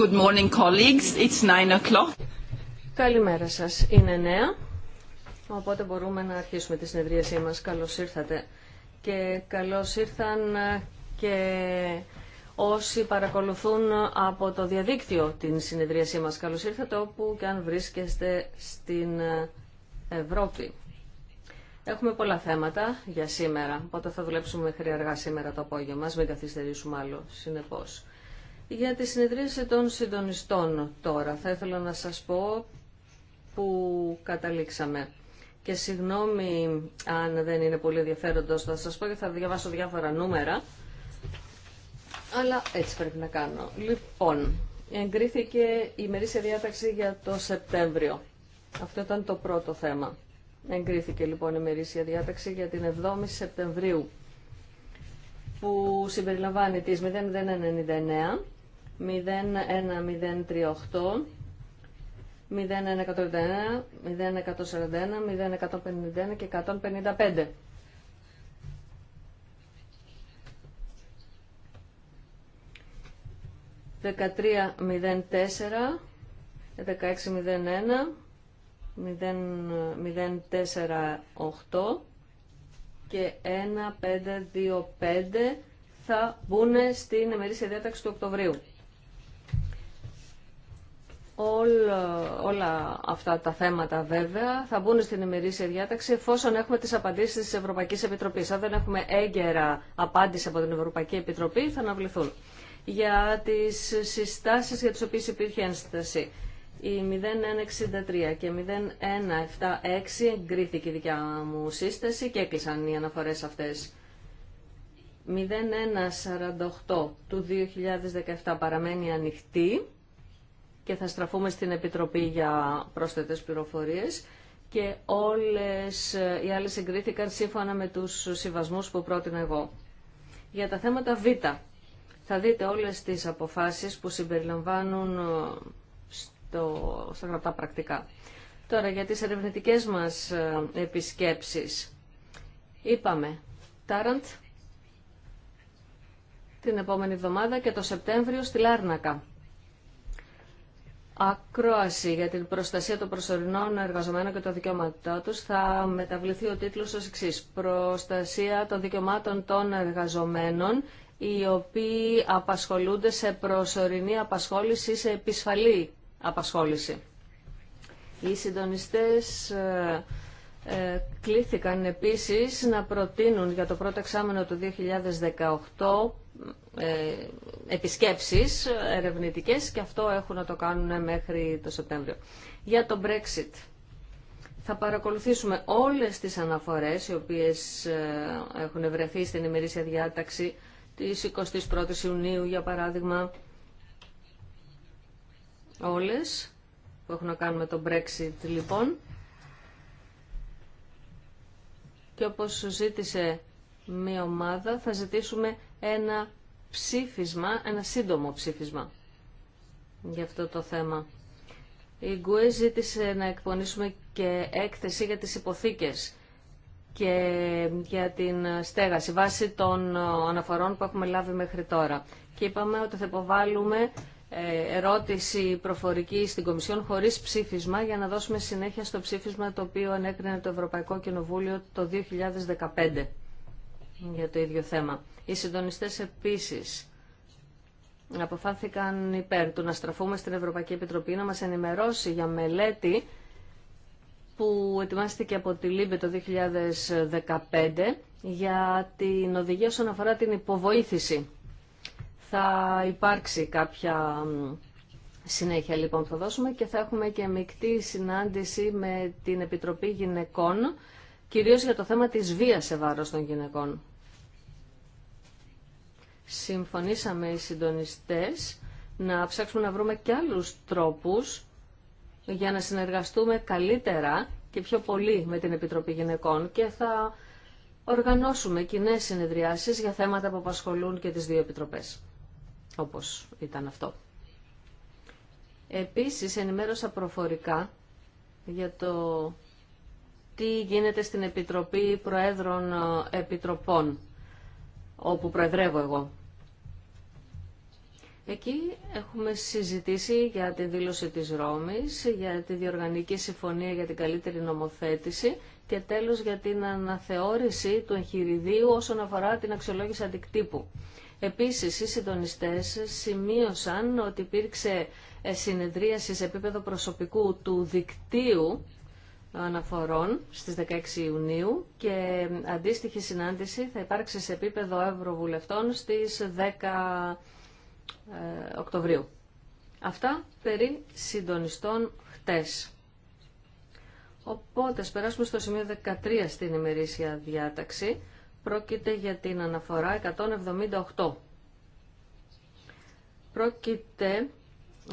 Good morning, colleagues. It's o'clock. Καλημέρα σας. Είναι νέα, οπότε μπορούμε να αρχίσουμε τη συνεδρίασή μας. Καλώς ήρθατε. Και καλώς ήρθαν ε, και όσοι παρακολουθούν από το διαδίκτυο την συνεδρίασή μας. Καλώς ήρθατε όπου και αν βρίσκεστε στην ε, Ευρώπη. Έχουμε πολλά θέματα για σήμερα, οπότε θα δουλέψουμε μέχρι σήμερα το απόγευμα, μην καθυστερήσουμε άλλο, συνεπώς. Για τη συνεδρίαση των συντονιστών τώρα, θα ήθελα να σας πω που καταλήξαμε. Και συγγνώμη αν δεν είναι πολύ ενδιαφέροντος, θα σας πω και θα διαβάσω διάφορα νούμερα, αλλά έτσι πρέπει να κάνω. Λοιπόν, εγκρίθηκε η ημερήσια διάταξη για το Σεπτέμβριο. Αυτό ήταν το πρώτο θέμα. Εγκρίθηκε λοιπόν η μερίσια διάταξη για την 7η Σεπτεμβρίου που συμπεριλαμβάνει τις 0099, 01038, 141 0141, 0151 και 155. 13.04, μηδέν 048 και 1525 θα μπουν στην εμερήσια διάταξη του Οκτωβρίου. Όλα, αυτά τα θέματα βέβαια θα μπουν στην ημερήσια διάταξη εφόσον έχουμε τις απαντήσεις της Ευρωπαϊκής Επιτροπής. Αν δεν έχουμε έγκαιρα απάντηση από την Ευρωπαϊκή Επιτροπή θα αναβληθούν. Για τις συστάσεις για τις οποίες υπήρχε ένσταση. Η 0163 και 0176 εγκρίθηκε η δικιά μου σύσταση και έκλεισαν οι αναφορές αυτές. 0148 του 2017 παραμένει ανοιχτή και θα στραφούμε στην Επιτροπή για πρόσθετες πληροφορίες και όλες οι άλλες εγκρίθηκαν σύμφωνα με τους συμβασμούς που πρότεινα εγώ. Για τα θέματα Β, θα δείτε όλες τις αποφάσεις που συμπεριλαμβάνουν το, στα πρακτικά. Τώρα για τις ερευνητικές μας ε, επισκέψεις. Είπαμε, Τάραντ, την επόμενη εβδομάδα και το Σεπτέμβριο στη Λάρνακα. Ακρόαση για την προστασία των προσωρινών εργαζομένων και των δικαιωμάτων τους θα μεταβληθεί ο τίτλος ω εξής. Προστασία των δικαιωμάτων των εργαζομένων οι οποίοι απασχολούνται σε προσωρινή απασχόληση σε επισφαλή απασχόληση. Οι συντονιστές ε, ε, κλήθηκαν επίσης να προτείνουν για το πρώτο εξάμενο του 2018 ε, επισκέψεις ερευνητικές και αυτό έχουν να το κάνουν μέχρι το Σεπτέμβριο. Για το Brexit θα παρακολουθήσουμε όλες τις αναφορές οι οποίες έχουν βρεθεί στην ημερήσια διάταξη της 21ης Ιουνίου για παράδειγμα όλες που έχουν να κάνουν με το Brexit λοιπόν. Και όπως ζήτησε μία ομάδα θα ζητήσουμε ένα ψήφισμα, ένα σύντομο ψήφισμα για αυτό το θέμα. Η Γκουέ ζήτησε να εκπονήσουμε και έκθεση για τις υποθήκες και για την στέγαση βάσει των αναφορών που έχουμε λάβει μέχρι τώρα. Και είπαμε ότι θα υποβάλουμε ε, ερώτηση προφορική στην Κομισιόν χωρίς ψήφισμα για να δώσουμε συνέχεια στο ψήφισμα το οποίο ανέκρινε το Ευρωπαϊκό Κοινοβούλιο το 2015 για το ίδιο θέμα. Οι συντονιστές επίσης αποφάθηκαν υπέρ του να στραφούμε στην Ευρωπαϊκή Επιτροπή να μας ενημερώσει για μελέτη που ετοιμάστηκε από τη ΛΥΜΠΕ το 2015 για την οδηγία όσον αφορά την υποβοήθηση θα υπάρξει κάποια συνέχεια λοιπόν θα δώσουμε και θα έχουμε και μεικτή συνάντηση με την Επιτροπή Γυναικών, κυρίως για το θέμα της βίας σε βάρος των γυναικών. Συμφωνήσαμε οι συντονιστές να ψάξουμε να βρούμε και άλλους τρόπους για να συνεργαστούμε καλύτερα και πιο πολύ με την Επιτροπή Γυναικών και θα οργανώσουμε κοινέ συνεδριάσεις για θέματα που απασχολούν και τις δύο επιτροπές όπως ήταν αυτό. Επίσης ενημέρωσα προφορικά για το τι γίνεται στην Επιτροπή Προέδρων ε, Επιτροπών, όπου προεδρεύω εγώ. Εκεί έχουμε συζητήσει για τη δήλωση της Ρώμης, για τη διοργανική συμφωνία για την καλύτερη νομοθέτηση και τέλος για την αναθεώρηση του εγχειριδίου όσον αφορά την αξιολόγηση αντικτύπου. Επίσης, οι συντονιστές σημείωσαν ότι υπήρξε ε, συνεδρίαση σε επίπεδο προσωπικού του δικτύου αναφορών στις 16 Ιουνίου και αντίστοιχη συνάντηση θα υπάρξει σε επίπεδο Ευρωβουλευτών στις 10 ε, Οκτωβρίου. Αυτά περί συντονιστών χτες. Οπότε, περάσουμε στο σημείο 13 στην ημερήσια διάταξη Πρόκειται για την αναφορά 178. Πρόκειται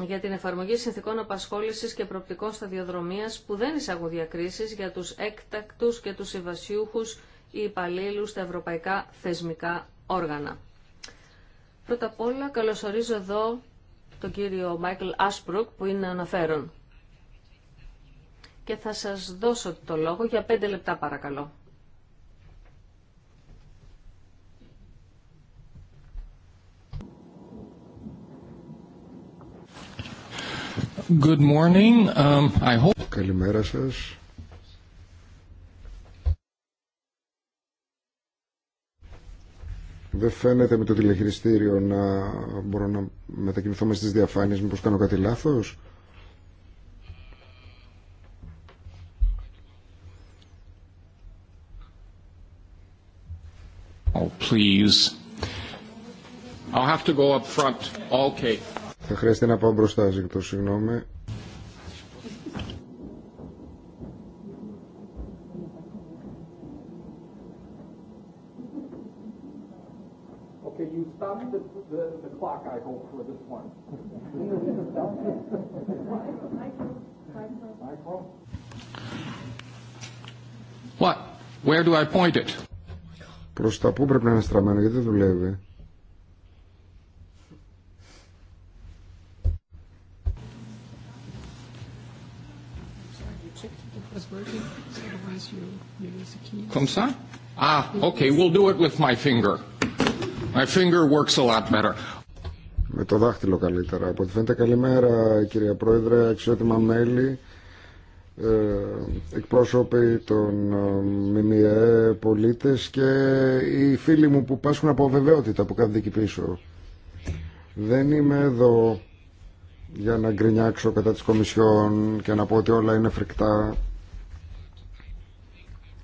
για την εφαρμογή συνθηκών απασχόλησης και προπτικών σταδιοδρομίας που δεν εισάγουν διακρίσεις για τους έκτακτους και τους συμβασιούχους ή υπαλλήλους στα ευρωπαϊκά θεσμικά όργανα. Πρώτα απ' όλα καλωσορίζω εδώ τον κύριο Μάικλ Άσπρουκ που είναι αναφέρον. Και θα σας δώσω το λόγο για πέντε λεπτά παρακαλώ. Good morning. Um, I hope... Καλημέρα σας. Δεν φαίνεται με το τηλεχειριστήριο να μπορώ να μετακινηθώ μέσα στις διαφάνειες, μήπως κάνω κάτι λάθος. Oh, please. I'll have to go up front. Okay. Θα χρειαστεί να πάω μπροστά, ζητώ συγγνώμη. Where do I point it? Προς τα πού πρέπει να είναι στραμμένο, γιατί δεν δουλεύει. Comme ça? Ah, okay, we'll do it with my finger. My finger works a lot better. Με το δάχτυλο καλύτερα. Από ό,τι φαίνεται καλημέρα κυρία Πρόεδρε, αξιότιμα μέλη, ε, εκπρόσωποι των ε, ΜΜΕ, πολίτες και οι φίλοι μου που πάσχουν από βεβαιότητα που κάθονται εκεί πίσω. Δεν είμαι εδώ για να γκρινιάξω κατά της Κομισιόν και να πω ότι όλα είναι φρικτά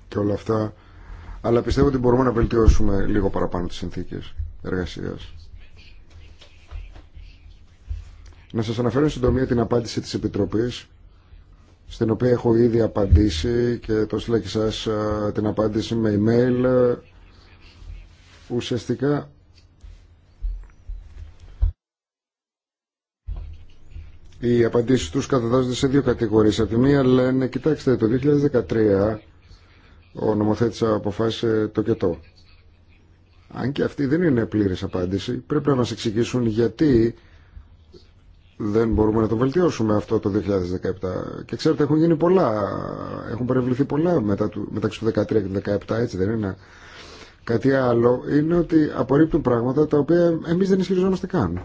και όλα αυτά. Αλλά πιστεύω ότι μπορούμε να βελτιώσουμε λίγο παραπάνω τις συνθήκες εργασίας. Να σας αναφέρω συντομία την απάντηση της Επιτροπής στην οποία έχω ήδη απαντήσει και το στείλα και σας ε, την απάντηση με email. Ουσιαστικά Οι απαντήσεις τους καταδάζονται σε δύο κατηγορίες. Από τη μία λένε, κοιτάξτε, το 2013 ο νομοθέτης αποφάσισε το κετό. Αν και αυτή δεν είναι πλήρης απάντηση, πρέπει να μας εξηγήσουν γιατί δεν μπορούμε να το βελτιώσουμε αυτό το 2017. Και ξέρετε, έχουν γίνει πολλά, έχουν παρευληθεί πολλά μετά του, μεταξύ του 2013 και του 2017, έτσι δεν είναι. Κάτι άλλο είναι ότι απορρίπτουν πράγματα τα οποία εμείς δεν ισχυριζόμαστε καν.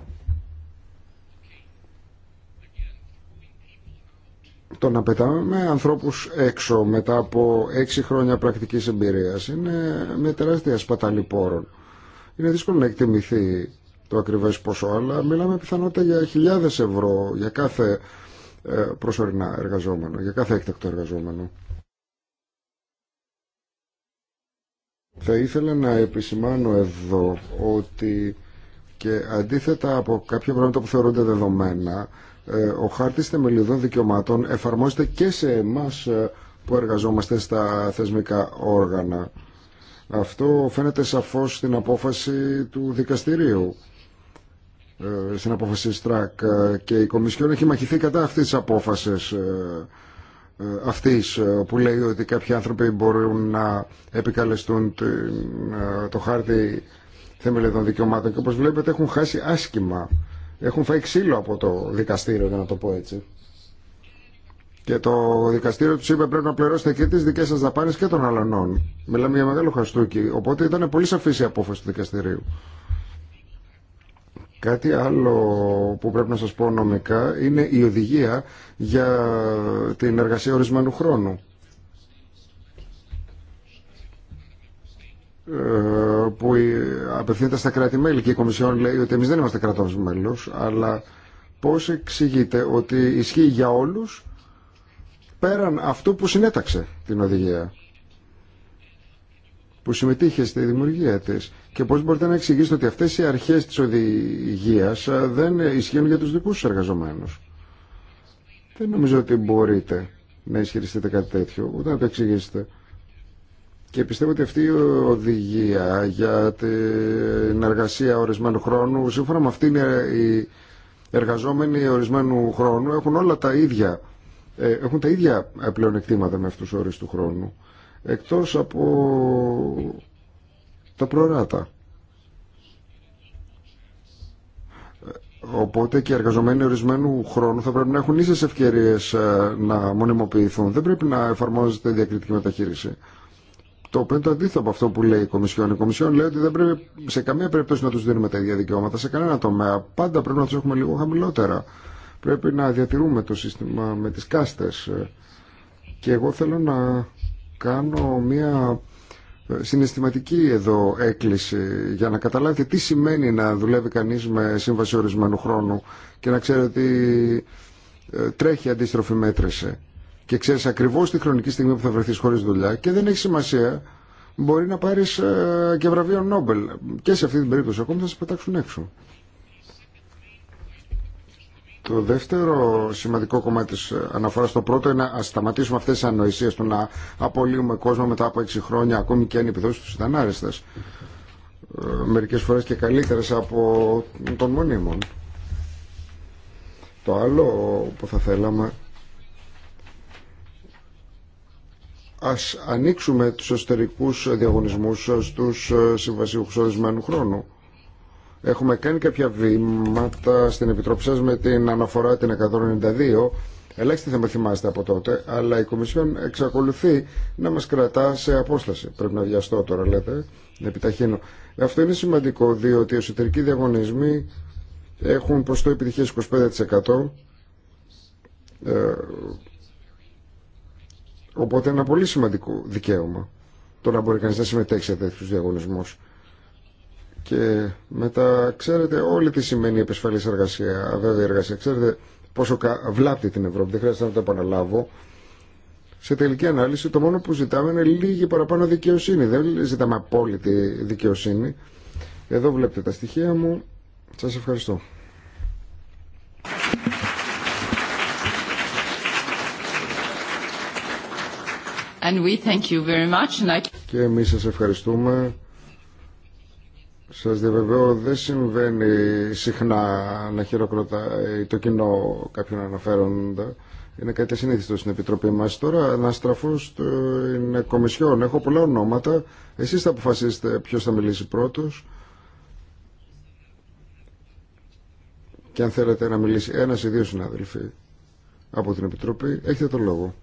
το να πετάμε με ανθρώπους έξω μετά από έξι χρόνια πρακτικής εμπειρίας είναι μια τεράστια σπατάλη πόρων. Είναι δύσκολο να εκτιμηθεί το ακριβές ποσό, αλλά μιλάμε πιθανότητα για χιλιάδες ευρώ για κάθε ε, προσωρινά εργαζόμενο, για κάθε έκτακτο εργαζόμενο. Θα ήθελα να επισημάνω εδώ ότι και αντίθετα από κάποια πράγματα που θεωρούνται δεδομένα, ε, ο χάρτης θεμελιωδών δικαιωμάτων εφαρμόζεται και σε εμάς ε, που εργαζόμαστε στα θεσμικά όργανα. Αυτό φαίνεται σαφώς στην απόφαση του δικαστηρίου, ε, στην απόφαση Στρακ και η Κομισιόν έχει μαχηθεί κατά αυτής της απόφασης αυτής που λέει ότι κάποιοι άνθρωποι μπορούν να επικαλεστούν το χάρτη θεμελιωδών δικαιωμάτων και όπως βλέπετε έχουν χάσει άσχημα έχουν φάει ξύλο από το δικαστήριο, για να το πω έτσι. Και το δικαστήριο του είπε πρέπει να πληρώσετε και τι δικέ σα δαπάνε και των αλλανών. Μιλάμε για μεγάλο χαστούκι. Οπότε ήταν πολύ σαφή η απόφαση του δικαστηρίου. Κάτι άλλο που πρέπει να σας πω νομικά είναι η οδηγία για την εργασία ορισμένου χρόνου. Ε, που απευθύνεται στα κράτη-μέλη και η Κομισιόν λέει ότι εμείς δεν είμαστε κρατός μέλος, αλλά πώς εξηγείτε ότι ισχύει για όλους πέραν αυτού που συνέταξε την οδηγία που συμμετείχε στη δημιουργία της και πώς μπορείτε να εξηγήσετε ότι αυτές οι αρχές της οδηγίας δεν ισχύουν για τους δικούς τους εργαζομένους. Δεν νομίζω ότι μπορείτε να ισχυριστείτε κάτι τέτοιο, ούτε να το εξηγήσετε. Και πιστεύω ότι αυτή η οδηγία για την εργασία ορισμένου χρόνου, σύμφωνα με αυτήν ε, οι εργαζόμενοι ορισμένου χρόνου έχουν όλα τα ίδια, ε, έχουν τα ίδια ε, πλεονεκτήματα με αυτούς τους όρους του χρόνου, εκτός από τα προράτα. Οπότε και οι εργαζομένοι ορισμένου χρόνου θα πρέπει να έχουν ίσες ευκαιρίες να μονιμοποιηθούν. Δεν πρέπει να εφαρμόζεται διακριτική μεταχείριση το οποίο είναι το αντίθετο από αυτό που λέει η Κομισιόν. Η Κομισιόν λέει ότι δεν πρέπει σε καμία περίπτωση να του δίνουμε τα ίδια δικαιώματα σε κανένα τομέα. Πάντα πρέπει να του έχουμε λίγο χαμηλότερα. Πρέπει να διατηρούμε το σύστημα με τι κάστε. Και εγώ θέλω να κάνω μία ε, συναισθηματική εδώ έκκληση για να καταλάβετε τι σημαίνει να δουλεύει κανείς με σύμβαση ορισμένου χρόνου και να ξέρετε ότι ε, τρέχει αντίστροφη μέτρηση και ξέρει ακριβώ τη χρονική στιγμή που θα βρεθεί χωρί δουλειά και δεν έχει σημασία. Μπορεί να πάρει ε, και βραβείο Νόμπελ. Και σε αυτή την περίπτωση ακόμη θα σε πετάξουν έξω. Το δεύτερο σημαντικό κομμάτι τη ε, αναφορά στο πρώτο είναι να σταματήσουμε αυτέ τι ανοησίε του να απολύουμε κόσμο μετά από 6 χρόνια, ακόμη και αν οι επιδόσει του ήταν άρεστε. Μερικέ φορέ και καλύτερε από τον μονίμων. Το άλλο που θα θέλαμε ας ανοίξουμε τους εσωτερικούς διαγωνισμούς στους ε, συμβασίους ορισμένου χρόνου. Έχουμε κάνει κάποια βήματα στην Επιτροπή σας με την αναφορά την 192. Ελάχιστοι θα με θυμάστε από τότε, αλλά η Κομισιόν εξακολουθεί να μας κρατά σε απόσταση. Πρέπει να βιαστώ τώρα, λέτε, να επιταχύνω. Αυτό είναι σημαντικό, διότι οι εσωτερικοί διαγωνισμοί έχουν προς το επιτυχίες 25% Οπότε ένα πολύ σημαντικό δικαίωμα το να μπορεί κανείς να συμμετέχει σε τέτοιους διαγωνισμούς. Και μετά ξέρετε όλη τι σημαίνει επισφαλής εργασία, αβέβαιη εργασία. Ξέρετε πόσο βλάπτει την Ευρώπη, δεν χρειάζεται να το επαναλάβω. Σε τελική ανάλυση το μόνο που ζητάμε είναι λίγη παραπάνω δικαιοσύνη. Δεν ζητάμε απόλυτη δικαιοσύνη. Εδώ βλέπετε τα στοιχεία μου. Σας ευχαριστώ. And we thank you very much. Και εμείς σας ευχαριστούμε. Σας διαβεβαιώ δεν συμβαίνει συχνά να χειροκροτάει το κοινό κάποιον αναφέροντα. Είναι κάτι ασυνήθιστο στην Επιτροπή μας. Τώρα να στραφώ στην Κομισιόν. Έχω πολλά ονόματα. Εσείς θα αποφασίσετε ποιος θα μιλήσει πρώτος. Και αν θέλετε να μιλήσει ένας ή δύο συνάδελφοι από την Επιτροπή, έχετε τον λόγο.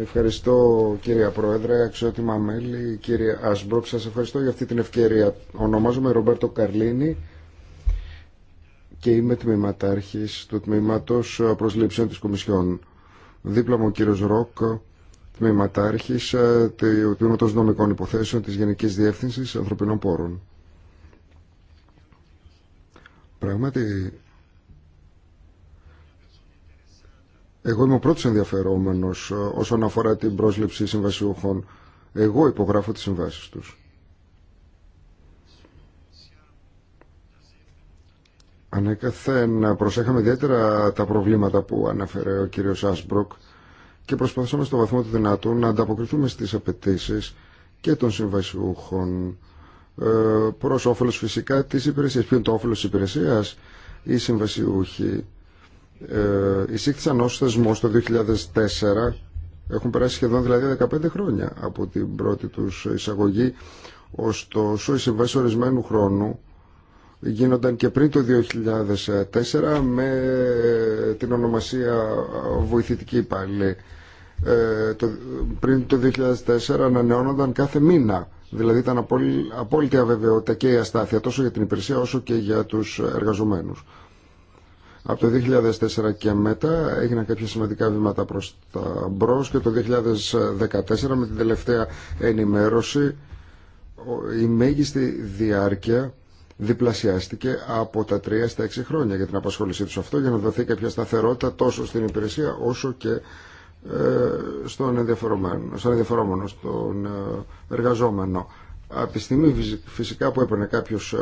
Ευχαριστώ κύριε Πρόεδρε, αξιότιμα μέλη, κύριε Ασμπρόκ, σας ευχαριστώ για αυτή την ευκαιρία. Ονομάζομαι Ρομπέρτο Καρλίνη και είμαι τμήματάρχης του τμήματος προσλήψεων της Κομισιόν. Δίπλα μου ο κύριος Ροκ, τμήματάρχης ε, του τμήματος νομικών υποθέσεων της Γενικής Διεύθυνσης Ανθρωπινών Πόρων. Πράγματι Εγώ είμαι ο πρώτος ενδιαφερόμενος ε, όσον αφορά την πρόσληψη συμβασιούχων. Εγώ υπογράφω τις συμβάσεις τους. Ανέκαθεν ε, προσέχαμε ιδιαίτερα τα προβλήματα που ανέφερε ο κύριος Άσμπροκ και προσπαθούμε στο βαθμό του δυνατού να ανταποκριθούμε στις απαιτήσει και των συμβασιούχων ε, προς όφελος φυσικά της υπηρεσίας. Ποιο είναι το όφελος της υπηρεσίας ή συμβασιούχοι ε, εισήχθησαν ως θεσμός το 2004 έχουν περάσει σχεδόν δηλαδή 15 χρόνια από την πρώτη τους εισαγωγή ωστόσο οι συμβάσεις ορισμένου χρόνου γίνονταν και πριν το 2004 με την ονομασία βοηθητική υπάλληλη ε, πριν το 2004 ανανεώνονταν κάθε μήνα δηλαδή ήταν απόλυτη αβεβαιότητα και η αστάθεια τόσο για την υπηρεσία όσο και για τους εργαζομένους από το 2004 και μετά έγιναν κάποια σημαντικά βήματα προς τα μπρος και το 2014 με την τελευταία ενημέρωση η μέγιστη διάρκεια διπλασιάστηκε από τα 3 στα 6 χρόνια για την απασχόλησή του αυτό για να δοθεί κάποια σταθερότητα τόσο στην υπηρεσία όσο και ε, στον ενδιαφερόμενο, στον ε, εργαζόμενο. Από τη στιγμή φυσικά που έπαιρνε κάποιος, ε,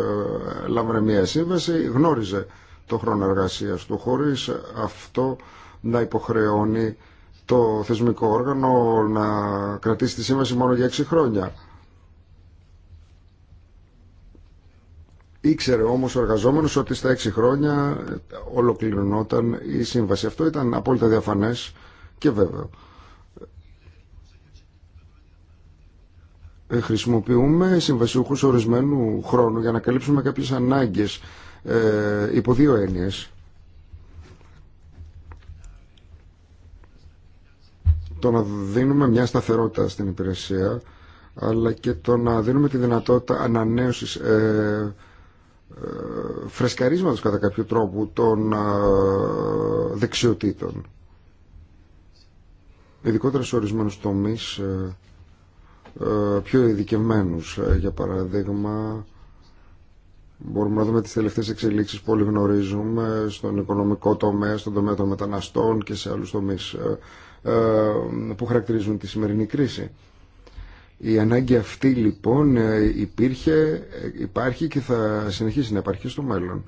λάμβανε μια σύμβαση, γνώριζε το χρόνο εργασίας του χωρίς αυτό να υποχρεώνει το θεσμικό όργανο να κρατήσει τη σύμβαση μόνο για 6 χρόνια. Ήξερε όμως ο εργαζόμενος ότι στα 6 χρόνια ολοκληρωνόταν η σύμβαση. Αυτό ήταν απόλυτα διαφανές και βέβαιο. Ε, χρησιμοποιούμε συμβασιούχους ορισμένου χρόνου για να καλύψουμε κάποιες ανάγκες ε, υπό δύο έννοιες. Το να δίνουμε μια σταθερότητα στην υπηρεσία αλλά και το να δίνουμε τη δυνατότητα ανανέωσης ε, ε φρεσκαρίσματος κατά κάποιο τρόπο των ε, δεξιοτήτων. Ειδικότερα σε ορισμένους τομείς ε, πιο ειδικευμένους. Για παράδειγμα, Μπορούμε να δούμε τις τελευταίες εξελίξεις που όλοι γνωρίζουμε στον οικονομικό τομέα, στον τομέα των μεταναστών και σε άλλους τομείς ε, ε, που χαρακτηρίζουν τη σημερινή κρίση. Η ανάγκη αυτή λοιπόν ε, υπήρχε, υπάρχει και θα συνεχίσει να υπάρχει στο μέλλον.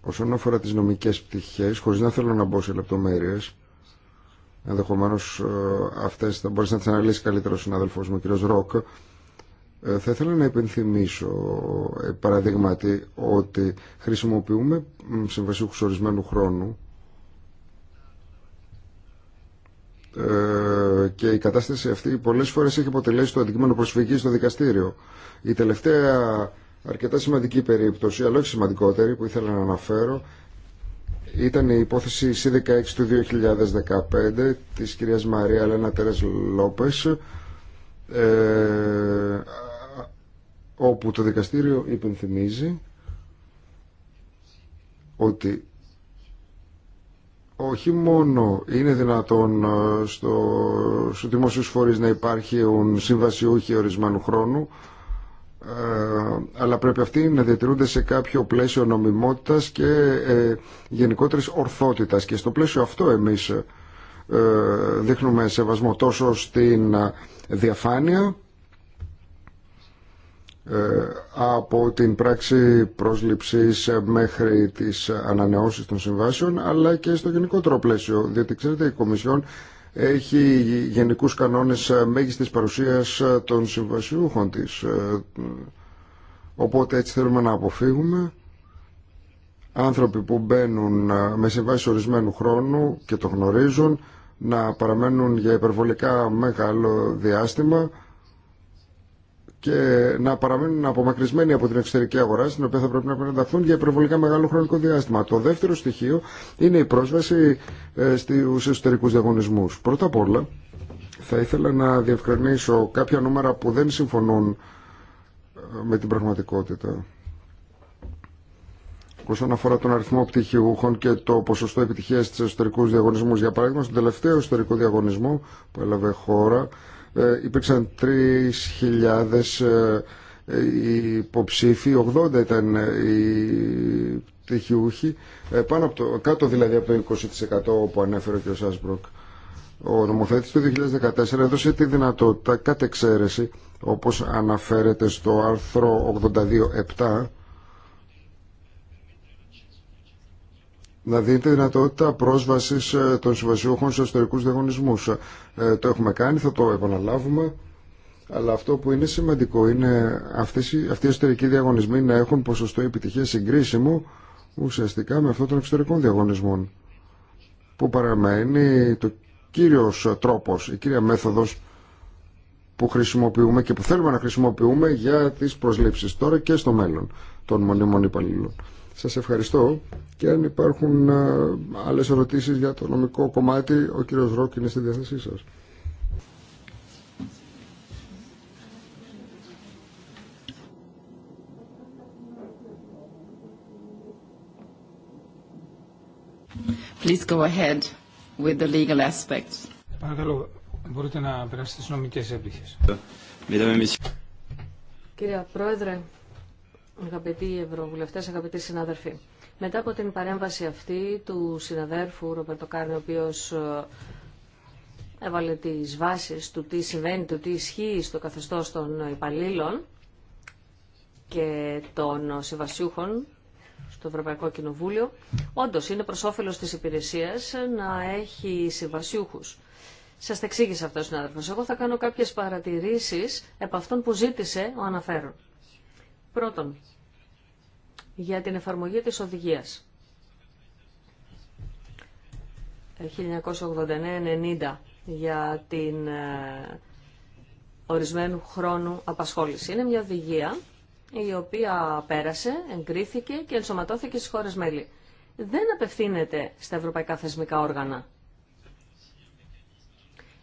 Όσον αφορά τις νομικές πτυχές, χωρίς να θέλω να μπω σε λεπτομέρειες, ενδεχομένως αυτές θα μπορείς να τις αναλύσει καλύτερο ο συνάδελφός μου, ο κ. Ροκ, ε, θα ήθελα να υπενθυμίσω ε, παραδείγματι ότι χρησιμοποιούμε συμβασίου ορισμένου χρόνου ε, και η κατάσταση αυτή πολλές φορές έχει αποτελέσει το αντικείμενο προσφυγής στο δικαστήριο. Η τελευταία αρκετά σημαντική περίπτωση, αλλά όχι σημαντικότερη που ήθελα να αναφέρω, ήταν η υπόθεση C16 του 2015 της κυρίας Μαρία Λένα Τέρες Λόπες ε, όπου το δικαστήριο υπενθυμίζει ότι όχι μόνο είναι δυνατόν ε, στο, στους δημοσίους φορείς να υπάρχουν συμβασιούχοι ορισμένου χρόνου, ε, αλλά πρέπει αυτοί να διατηρούνται σε κάποιο πλαίσιο νομιμότητας και ε, γενικότερης ορθότητας. Και στο πλαίσιο αυτό εμείς ε, δείχνουμε σεβασμό τόσο στην διαφάνεια ε, από την πράξη πρόσληψης μέχρι τις ανανεώσεις των συμβάσεων αλλά και στο γενικότερο πλαίσιο διότι ξέρετε η Κομισιόν έχει γενικούς κανόνες μέγιστης παρουσίας των συμβασιούχων της ε, οπότε έτσι θέλουμε να αποφύγουμε άνθρωποι που μπαίνουν ε, με συμβάσει ορισμένου χρόνου και το γνωρίζουν να παραμένουν για υπερβολικά μεγάλο διάστημα και να παραμένουν απομακρυσμένοι από την εξωτερική αγορά, στην οποία θα πρέπει να παραταχθούν για υπερβολικά μεγάλο χρονικό διάστημα. Το δεύτερο στοιχείο είναι η πρόσβαση ε, στου εσωτερικού διαγωνισμού. Πρώτα απ' όλα, θα ήθελα να διευκρινίσω κάποια νούμερα που δεν συμφωνούν ε, με την πραγματικότητα. Όσον αφορά τον αριθμό πτυχιούχων και το ποσοστό επιτυχία στου εσωτερικού διαγωνισμού, για παράδειγμα, στον τελευταίο εσωτερικό διαγωνισμό που έλαβε χώρα, ε, υπήρξαν 3.000 ε, ε, υποψήφοι, 80 ήταν οι τυχιούχοι, πάνω από το, κάτω δηλαδή από το 20% που ανέφερε και ο Σάσμπροκ. Ο νομοθέτης του 2014 έδωσε τη δυνατότητα κατ' εξαίρεση, όπως αναφέρεται στο άρθρο 82.7, να δίνεται δυνατότητα πρόσβασης ε, των συμβασιούχων σε εσωτερικούς διαγωνισμούς. Ε, το έχουμε κάνει, θα το επαναλάβουμε. Αλλά αυτό που είναι σημαντικό είναι αυτοί οι εσωτερικοί διαγωνισμοί να έχουν ποσοστό επιτυχία συγκρίσιμο ουσιαστικά με αυτό των εξωτερικών διαγωνισμών που παραμένει το κύριο τρόπος, η κύρια μέθοδος που χρησιμοποιούμε και που θέλουμε να χρησιμοποιούμε για τις προσλήψεις τώρα και στο μέλλον των μονίμων υπαλλήλων. Σας ευχαριστώ και αν υπάρχουν ε, άλλες ερωτήσεις για το νομικό κομμάτι, ο κύριος Ρόκ είναι στη διάθεσή σας. Please go ahead with the legal aspects. Παρακαλώ, μπορείτε να περάσετε στις νομικές έπτυχες. Κύριε Πρόεδρε, Αγαπητοί ευρωβουλευτέ, αγαπητοί συνάδελφοι. Μετά από την παρέμβαση αυτή του συναδέρφου Ρομπέρτο Κάρνε, ο οποίο ε, έβαλε τι βάσει του τι συμβαίνει, του τι ισχύει στο Καθεστώ των υπαλλήλων και των συμβασιούχων στο Ευρωπαϊκό Κοινοβούλιο, όντω είναι προ όφελο τη υπηρεσία να έχει συμβασιούχου. Σα τα εξήγησε αυτό ο συνάδελφο. Εγώ θα κάνω κάποιε παρατηρήσει από αυτόν που ζήτησε ο αναφέρον. Πρώτον, για την εφαρμογή της οδηγίας. 1989-90 ε, για την ε, ορισμένου χρόνου απασχόληση. Είναι μια οδηγία η οποία πέρασε, εγκρίθηκε και ενσωματώθηκε στις χώρες μέλη. Δεν απευθύνεται στα ευρωπαϊκά θεσμικά όργανα.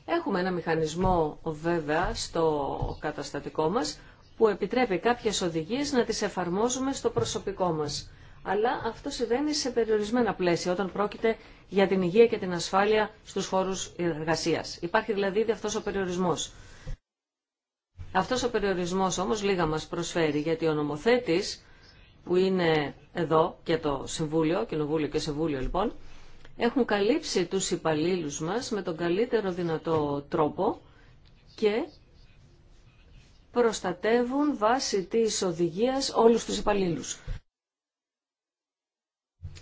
Έχουμε ένα μηχανισμό βέβαια στο καταστατικό μας που επιτρέπει κάποιες οδηγίες να τις εφαρμόζουμε στο προσωπικό μας. Αλλά αυτό συμβαίνει σε περιορισμένα πλαίσια όταν πρόκειται για την υγεία και την ασφάλεια στους χώρους εργασίας. Υπάρχει δηλαδή ήδη αυτός ο περιορισμός. Αυτός ο περιορισμός όμως λίγα μας προσφέρει γιατί ο νομοθέτης που είναι εδώ και το Συμβούλιο, Κοινοβούλιο και Συμβούλιο λοιπόν, έχουν καλύψει τους υπαλλήλους μας με τον καλύτερο δυνατό τρόπο και προστατεύουν βάσει της οδηγίας όλους τους υπαλλήλους.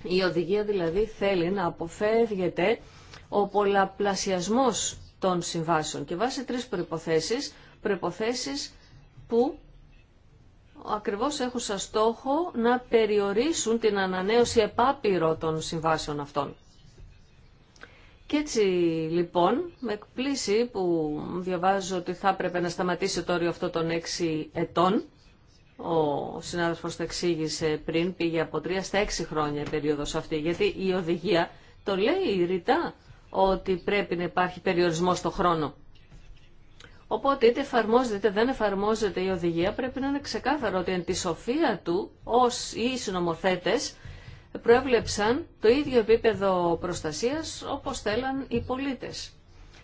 Η οδηγία δηλαδή θέλει να αποφεύγεται ο πολλαπλασιασμός των συμβάσεων και βάσει τρεις προϋποθέσεις, προϋποθέσεις που ακριβώς έχουν σαν στόχο να περιορίσουν την ανανέωση επάπειρο των συμβάσεων αυτών. Και έτσι λοιπόν με εκπλήση που διαβάζω ότι θα έπρεπε να σταματήσει το όριο αυτό των 6 ετών. Ο συνάδελφος το εξήγησε πριν, πήγε από 3 στα 6 χρόνια η περίοδος αυτή, γιατί η οδηγία το λέει ρητά ότι πρέπει να υπάρχει περιορισμό στο χρόνο. Οπότε είτε εφαρμόζεται είτε δεν εφαρμόζεται η οδηγία, πρέπει να είναι ξεκάθαρο ότι εν τη σοφία του, ως οι συνομοθέτες, προέβλεψαν το ίδιο επίπεδο προστασίας όπως θέλαν οι πολίτες.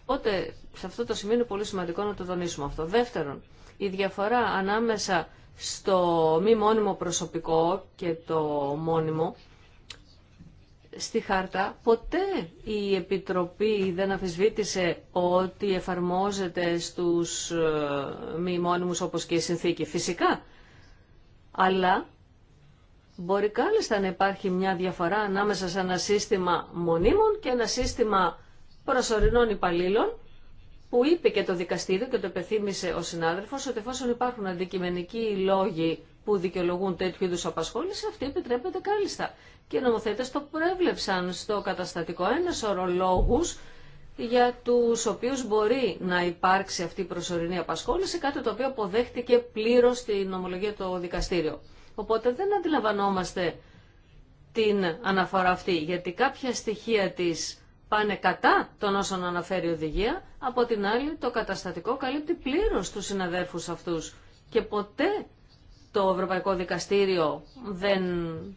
Οπότε σε αυτό το σημείο είναι πολύ σημαντικό να το τονίσουμε αυτό. Δεύτερον, η διαφορά ανάμεσα στο μη μόνιμο προσωπικό και το μόνιμο στη χάρτα ποτέ η Επιτροπή δεν αφισβήτησε ότι εφαρμόζεται στους ε, μη μόνιμους όπως και η συνθήκη. Φυσικά, αλλά Μπορεί κάλλιστα να υπάρχει μια διαφορά ανάμεσα σε ένα σύστημα μονίμων και ένα σύστημα προσωρινών υπαλλήλων που είπε και το δικαστήριο και το επεθύμησε ο συνάδελφος ότι εφόσον υπάρχουν αντικειμενικοί λόγοι που δικαιολογούν τέτοιου είδου απασχόληση, αυτή επιτρέπεται κάλλιστα. Και οι νομοθέτες το προέβλεψαν στο καταστατικό ένα σωρό για τους οποίους μπορεί να υπάρξει αυτή η προσωρινή απασχόληση, κάτι το οποίο αποδέχτηκε πλήρως την ομολογία το δικαστήριο. Οπότε δεν αντιλαμβανόμαστε την αναφορά αυτή, γιατί κάποια στοιχεία της πάνε κατά των όσων αναφέρει η οδηγία, από την άλλη το καταστατικό καλύπτει πλήρως τους συναδέρφους αυτούς και ποτέ το Ευρωπαϊκό Δικαστήριο δεν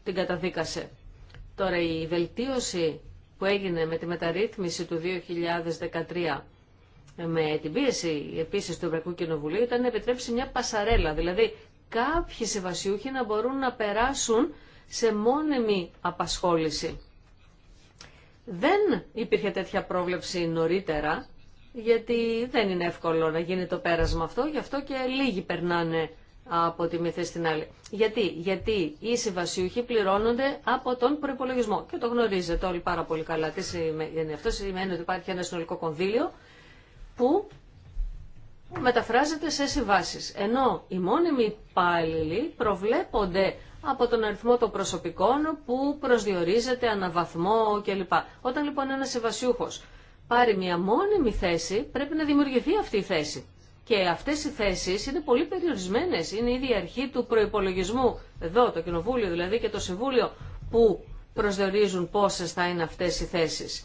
την καταδίκασε. Τώρα η βελτίωση που έγινε με τη μεταρρύθμιση του 2013 με την πίεση επίσης του Ευρωπαϊκού Κοινοβουλίου ήταν να επιτρέψει μια πασαρέλα, δηλαδή κάποιοι συμβασιούχοι να μπορούν να περάσουν σε μόνιμη απασχόληση. Δεν υπήρχε τέτοια πρόβλεψη νωρίτερα, γιατί δεν είναι εύκολο να γίνει το πέρασμα αυτό, γι' αυτό και λίγοι περνάνε από τη μεθέ στην άλλη. Γιατί, γιατί οι συμβασιούχοι πληρώνονται από τον προπολογισμό. Και το γνωρίζετε όλοι πάρα πολύ καλά. Τι σημαίνει αυτό, σημαίνει ότι υπάρχει ένα συνολικό κονδύλιο που μεταφράζεται σε συμβάσει. Ενώ οι μόνιμοι υπάλληλοι προβλέπονται από τον αριθμό των προσωπικών που προσδιορίζεται αναβαθμό κλπ. Όταν λοιπόν ένα συμβασιούχο πάρει μια μόνιμη θέση, πρέπει να δημιουργηθεί αυτή η θέση. Και αυτές οι θέσεις είναι πολύ περιορισμένες. Είναι ήδη η αρχή του προπολογισμού Εδώ το Κοινοβούλιο δηλαδή και το Συμβούλιο που προσδιορίζουν πόσε θα είναι αυτέ οι θέσει.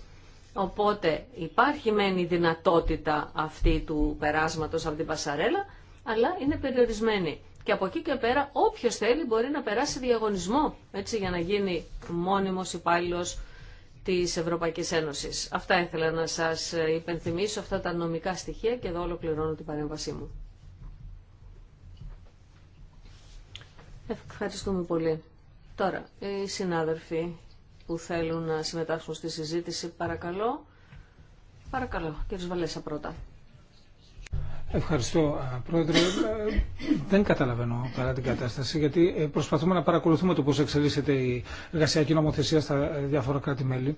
Οπότε υπάρχει μεν η δυνατότητα αυτή του περάσματος από την Πασαρέλα, αλλά είναι περιορισμένη. Και από εκεί και πέρα όποιο θέλει μπορεί να περάσει διαγωνισμό, έτσι για να γίνει μόνιμος υπάλληλο της Ευρωπαϊκής Ένωσης. Αυτά ήθελα να σας υπενθυμίσω, αυτά τα νομικά στοιχεία και εδώ ολοκληρώνω την παρέμβασή μου. Ευχαριστούμε πολύ. Τώρα, οι συνάδελφοι που θέλουν να συμμετάσχουν στη συζήτηση. Παρακαλώ. Παρακαλώ. Κύριος Βαλέσα πρώτα. Ευχαριστώ, Πρόεδρε. Ε, δεν καταλαβαίνω καλά την κατάσταση, γιατί ε, προσπαθούμε να παρακολουθούμε το πώς εξελίσσεται η εργασιακή νομοθεσία στα ε, διάφορα κράτη-μέλη.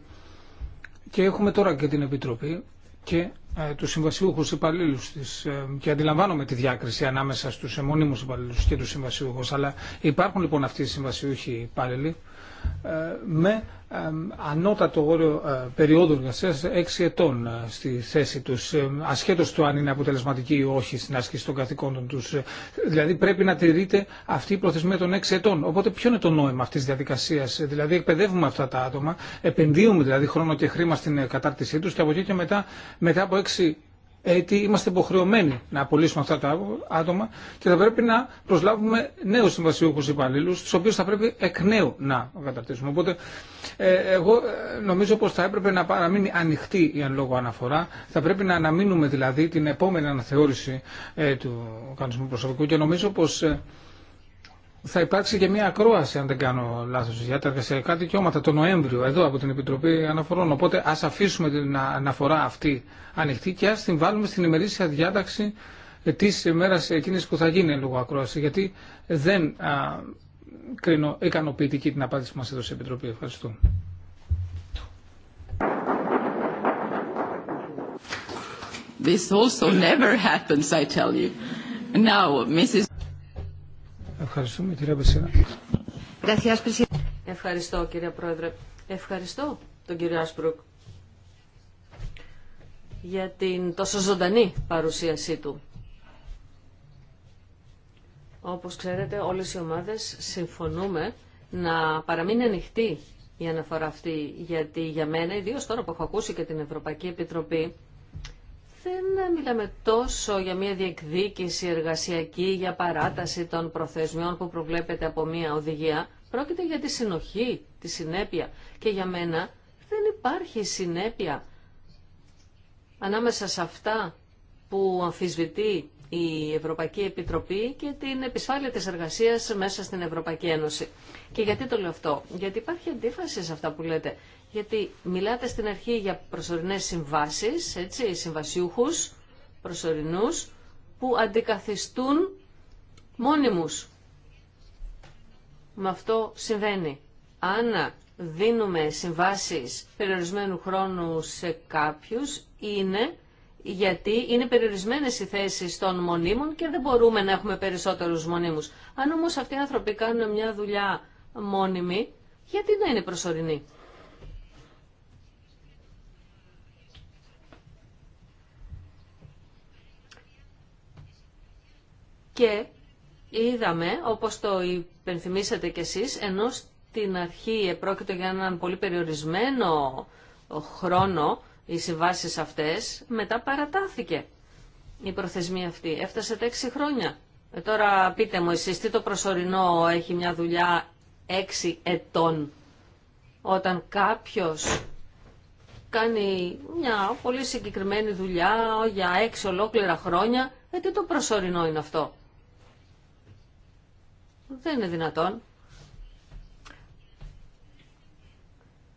Και έχουμε τώρα και την Επιτροπή και τους συμβασιούχους υπαλλήλου της και αντιλαμβάνομαι τη διάκριση ανάμεσα στους μονίμους υπαλλήλου και τους συμβασιούχους αλλά υπάρχουν λοιπόν αυτοί οι συμβασιούχοι υπάλληλοι ε, με ε, ανώτατο όριο ε, περίοδου εργασία 6 ετών στη θέση του, ασχέτω του αν είναι αποτελεσματική ή όχι στην άσκηση των καθηκόντων τους. Δηλαδή πρέπει να τηρείται αυτή η προθεσμία των 6 ετών. Οπότε ποιο είναι το νόημα αυτή τη διαδικασία. Δηλαδή εκπαιδεύουμε αυτά τα άτομα, επενδύουμε δηλαδή χρόνο και χρήμα στην κατάρτισή του και από εκεί και μετά, μετά από 6 ότι είμαστε υποχρεωμένοι να απολύσουμε αυτά τα άτομα και θα πρέπει να προσλάβουμε νέου συμβασιούχου υπαλλήλου, του οποίου θα πρέπει εκ νέου να καταρτήσουμε. Οπότε, ε, εγώ ε, νομίζω πω θα έπρεπε να παραμείνει ανοιχτή η αν λόγω αναφορά. Θα πρέπει να αναμείνουμε δηλαδή την επόμενη αναθεώρηση ε, του κανονισμού προσωπικού και νομίζω πω θα υπάρξει και μια ακρόαση, αν δεν κάνω λάθο, για τα εργασιακά δικαιώματα το Νοέμβριο, εδώ από την Επιτροπή Αναφορών. Οπότε α αφήσουμε την αναφορά αυτή ανοιχτή και α την βάλουμε στην ημερήσια διάταξη ε, τη ημέρα εκείνη που θα γίνει λόγω ακρόαση. Γιατί δεν κρίνω ικανοποιητική την απάντηση που μα έδωσε η Επιτροπή. Ευχαριστώ. This also never happens, I tell you. Now, Mrs. Ευχαριστούμε Ευχαριστώ κύριε Πρόεδρε. Ευχαριστώ τον κύριο Άσπρουκ για την τόσο ζωντανή παρουσίασή του. Όπως ξέρετε όλες οι ομάδες συμφωνούμε να παραμείνει ανοιχτή η αναφορά αυτή γιατί για μένα, ιδίω τώρα που έχω ακούσει και την Ευρωπαϊκή Επιτροπή, δεν μιλάμε τόσο για μια διεκδίκηση εργασιακή, για παράταση των προθεσμιών που προβλέπεται από μια οδηγία. Πρόκειται για τη συνοχή, τη συνέπεια. Και για μένα δεν υπάρχει συνέπεια ανάμεσα σε αυτά που αμφισβητεί η Ευρωπαϊκή Επιτροπή και την επισφάλεια της εργασίας μέσα στην Ευρωπαϊκή Ένωση. Και γιατί το λέω αυτό. Γιατί υπάρχει αντίφαση σε αυτά που λέτε. Γιατί μιλάτε στην αρχή για προσωρινές συμβάσεις, έτσι, συμβασιούχους, προσωρινούς, που αντικαθιστούν μόνιμους. Με αυτό συμβαίνει. Αν δίνουμε συμβάσεις περιορισμένου χρόνου σε κάποιους, είναι γιατί είναι περιορισμένες οι θέσεις των μονίμων και δεν μπορούμε να έχουμε περισσότερους μονίμους. Αν όμως αυτοί οι άνθρωποι κάνουν μια δουλειά μόνιμη, γιατί να είναι προσωρινή. και είδαμε, όπως το υπενθυμίσατε κι εσείς, ενώ στην αρχή επρόκειτο για έναν πολύ περιορισμένο χρόνο οι συμβάσει αυτές, μετά παρατάθηκε η προθεσμία αυτή. Έφτασε τα έξι χρόνια. Ε, τώρα πείτε μου εσείς τι το προσωρινό έχει μια δουλειά έξι ετών όταν κάποιος κάνει μια πολύ συγκεκριμένη δουλειά για έξι ολόκληρα χρόνια, ε, το προσωρινό είναι αυτό δεν είναι δυνατόν.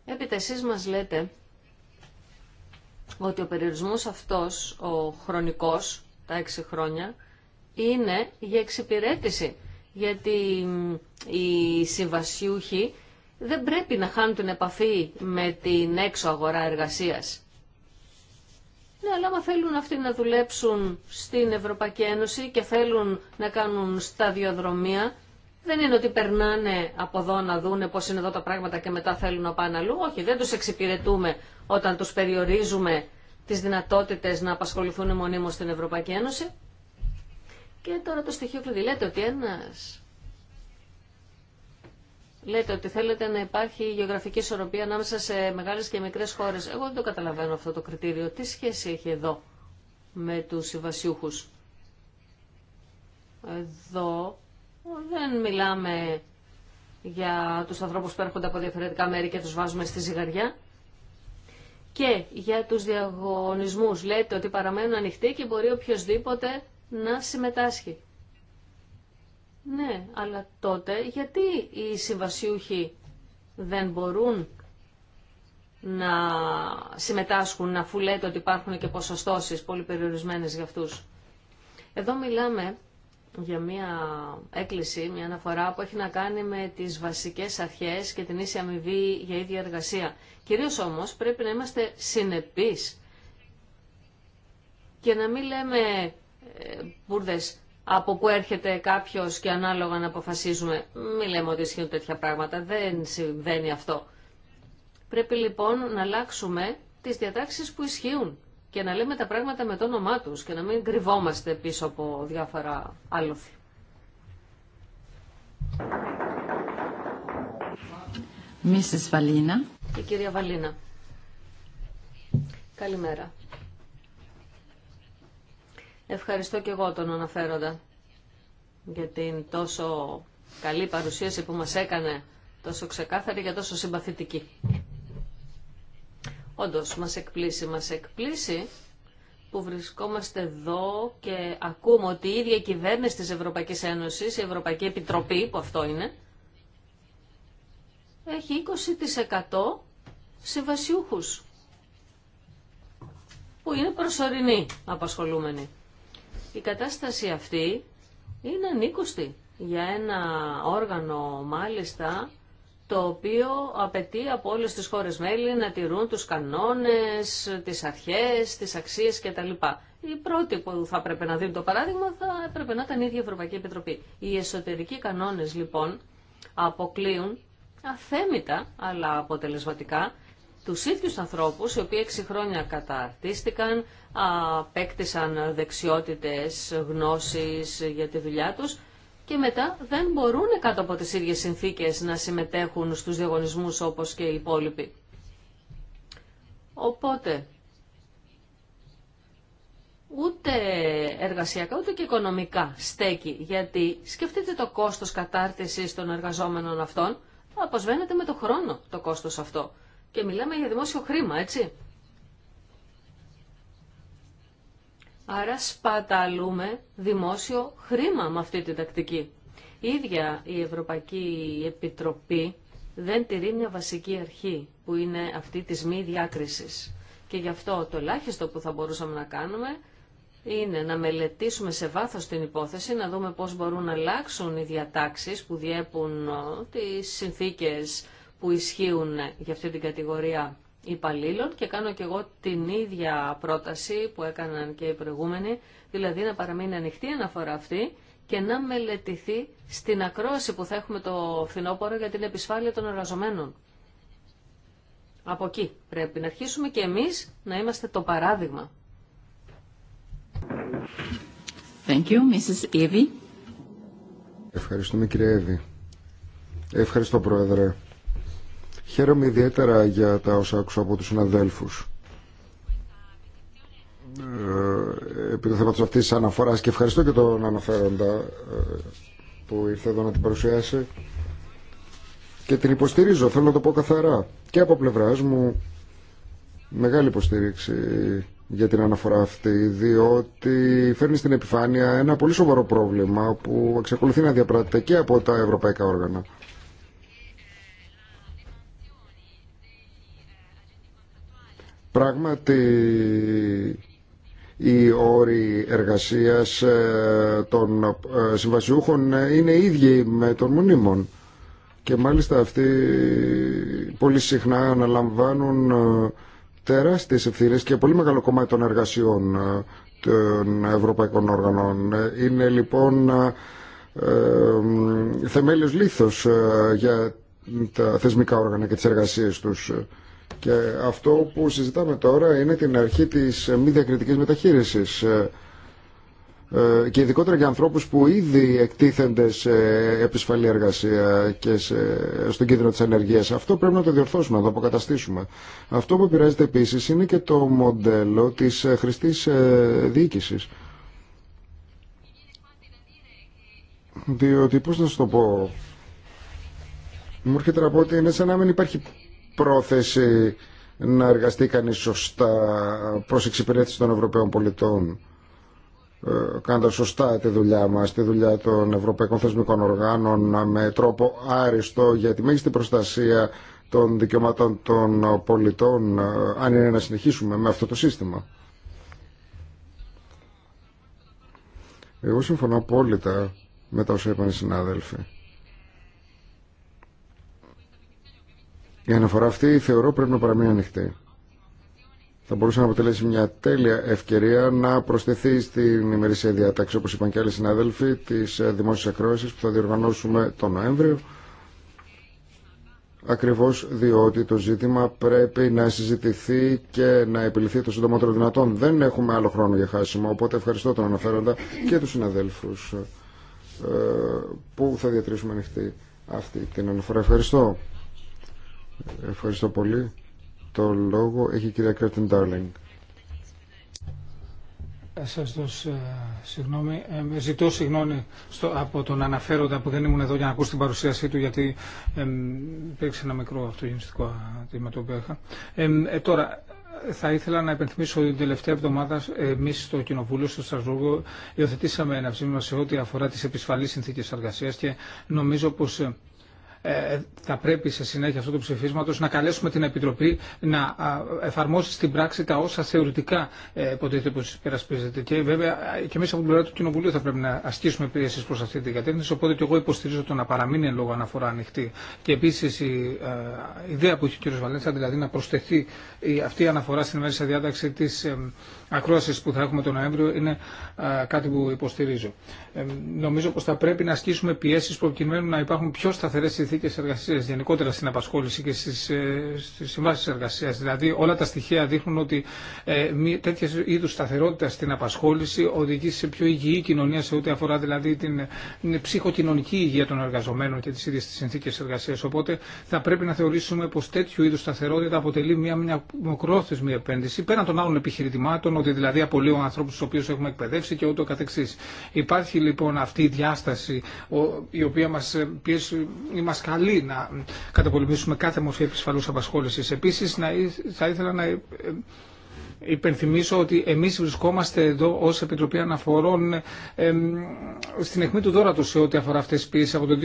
Έπειτα εσείς μας λέτε ότι ο περιορισμός αυτός, ο χρονικός, τα έξι χρόνια, είναι για εξυπηρέτηση. Γιατί οι συμβασιούχοι δεν πρέπει να χάνουν την επαφή με την έξω αγορά εργασίας. Ναι, αλλά άμα θέλουν αυτοί να δουλέψουν στην Ευρωπαϊκή Ένωση και θέλουν να κάνουν σταδιοδρομία, δεν είναι ότι περνάνε από εδώ να δούνε πώς είναι εδώ τα πράγματα και μετά θέλουν να πάνε αλλού. Όχι, δεν τους εξυπηρετούμε όταν τους περιορίζουμε τις δυνατότητες να απασχοληθούν μονίμως στην Ευρωπαϊκή Ένωση. Και τώρα το στοιχείο κλειδί. Λέτε ότι ένας... Λέτε ότι θέλετε να υπάρχει γεωγραφική ισορροπία ανάμεσα σε μεγάλες και μικρές χώρες. Εγώ δεν το καταλαβαίνω αυτό το κριτήριο. Τι σχέση έχει εδώ με τους συμβασιούχους. Εδώ δεν μιλάμε για τους ανθρώπους που έρχονται από διαφορετικά μέρη και τους βάζουμε στη ζυγαριά. Και για τους διαγωνισμούς λέτε ότι παραμένουν ανοιχτοί και μπορεί οποιοδήποτε να συμμετάσχει. Ναι, αλλά τότε γιατί οι συμβασιούχοι δεν μπορούν να συμμετάσχουν, αφού λέτε ότι υπάρχουν και ποσοστώσεις πολύ περιορισμένες για αυτούς. Εδώ μιλάμε για μια έκκληση, μια αναφορά που έχει να κάνει με τις βασικές αρχές και την ίση αμοιβή για ίδια εργασία. Κυρίως όμως πρέπει να είμαστε συνεπείς και να μην λέμε ε, μπουρδες από που έρχεται κάποιος και ανάλογα να αποφασίζουμε. Μην λέμε ότι ισχύουν τέτοια πράγματα, δεν συμβαίνει αυτό. Πρέπει λοιπόν να αλλάξουμε τις διατάξεις που ισχύουν και να λέμε τα πράγματα με το όνομά τους και να μην κρυβόμαστε πίσω από διάφορα άλοθη. Mrs. Βαλίνα. Και κυρία Βαλίνα. Καλημέρα. Ευχαριστώ και εγώ τον αναφέροντα για την τόσο καλή παρουσίαση που μας έκανε, τόσο ξεκάθαρη και τόσο συμπαθητική. Όντως, μας εκπλήσει, μας εκπλήσει που βρισκόμαστε εδώ και ακούμε ότι η ίδια κυβέρνηση της Ευρωπαϊκής Ένωσης, η Ευρωπαϊκή Επιτροπή, που αυτό είναι, έχει 20% συμβασιούχους, που είναι προσωρινοί απασχολούμενοι. Η κατάσταση αυτή είναι ανήκουστη για ένα όργανο μάλιστα το οποίο απαιτεί από όλες τις χώρες μέλη να τηρούν τους κανόνες, τις αρχές, τις αξίες κτλ. Η πρώτη που θα έπρεπε να δίνει το παράδειγμα θα έπρεπε να ήταν η ίδια η Ευρωπαϊκή Επιτροπή. Οι εσωτερικοί κανόνες λοιπόν αποκλείουν αθέμητα αλλά αποτελεσματικά τους ίδιους ανθρώπους οι οποίοι έξι χρόνια καταρτίστηκαν, απέκτησαν δεξιότητες, γνώσεις για τη δουλειά τους και μετά δεν μπορούν κάτω από τις ίδιες συνθήκες να συμμετέχουν στους διαγωνισμούς όπως και οι υπόλοιποι. Οπότε, ούτε εργασιακά ούτε και οικονομικά στέκει, γιατί σκεφτείτε το κόστος κατάρτισης των εργαζόμενων αυτών, αποσβαίνεται με το χρόνο το κόστος αυτό. Και μιλάμε για δημόσιο χρήμα, έτσι. Άρα σπαταλούμε δημόσιο χρήμα με αυτή την τακτική. Η ίδια η Ευρωπαϊκή Επιτροπή δεν τηρεί μια βασική αρχή που είναι αυτή της μη διάκρισης. Και γι' αυτό το ελάχιστο που θα μπορούσαμε να κάνουμε είναι να μελετήσουμε σε βάθος την υπόθεση, να δούμε πώς μπορούν να αλλάξουν οι διατάξεις που διέπουν ε, τις συνθήκες που ισχύουν για αυτή την κατηγορία υπαλλήλων και κάνω και εγώ την ίδια πρόταση που έκαναν και οι προηγούμενοι, δηλαδή να παραμείνει ανοιχτή η αναφορά αυτή και να μελετηθεί στην ακρόαση που θα έχουμε το φθινόπωρο για την επισφάλεια των εργαζομένων. Από εκεί πρέπει να αρχίσουμε και εμείς να είμαστε το παράδειγμα. Thank you, Mrs. Ευχαριστούμε κύριε Εύη. Ευχαριστώ πρόεδρε. Χαίρομαι ιδιαίτερα για τα όσα άκουσα από τους συναδέλφους. Ε, επί το θέμα της αυτής της αναφοράς και ευχαριστώ και τον αναφέροντα ε, που ήρθε εδώ να την παρουσιάσει και την υποστηρίζω, θέλω να το πω καθαρά και από πλευράς μου μεγάλη υποστήριξη για την αναφορά αυτή διότι φέρνει στην επιφάνεια ένα πολύ σοβαρό πρόβλημα που εξακολουθεί να διαπράττεται και από τα ευρωπαϊκά όργανα Πράγματι, οι όροι εργασίας ε, των ε, συμβασιούχων ε, είναι ίδιοι με των μονίμων και μάλιστα αυτοί πολύ συχνά αναλαμβάνουν τεράστιες ευθύνες και πολύ μεγάλο κομμάτι των εργασιών των ευρωπαϊκών όργανων. Είναι λοιπόν θεμέλιος λήθος για τα θεσμικά όργανα και τις εργασίες τους. Και αυτό που συζητάμε τώρα είναι την αρχή της μη διακριτικής μεταχείρισης ε, ε, και ειδικότερα για ανθρώπους που ήδη εκτίθενται σε επισφαλή εργασία και σε, στον κίνδυνο της ανεργίας. Αυτό πρέπει να το διορθώσουμε, να το αποκαταστήσουμε. Αυτό που επηρεάζεται επίσης είναι και το μοντέλο της ε, χρηστής διοίκησης. Διότι, πώς να σα το πω, μου έρχεται να πω ότι είναι σαν να μην υπάρχει πρόθεση να εργαστεί κανείς σωστά προς εξυπηρέτηση των Ευρωπαίων πολιτών ε, κάντα σωστά τη δουλειά μας, τη δουλειά των Ευρωπαϊκών Θεσμικών Οργάνων με τρόπο άριστο για τη μέγιστη προστασία των δικαιωμάτων των πολιτών ε, αν είναι να συνεχίσουμε με αυτό το σύστημα. Εγώ συμφωνώ απόλυτα με τα όσα είπαν οι συνάδελφοι. Η αναφορά αυτή θεωρώ πρέπει να παραμείνει ανοιχτή. Θα μπορούσε να αποτελέσει μια τέλεια ευκαιρία να προσθεθεί στην ημερήσια διάταξη, όπω είπαν και άλλοι συνάδελφοι, τη ε, δημόσιας ακρόασης που θα διοργανώσουμε τον Νοέμβριο. Ακριβώ διότι το ζήτημα πρέπει να συζητηθεί και να επιληθεί το συντομότερο δυνατόν. Δεν έχουμε άλλο χρόνο για χάσιμο, οπότε ευχαριστώ τον αναφέροντα και τους συναδέλφους ε, που θα διατηρήσουμε ανοιχτή αυτή την αναφορά. Ευχαριστώ. Ευχαριστώ πολύ. Το λόγο έχει η κυρία Κέρτιν Ντάρλινγκ. Σα δώσω ε, συγγνώμη. Ε, ζητώ συγγνώμη στο, από τον αναφέροντα που δεν ήμουν εδώ για να ακούσει την παρουσίασή του γιατί ε, υπήρξε ένα μικρό αυτογενιστικό ατύμα το οποίο είχα. Ε, τώρα, θα ήθελα να υπενθυμίσω ότι την τελευταία εβδομάδα ε, εμεί στο Κοινοβούλιο, στο Στρασβούργο, υιοθετήσαμε ένα ψήμα σε ό,τι αφορά τι επισφαλεί συνθήκε εργασία και νομίζω πω ε, ε, θα πρέπει σε συνέχεια αυτού του ψηφίσματος να καλέσουμε την Επιτροπή να εφαρμόσει στην πράξη τα όσα θεωρητικά ε, υποτίθεται πως υπερασπίζεται. Και βέβαια και εμείς από την πλευρά του Κοινοβουλίου θα πρέπει να ασκήσουμε πίεση προς αυτή την κατεύθυνση. Οπότε και εγώ υποστηρίζω το να παραμείνει εν λόγω αναφορά ανοιχτή. Και επίσης η ε, ιδέα που έχει ο κ. Βαλέντσα, δηλαδή να προσθεθεί αυτή η αναφορά στην μέση διάταξη της ακρόαση που θα έχουμε τον Νοέμβριο είναι κάτι που υποστηρίζω. Ε, νομίζω πω θα πρέπει να ασκήσουμε πιέσει προκειμένου να υπάρχουν πιο σταθερέ συνθήκε εργασία γενικότερα στην απασχόληση και στι ε, συμβάσει εργασία. Δηλαδή, όλα τα στοιχεία δείχνουν ότι ε, τέτοια είδου σταθερότητα στην απασχόληση οδηγεί σε πιο υγιή κοινωνία σε ό,τι αφορά δηλαδή την, ψυχοκοινωνική υγεία των εργαζομένων και τι ίδιε τι συνθήκε εργασία. Οπότε θα πρέπει να θεωρήσουμε πω τέτοιου είδου σταθερότητα αποτελεί μια, μια, μικρόθεσμη επένδυση πέραν των άλλων επιχειρητημάτων ότι δηλαδή απολύουν ανθρώπου του οποίου έχουμε εκπαιδεύσει και ούτω καθεξή. Υπάρχει λοιπόν αυτή η διάσταση η οποία μα ε, πιέζει ή μα καλεί να καταπολεμήσουμε κάθε μορφή επισφαλού απασχόληση. Επίση, θα ήθελα να ε, ε, υπενθυμίσω ότι εμείς βρισκόμαστε εδώ ως Επιτροπή Αναφορών στην αιχμή του δόρατος σε ό,τι αφορά αυτές τις πιέσεις. Από το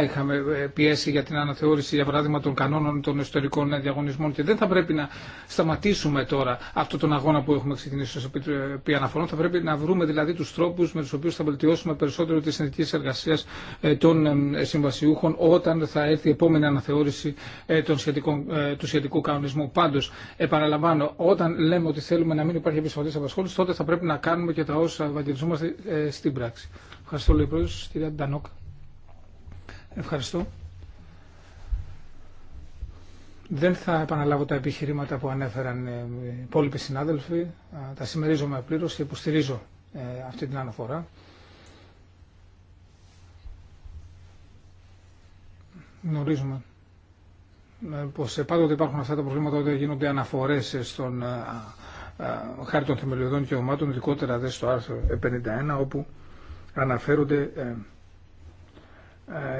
2009 είχαμε ε, πιέσει για την αναθεώρηση, για παράδειγμα, των κανόνων των ιστορικών διαγωνισμών και δεν θα πρέπει να σταματήσουμε τώρα αυτόν τον αγώνα που έχουμε ξεκινήσει ως Επιτροπή Αναφορών. Θα πρέπει να βρούμε δηλαδή τους τρόπους με τους οποίους θα βελτιώσουμε περισσότερο τις συνδικές εργασία ε, των συμβασιούχων όταν θα έρθει η επόμενη αναθεώρηση ε, του σχετικού κανονισμού. Πάντως, επαναλαμβάνω, όταν λέμε ότι θέλουμε να μην υπάρχει επισφαλή απασχόληση, τότε θα πρέπει να κάνουμε και τα όσα βαγγελιζόμαστε ε, στην πράξη. Ευχαριστώ, λέει πρόεδρο, κυρία Ντανόκ. Ευχαριστώ. Δεν θα επαναλάβω τα επιχειρήματα που ανέφεραν ε, οι υπόλοιποι συνάδελφοι. Τα συμμερίζομαι πλήρω και υποστηρίζω ε, αυτή την αναφορά. Γνωρίζουμε ε, πως πάντοτε υπάρχουν αυτά τα προβλήματα όταν γίνονται αναφορές στον ε, ε, χάρτη των θεμελιωδών δικαιωμάτων, ειδικότερα δε στο άρθρο 51, όπου αναφέρονται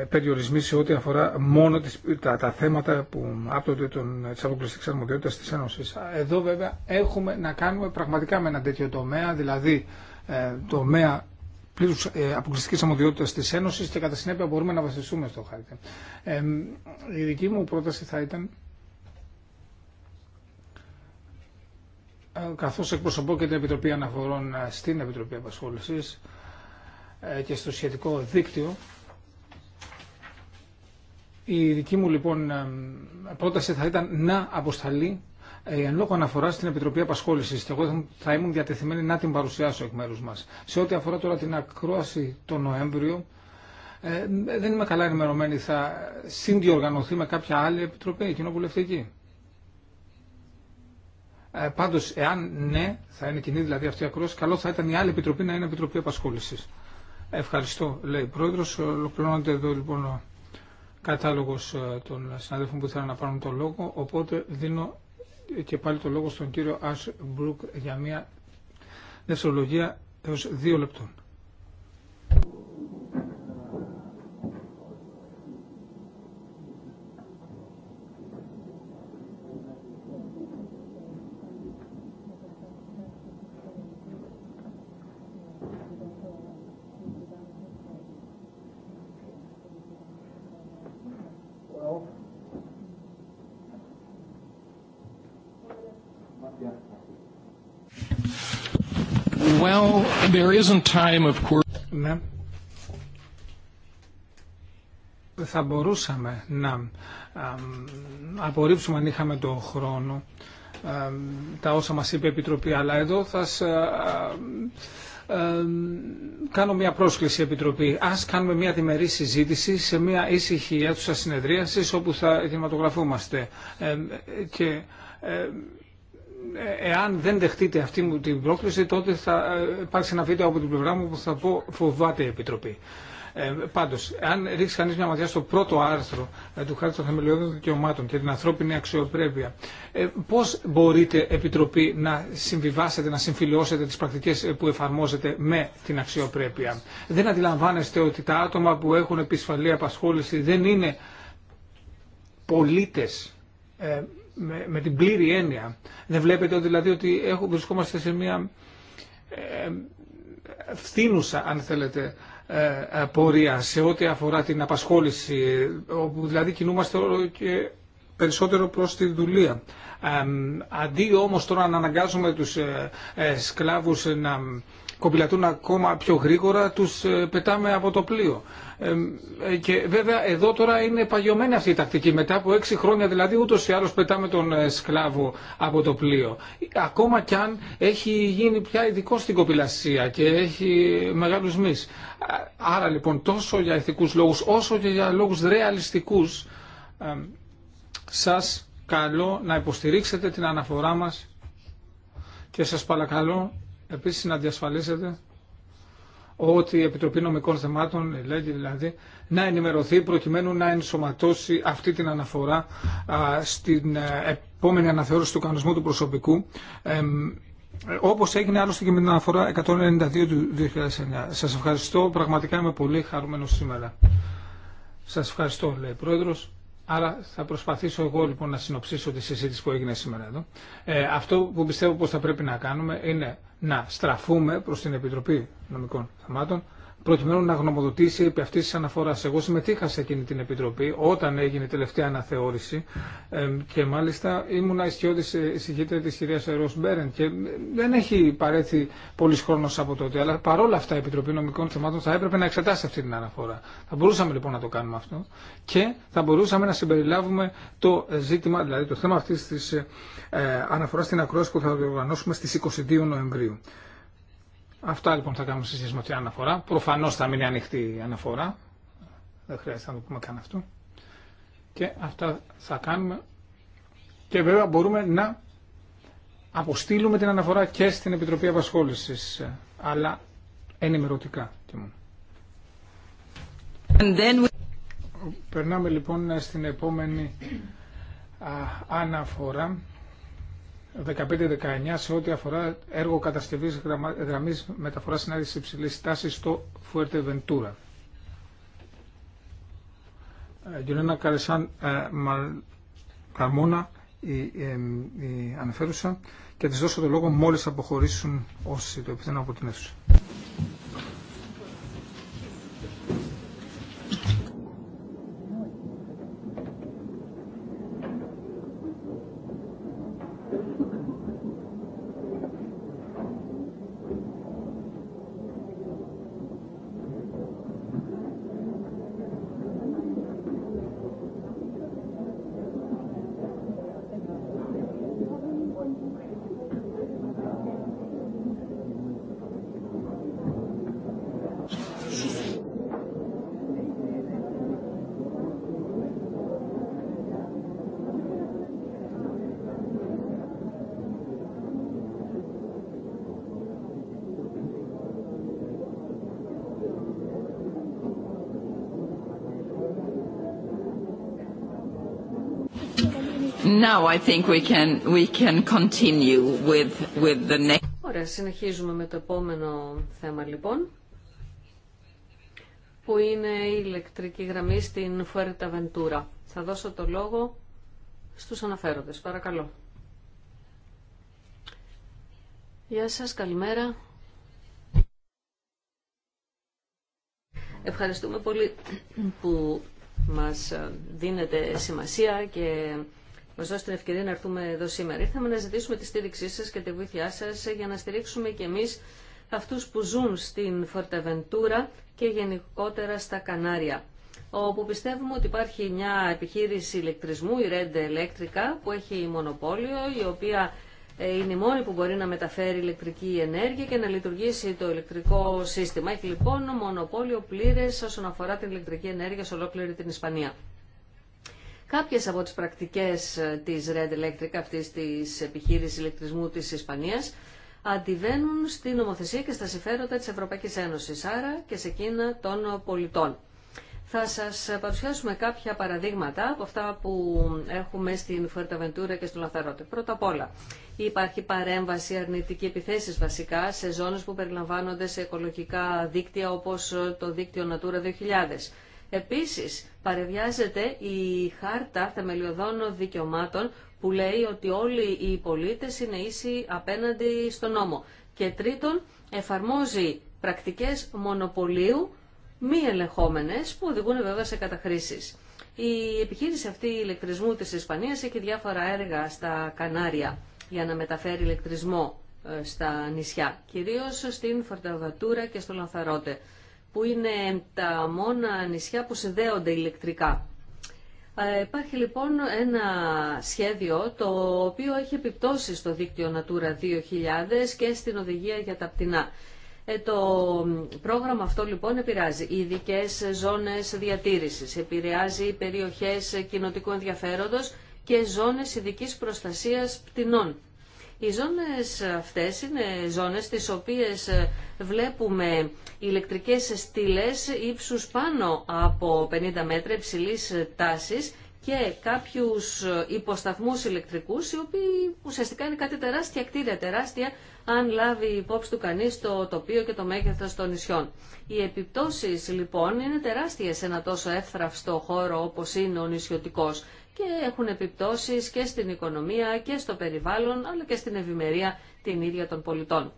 περιορισμοί σε ό,τι αφορά μόνο τις, τα, θέματα που άπτονται των, της αποκλειστικής αρμοδιότητας της Ένωσης. Εδώ βέβαια έχουμε να κάνουμε πραγματικά με ένα τέτοιο τομέα, δηλαδή τομέα πλήρους ε, αποκλειστικής αμμοδιότητας της Ένωσης και κατά συνέπεια μπορούμε να βασιστούμε στο χάρτη. η δική μου πρόταση θα ήταν ε, καθώς εκπροσωπώ και την Επιτροπή Αναφορών ε, στην Επιτροπή Απασχόλησης και στο σχετικό δίκτυο, η δική μου λοιπόν πρόταση θα ήταν να αποσταλεί ε, εν λόγω αναφορά στην Επιτροπή Απασχόληση. Και εγώ θα ήμουν διατεθειμένη να την παρουσιάσω εκ μέρου μα. Σε ό,τι αφορά τώρα την ακρόαση το Νοέμβριο, ε, δεν είμαι καλά ενημερωμένη. Θα συνδιοργανωθεί με κάποια άλλη Επιτροπή Κοινοβουλευτική. Ε, Πάντω, εάν ναι, θα είναι κοινή δηλαδή αυτή η ακρόαση, καλό θα ήταν η άλλη Επιτροπή να είναι Επιτροπή Απασχόληση. Ευχαριστώ, λέει η Πρόεδρο. Ολοκληρώνεται εδώ λοιπόν κατάλογο ε, των συναδέλφων που θέλουν να πάρουν το λόγο, οπότε δίνω και πάλι το λόγο στον κύριο Ασμπρουκ για μια δευτερολογία έως δύο λεπτών. there isn't time, of course. Ναι. Θα μπορούσαμε να απορρίψουμε αν είχαμε το χρόνο τα όσα μας είπε η Επιτροπή, αλλά εδώ θα κάνω μια πρόσκληση Επιτροπή. Ας κάνουμε μια διμερή συζήτηση σε μια ήσυχη αίθουσα συνεδρίασης όπου θα δημοτογραφούμαστε. και εάν δεν δεχτείτε αυτή μου την πρόκληση, τότε θα ε, υπάρξει ένα βίντεο από την πλευρά μου που θα πω φοβάται η Επιτροπή. Ε, Πάντω, αν ρίξει κανεί μια ματιά στο πρώτο άρθρο ε, του Χάρτη των Θεμελιωδών Δικαιωμάτων και την ανθρώπινη αξιοπρέπεια, ε, πώ μπορείτε, Επιτροπή, να συμβιβάσετε, να συμφιλειώσετε τι πρακτικέ ε, που εφαρμόζετε με την αξιοπρέπεια. Δεν αντιλαμβάνεστε ότι τα άτομα που έχουν επισφαλή απασχόληση δεν είναι πολίτε ε, με, με την πλήρη έννοια. Δεν βλέπετε δηλαδή ότι βρισκόμαστε σε μια ε, φθήνουσα, αν θέλετε, ε, ε, πορεία σε ό,τι αφορά την απασχόληση, ε, όπου δηλαδή κινούμαστε όλο και περισσότερο προς τη δουλεία. αντί όμως τώρα να αναγκάζουμε τους ε, σκλάβους να κοπηλατούν ακόμα πιο γρήγορα, τους ε, πετάμε από το πλοίο. Ε, και βέβαια εδώ τώρα είναι παγιωμένη αυτή η τακτική. Μετά από έξι χρόνια δηλαδή ούτως ή άλλως πετάμε τον ε, σκλάβο από το πλοίο. Ακόμα κι αν έχει γίνει πια ειδικό στην κοπηλασία και έχει μεγάλους μυς. Άρα λοιπόν τόσο για ηθικούς λόγους όσο και για λόγους ρεαλιστικούς σας καλώ να υποστηρίξετε την αναφορά μας και σας παρακαλώ επίσης να διασφαλίσετε ότι η Επιτροπή Νομικών Θεμάτων, λέγει δηλαδή, να ενημερωθεί προκειμένου να ενσωματώσει αυτή την αναφορά στην ε, επόμενη αναθεώρηση του κανονισμού του προσωπικού, όπως έγινε άλλωστε και με την αναφορά 192 του 2009. Σας ευχαριστώ, πραγματικά είμαι πολύ χαρούμενος σήμερα. Σας ευχαριστώ, λέει Πρόεδρος. Άρα θα προσπαθήσω εγώ λοιπόν να συνοψίσω τη συζήτηση που έγινε σήμερα εδώ. Ε, αυτό που πιστεύω πως θα πρέπει να κάνουμε είναι να στραφούμε προς την Επιτροπή Νομικών Θεμάτων προκειμένου να γνωμοδοτήσει επί αυτή τη αναφορά. Εγώ συμμετείχα σε εκείνη την επιτροπή όταν έγινε η τελευταία αναθεώρηση και μάλιστα ήμουν ισχυώδη συγκίτρια τη κυρία Ρο Μπέρεν και δεν έχει παρέθει πολλή χρόνο από τότε. Αλλά παρόλα αυτά η Επιτροπή Νομικών Θεμάτων θα έπρεπε να εξετάσει αυτή την αναφορά. Θα μπορούσαμε λοιπόν να το κάνουμε αυτό και θα μπορούσαμε να συμπεριλάβουμε το ζήτημα, δηλαδή το θέμα αυτή τη ε, αναφορά στην ακρόαση που θα διοργανώσουμε στι 22 Νοεμβρίου. Αυτά λοιπόν θα κάνουμε σε σχέση με την αναφορά. Προφανώς θα μείνει ανοιχτή η αναφορά. Δεν χρειάζεται να το πούμε καν αυτό. Και αυτά θα κάνουμε. Και βέβαια μπορούμε να αποστείλουμε την αναφορά και στην Επιτροπή Απασχόλησης, αλλά ενημερωτικά και We... Περνάμε λοιπόν στην επόμενη αναφορά. 15-19 σε ό,τι αφορά έργο κατασκευής γραμμής μεταφοράς συνάρτησης υψηλής τάσης στο Fuerteventura. Ε, Γιονένα Καρεσάν ε, Καρμόνα, η, ε, η αναφέρουσα, και της δώσω το λόγο μόλις αποχωρήσουν όσοι το επιθυμούν από την αίθουσα. Now I Ωραία, συνεχίζουμε με το επόμενο θέμα λοιπόν, που είναι η ηλεκτρική γραμμή στην Φουέρτα Βεντούρα. Θα δώσω το λόγο στους αναφέροντες. Παρακαλώ. Γεια σας, καλημέρα. Ευχαριστούμε πολύ που μας δίνετε σημασία και μα δώσετε την ευκαιρία να έρθουμε εδώ σήμερα. Ήρθαμε να ζητήσουμε τη στήριξή σα και τη βοήθειά σα για να στηρίξουμε κι εμεί αυτού που ζουν στην Φορτεβεντούρα και γενικότερα στα Κανάρια όπου πιστεύουμε ότι υπάρχει μια επιχείρηση ηλεκτρισμού, η Red Electrica, που έχει μονοπόλιο, η οποία ε, είναι η μόνη που μπορεί να μεταφέρει ηλεκτρική ενέργεια και να λειτουργήσει το ηλεκτρικό σύστημα. Έχει λοιπόν μονοπόλιο πλήρε όσον αφορά την ηλεκτρική ενέργεια σε ολόκληρη την Ισπανία. Κάποιες από τις πρακτικές ε, της Red Electric, αυτής της επιχείρησης ηλεκτρισμού της Ισπανίας, αντιβαίνουν στην νομοθεσία και στα συμφέροντα της Ευρωπαϊκής Ένωσης, άρα και σε εκείνα των πολιτών. Θα σας παρουσιάσουμε κάποια παραδείγματα από αυτά που έχουμε στην Φορταβεντούρα και στον Λαθαρότε. Πρώτα απ' όλα, υπάρχει παρέμβαση αρνητική επιθέσεις βασικά σε ζώνες που περιλαμβάνονται σε οικολογικά δίκτυα όπως το δίκτυο Natura 2000. Επίσης, παρεβιάζεται η χάρτα θεμελιωδών δικαιωμάτων που λέει ότι όλοι οι πολίτες είναι ίσοι απέναντι στον νόμο. Και τρίτον, εφαρμόζει πρακτικές μονοπωλίου μη ελεγχόμενες που οδηγούν βέβαια σε καταχρήσεις. Η επιχείρηση αυτή ηλεκτρισμού της Ισπανίας έχει διάφορα έργα στα Κανάρια για να μεταφέρει ηλεκτρισμό ε, στα νησιά, κυρίως στην Φορταβατούρα και στο Λανθαρότε που είναι τα μόνα νησιά που συνδέονται ηλεκτρικά. Ε, υπάρχει λοιπόν ένα σχέδιο το οποίο έχει επιπτώσει στο δίκτυο Natura 2000 και στην οδηγία για τα πτηνά. Ε, το πρόγραμμα αυτό λοιπόν επηρεάζει ειδικέ ζώνες διατήρησης, επηρεάζει περιοχές κοινοτικού ενδιαφέροντος και ζώνες ειδικής προστασίας πτηνών. Οι ζώνες αυτές είναι ζώνες στις οποίες ε, βλέπουμε ηλεκτρικές στήλες ύψους πάνω από 50 μέτρα υψηλής ε, τάσης και κάποιους ε, υποσταθμούς ηλεκτρικούς, οι οποίοι ουσιαστικά είναι κάτι τεράστια κτίρια, τεράστια, αν λάβει υπόψη του κανείς το τοπίο και το μέγεθος των νησιών. Οι επιπτώσεις λοιπόν είναι τεράστιες σε ένα τόσο εύθραυστο χώρο όπως είναι ο νησιωτικός και έχουν επιπτώσεις και στην οικονομία και στο περιβάλλον αλλά και στην ευημερία την ίδια των πολιτών.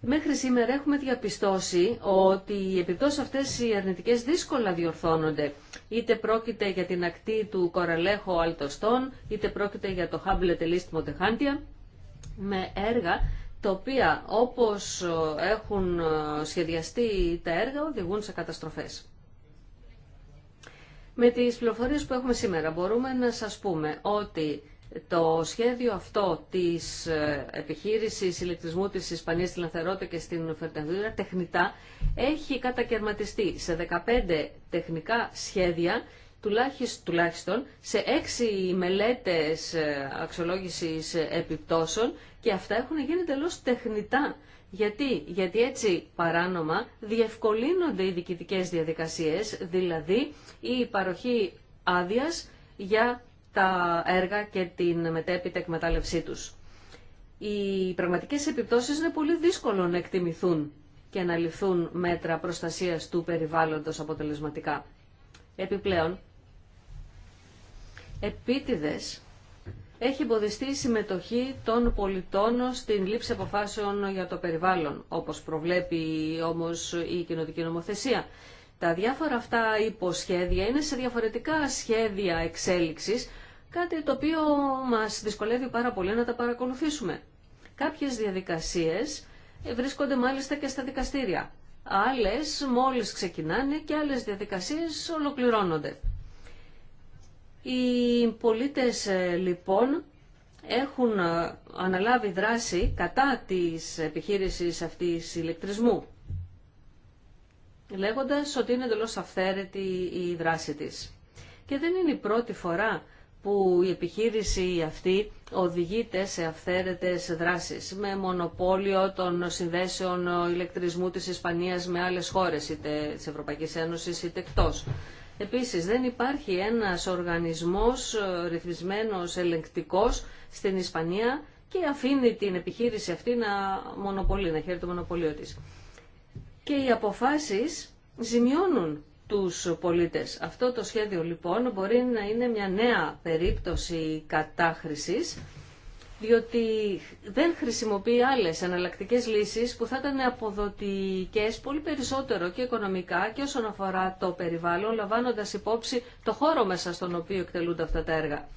Μέχρι σήμερα έχουμε διαπιστώσει ότι οι επιπτώσεις αυτές οι αρνητικές δύσκολα διορθώνονται. Είτε πρόκειται για την ακτή του Κοραλέχο Αλτοστόν είτε πρόκειται για το Χάμπλε Τελίστ Μοντεχάντια, με έργα τα οποία όπως έχουν σχεδιαστεί τα έργα οδηγούν σε καταστροφές. Με τις πληροφορίες που έχουμε σήμερα μπορούμε να σας πούμε ότι το σχέδιο αυτό της ε, επιχείρησης ηλεκτρισμού της Ισπανίας στην Λανθερότητα και στην Φερτανδούρα τεχνητά έχει κατακαιρματιστεί σε 15 τεχνικά σχέδια τουλάχιστον σε 6 μελέτες ε, αξιολόγησης επιπτώσεων και αυτά έχουν γίνει τελώς τεχνητά γιατί, Γιατί έτσι παράνομα διευκολύνονται οι διοικητικές διαδικασίες, δηλαδή η παροχή άδεια για τα έργα και την μετέπειτα εκμετάλλευσή τους. Οι πραγματικές επιπτώσεις είναι πολύ δύσκολο να εκτιμηθούν και να ληφθούν μέτρα προστασίας του περιβάλλοντος αποτελεσματικά. Επιπλέον, επίτηδες έχει εμποδιστεί η συμμετοχή των πολιτών στην λήψη αποφάσεων για το περιβάλλον, όπως προβλέπει όμως η κοινωτική νομοθεσία. Τα διάφορα αυτά υποσχέδια είναι σε διαφορετικά σχέδια εξέλιξης, κάτι το οποίο μας δυσκολεύει πάρα πολύ να τα παρακολουθήσουμε. Κάποιες διαδικασίες βρίσκονται μάλιστα και στα δικαστήρια. Άλλες μόλις ξεκινάνε και άλλες διαδικασίες ολοκληρώνονται. Οι πολίτες ε, λοιπόν έχουν ε, αναλάβει δράση κατά της επιχείρησης αυτής ηλεκτρισμού, λέγοντας ότι είναι εντελώς αυθαίρετη η δράση της. Και δεν είναι η πρώτη φορά που η επιχείρηση αυτή οδηγείται σε αυθαίρετες δράσεις με μονοπόλιο των συνδέσεων ηλεκτρισμού της Ισπανίας με άλλες χώρες, είτε της Ευρωπαϊκής Ένωσης είτε εκτός. Επίσης δεν υπάρχει ένας οργανισμός ε, ρυθμισμένος ελεγκτικός στην Ισπανία και αφήνει την επιχείρηση αυτή να μονοπολεί, να χαίρει το μονοπωλίο της. Και οι αποφάσεις ζημιώνουν τους πολίτες. Αυτό το σχέδιο λοιπόν μπορεί να είναι μια νέα περίπτωση κατάχρησης διότι δεν χρησιμοποιεί άλλες εναλλακτικέ λύσεις που θα ήταν αποδοτικές πολύ περισσότερο και οικονομικά και όσον αφορά το περιβάλλον, λαμβάνοντας υπόψη το χώρο μέσα στον οποίο εκτελούνται αυτά τα έργα.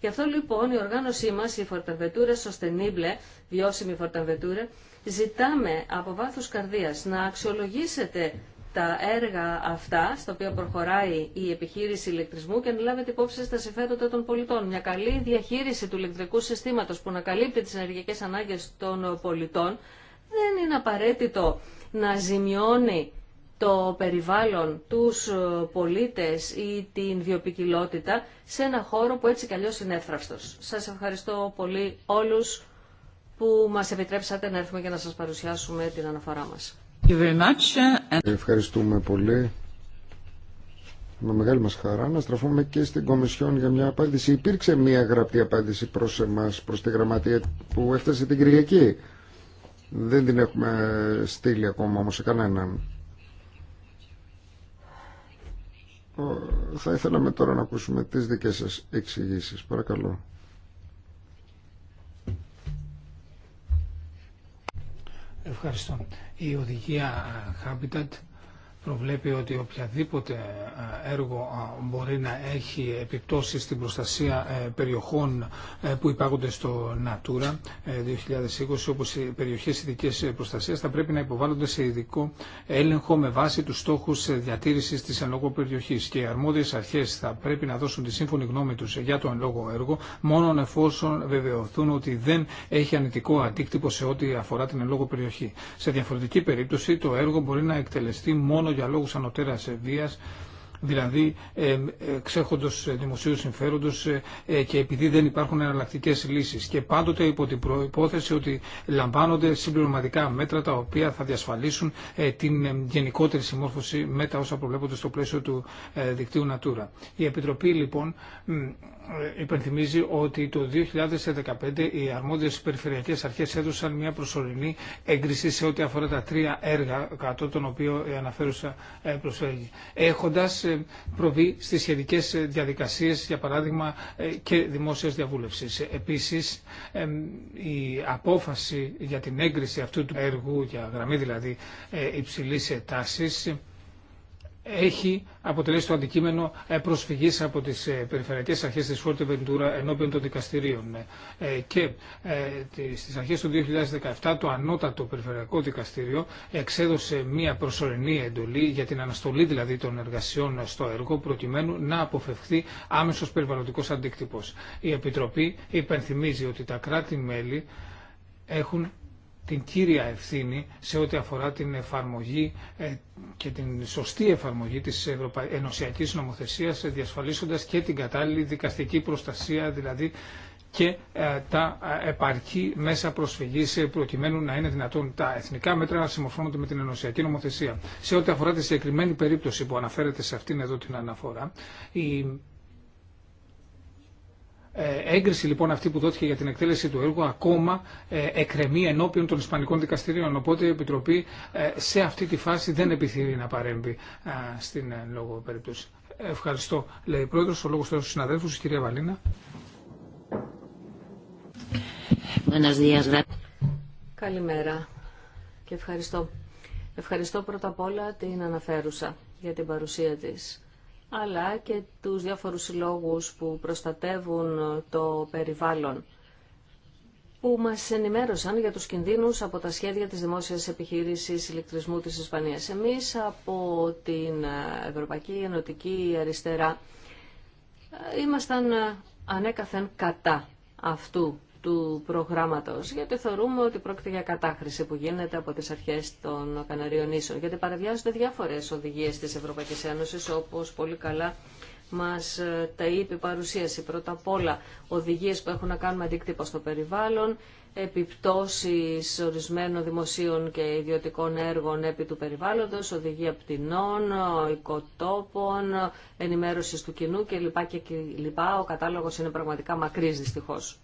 Γι' αυτό λοιπόν η οργάνωσή μας, η Φορταβετούρα Σωστενίμπλε, βιώσιμη Φορταβετούρα, ζητάμε από βάθους καρδίας να αξιολογήσετε τα έργα αυτά, στο οποίο προχωράει η επιχείρηση ηλεκτρισμού και να λάβετε υπόψη στα συμφέροντα των πολιτών. Μια καλή διαχείριση του ηλεκτρικού συστήματο που να καλύπτει τις ενεργειακές ανάγκες των πολιτών δεν είναι απαραίτητο να ζημιώνει το περιβάλλον, τους πολίτες ή την βιοπικιλότητα σε ένα χώρο που έτσι κι αλλιώς είναι εύθραυστος. Σας ευχαριστώ πολύ όλους που μας επιτρέψατε να έρθουμε και να σας παρουσιάσουμε την αναφορά μας. Ευχαριστούμε πολύ. Με μεγάλη μας χαρά να στραφούμε και στην Κομισιόν για μια απάντηση. Υπήρξε μια γραπτή απάντηση προς εμάς, προς τη γραμματεία που έφτασε την Κυριακή. Δεν την έχουμε στείλει ακόμα όμως σε κανέναν. Θα ήθελαμε τώρα να ακούσουμε τις δικές σας εξηγήσεις. Παρακαλώ. Ευχαριστώ η οδηγία Habitat προβλέπει ότι οποιαδήποτε ε, έργο μπορεί να έχει επιπτώσεις στην προστασία ε, περιοχών ε, που υπάγονται στο Natura 2020 όπως οι περιοχές ειδικής προστασίας θα πρέπει να υποβάλλονται σε ειδικό έλεγχο με βάση τους στόχους διατήρησης της εν λόγω περιοχής και οι αρμόδιες αρχές θα πρέπει να δώσουν τη σύμφωνη γνώμη τους για το εν λόγω έργο μόνο εφόσον βεβαιωθούν ότι δεν έχει ανητικό αντίκτυπο σε ό,τι αφορά την εν λόγω περιοχή. Σε διαφορετική περίπτωση το έργο μπορεί να εκτελεστεί μόνο για λόγους ανωτέρας βίας δηλαδή ε, ε, ξέχοντος δημοσίου συμφέροντος ε, και επειδή δεν υπάρχουν εναλλακτικέ λύσεις και πάντοτε υπό την προϋπόθεση ότι λαμβάνονται συμπληρωματικά μέτρα τα οποία θα διασφαλίσουν την γενικότερη συμμόρφωση με τα όσα προβλέπονται στο πλαίσιο του δικτύου Natura. Η Επιτροπή λοιπόν υπενθυμίζει ότι το 2015 οι αρμόδιες περιφερειακές αρχές έδωσαν μια προσωρινή έγκριση σε ό,τι αφορά τα τρία έργα κατώ των οποίων αναφέρουσα προσφέρει. Έχοντας προβεί στις σχετικέ διαδικασίες, για παράδειγμα, ε, και δημόσια διαβούλευση. Επίσης, η απόφαση για την έγκριση αυτού του έργου, για γραμμή δηλαδή ε, υψηλή τάσης, έχει αποτελέσει το αντικείμενο ε, προσφυγής από τις ε, περιφερειακές αρχές της Φόρτε Βεντούρα ενώπιον των δικαστηρίων. Ε, και στις αρχές του 2017 το ανώτατο περιφερειακό δικαστήριο εξέδωσε μία προσωρινή εντολή για την αναστολή δηλαδή των εργασιών στο έργο προκειμένου να αποφευχθεί άμεσος περιβαλλοντικός αντίκτυπος. Η Επιτροπή υπενθυμίζει ότι τα κράτη-μέλη έχουν την κύρια ευθύνη σε ό,τι αφορά την εφαρμογή ε, και την σωστή εφαρμογή της Ευρωπα... ενωσιακής νομοθεσίας διασφαλίσοντας και την κατάλληλη δικαστική προστασία δηλαδή και ε, τα ε, επαρκή μέσα προσφυγής προκειμένου να είναι δυνατόν τα εθνικά μέτρα να συμμορφώνονται με την ενωσιακή νομοθεσία. Σε ό,τι αφορά τη συγκεκριμένη περίπτωση που αναφέρεται σε αυτήν εδώ την αναφορά, η ε, έγκριση λοιπόν αυτή που δόθηκε για την εκτέλεση του έργου ακόμα ε, εκρεμεί ενώπιον των Ισπανικών δικαστηρίων. Οπότε η Επιτροπή ε, σε αυτή τη φάση δεν επιθυμεί να παρέμβει στην λόγω περίπτωση. Ευχαριστώ. Λέει η Πρόεδρος, ο λόγος στους συναδέλφου, η κυρία Βαλίνα. Καλημέρα και ευχαριστώ. Ευχαριστώ πρώτα απ' όλα την αναφέρουσα για την παρουσία της αλλά και τους διάφορους συλλόγους που προστατεύουν το περιβάλλον που μας ενημέρωσαν για τους κινδύνους από τα σχέδια της Δημόσιας Επιχείρησης Ηλεκτρισμού της Ισπανίας. Εμείς από την Ευρωπαϊκή Ενωτική Αριστερά ήμασταν ανέκαθεν κατά αυτού του προγράμματος, γιατί θεωρούμε ότι πρόκειται για κατάχρηση που γίνεται από τις αρχές των Καναρίων Ίσων, γιατί παραβιάζονται διάφορες οδηγίες της Ευρωπαϊκής Ένωσης, όπως πολύ καλά μας ε, τα είπε η παρουσίαση. Πρώτα απ' όλα οδηγίες που έχουν να κάνουν αντίκτυπο στο περιβάλλον, επιπτώσεις ορισμένων δημοσίων και ιδιωτικών έργων επί του περιβάλλοντος, οδηγία πτηνών, οικοτόπων, ενημέρωσης του κοινού κλπ. Ο κατάλογος είναι πραγματικά μακρύς δυστυχώς.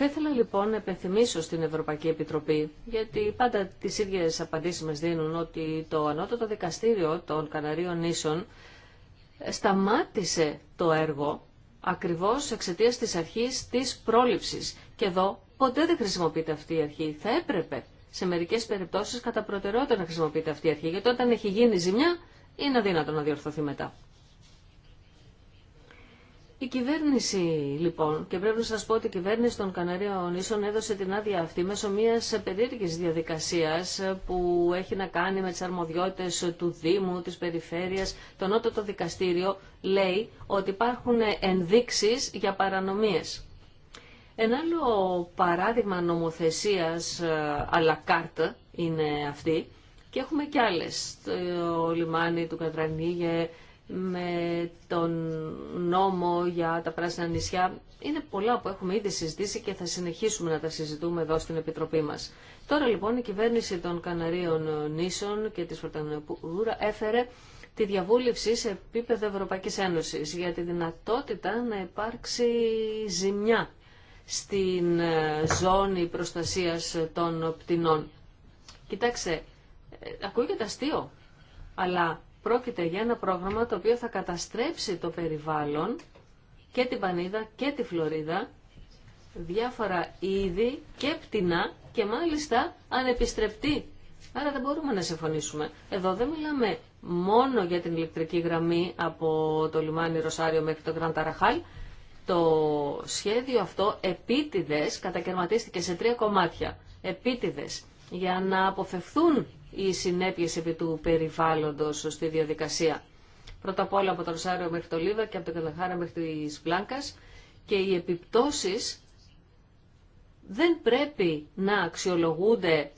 Θα ήθελα λοιπόν να επενθυμίσω στην Ευρωπαϊκή Επιτροπή, γιατί πάντα τις ίδιες απαντήσεις μας δίνουν ότι το ανώτατο δικαστήριο των Καναρίων Ίσων σταμάτησε το έργο ακριβώς εξαιτίας της αρχής της πρόληψης. Και εδώ ποτέ δεν χρησιμοποιείται αυτή η αρχή. Θα έπρεπε σε μερικές περιπτώσεις κατά προτεραιότητα να χρησιμοποιείται αυτή η αρχή, γιατί όταν έχει γίνει ζημιά είναι αδύνατο να διορθωθεί μετά. Η κυβέρνηση λοιπόν, και πρέπει να σας πω ότι η κυβέρνηση των Καναρίων Ίσων έδωσε την άδεια αυτή μέσω μιας περίεργης διαδικασίας που έχει να κάνει με τις αρμοδιότητες του Δήμου, της Περιφέρειας. Το Νότοτο Δικαστήριο λέει ότι υπάρχουν ενδείξεις για παρανομίες. Ένα άλλο παράδειγμα νομοθεσίας ε, à la είναι αυτή και έχουμε κι άλλες. Το λιμάνι του Κατρανίγε, με τον νόμο για τα πράσινα νησιά. Είναι πολλά που έχουμε ήδη συζητήσει και θα συνεχίσουμε να τα συζητούμε εδώ στην Επιτροπή μας. Τώρα λοιπόν η κυβέρνηση των Καναρίων Νήσων και της Φορτανοπούρα έφερε τη διαβούλευση σε επίπεδο Ευρωπαϊκής Ένωσης για τη δυνατότητα να υπάρξει ζημιά στην ε, ζώνη προστασίας των πτηνών. Κοιτάξτε, ε, ακούγεται αστείο, αλλά Πρόκειται για ένα πρόγραμμα το οποίο θα καταστρέψει το περιβάλλον και την Πανίδα και τη Φλωρίδα, διάφορα είδη και πτηνά και μάλιστα ανεπιστρεπτή. Άρα δεν μπορούμε να συμφωνήσουμε. Εδώ δεν μιλάμε μόνο για την ηλεκτρική γραμμή από το λιμάνι Ροσάριο μέχρι το Γκραν Ταραχάλ. Το σχέδιο αυτό επίτηδες κατακαιρματίστηκε σε τρία κομμάτια. Επίτηδες για να αποφευθούν οι συνέπειες επί του περιβάλλοντος στη διαδικασία. Πρώτα απ' όλα από το Ρωσάριο μέχρι το Λίβα και από το Καλαχάρα μέχρι τη Βλάνκας και οι επιπτώσεις δεν πρέπει να αξιολογούνται ε,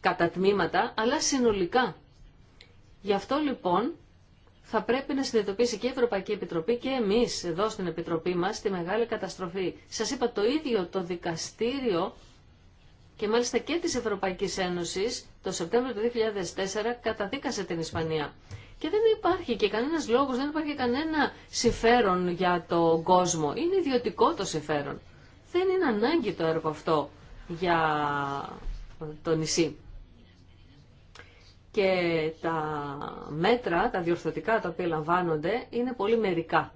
κατά τμήματα, αλλά συνολικά. Γι' αυτό λοιπόν θα πρέπει να συνειδητοποιήσει και η Ευρωπαϊκή Επιτροπή και εμείς εδώ στην Επιτροπή μας τη μεγάλη καταστροφή. Σας είπα το ίδιο το δικαστήριο και μάλιστα και της Ευρωπαϊκής Ένωσης το Σεπτέμβριο του 2004 καταδίκασε την Ισπανία. Και δεν υπάρχει και κανένας λόγος, δεν υπάρχει κανένα συμφέρον για τον κόσμο. Είναι ιδιωτικό το συμφέρον. Δεν είναι ανάγκη το έργο αυτό για ε, το νησί. Και τα μέτρα, τα διορθωτικά τα οποία λαμβάνονται είναι πολύ μερικά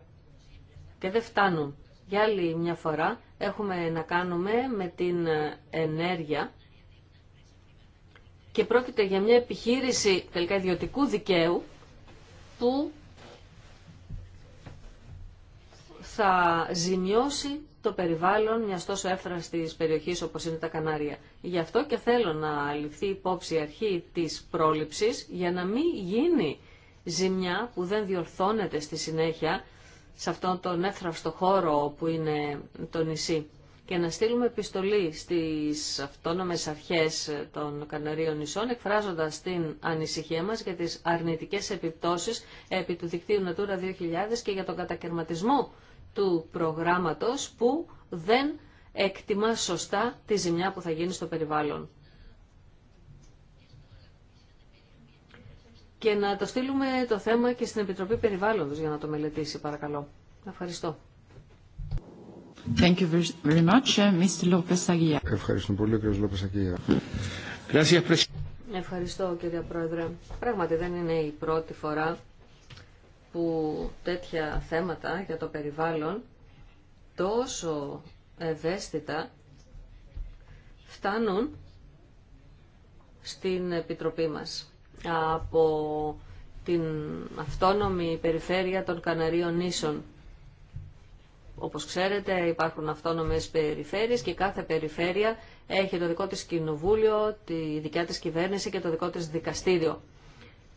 και δεν φτάνουν. Για άλλη μια φορά έχουμε να κάνουμε με την ενέργεια και πρόκειται για μια επιχείρηση τελικά ιδιωτικού δικαίου που θα ζημιώσει το περιβάλλον μια τόσο έφραστης περιοχής όπως είναι τα Κανάρια. Γι' αυτό και θέλω να ληφθεί υπόψη η αρχή της πρόληψης για να μην γίνει ζημιά που δεν διορθώνεται στη συνέχεια σε αυτόν τον έθραυστο χώρο που είναι το νησί και να στείλουμε επιστολή στις αυτόνομες αρχές των Καναρίων νησών εκφράζοντας την ανησυχία μας για τις αρνητικές επιπτώσεις επί του δικτύου Natura 2000 και για τον κατακαιρματισμό του προγράμματος που δεν εκτιμά σωστά τη ζημιά που θα γίνει στο περιβάλλον. και να το στείλουμε το θέμα και στην Επιτροπή Περιβάλλοντος για να το μελετήσει, παρακαλώ. Ευχαριστώ. Thank you very much, uh, Mr. Lopez Aguilar. Ευχαριστώ πολύ, κύριε Λόπες Αγγία. Ευχαριστώ, κύριε Πρόεδρε. Πράγματι δεν είναι η πρώτη φορά που τέτοια θέματα για το περιβάλλον τόσο ευαίσθητα φτάνουν στην Επιτροπή μας από την αυτόνομη περιφέρεια των Καναρίων Νήσων. Όπως ξέρετε υπάρχουν αυτόνομες περιφέρειες και κάθε περιφέρεια έχει το δικό της κοινοβούλιο, τη δικιά της κυβέρνηση και το δικό της δικαστήριο.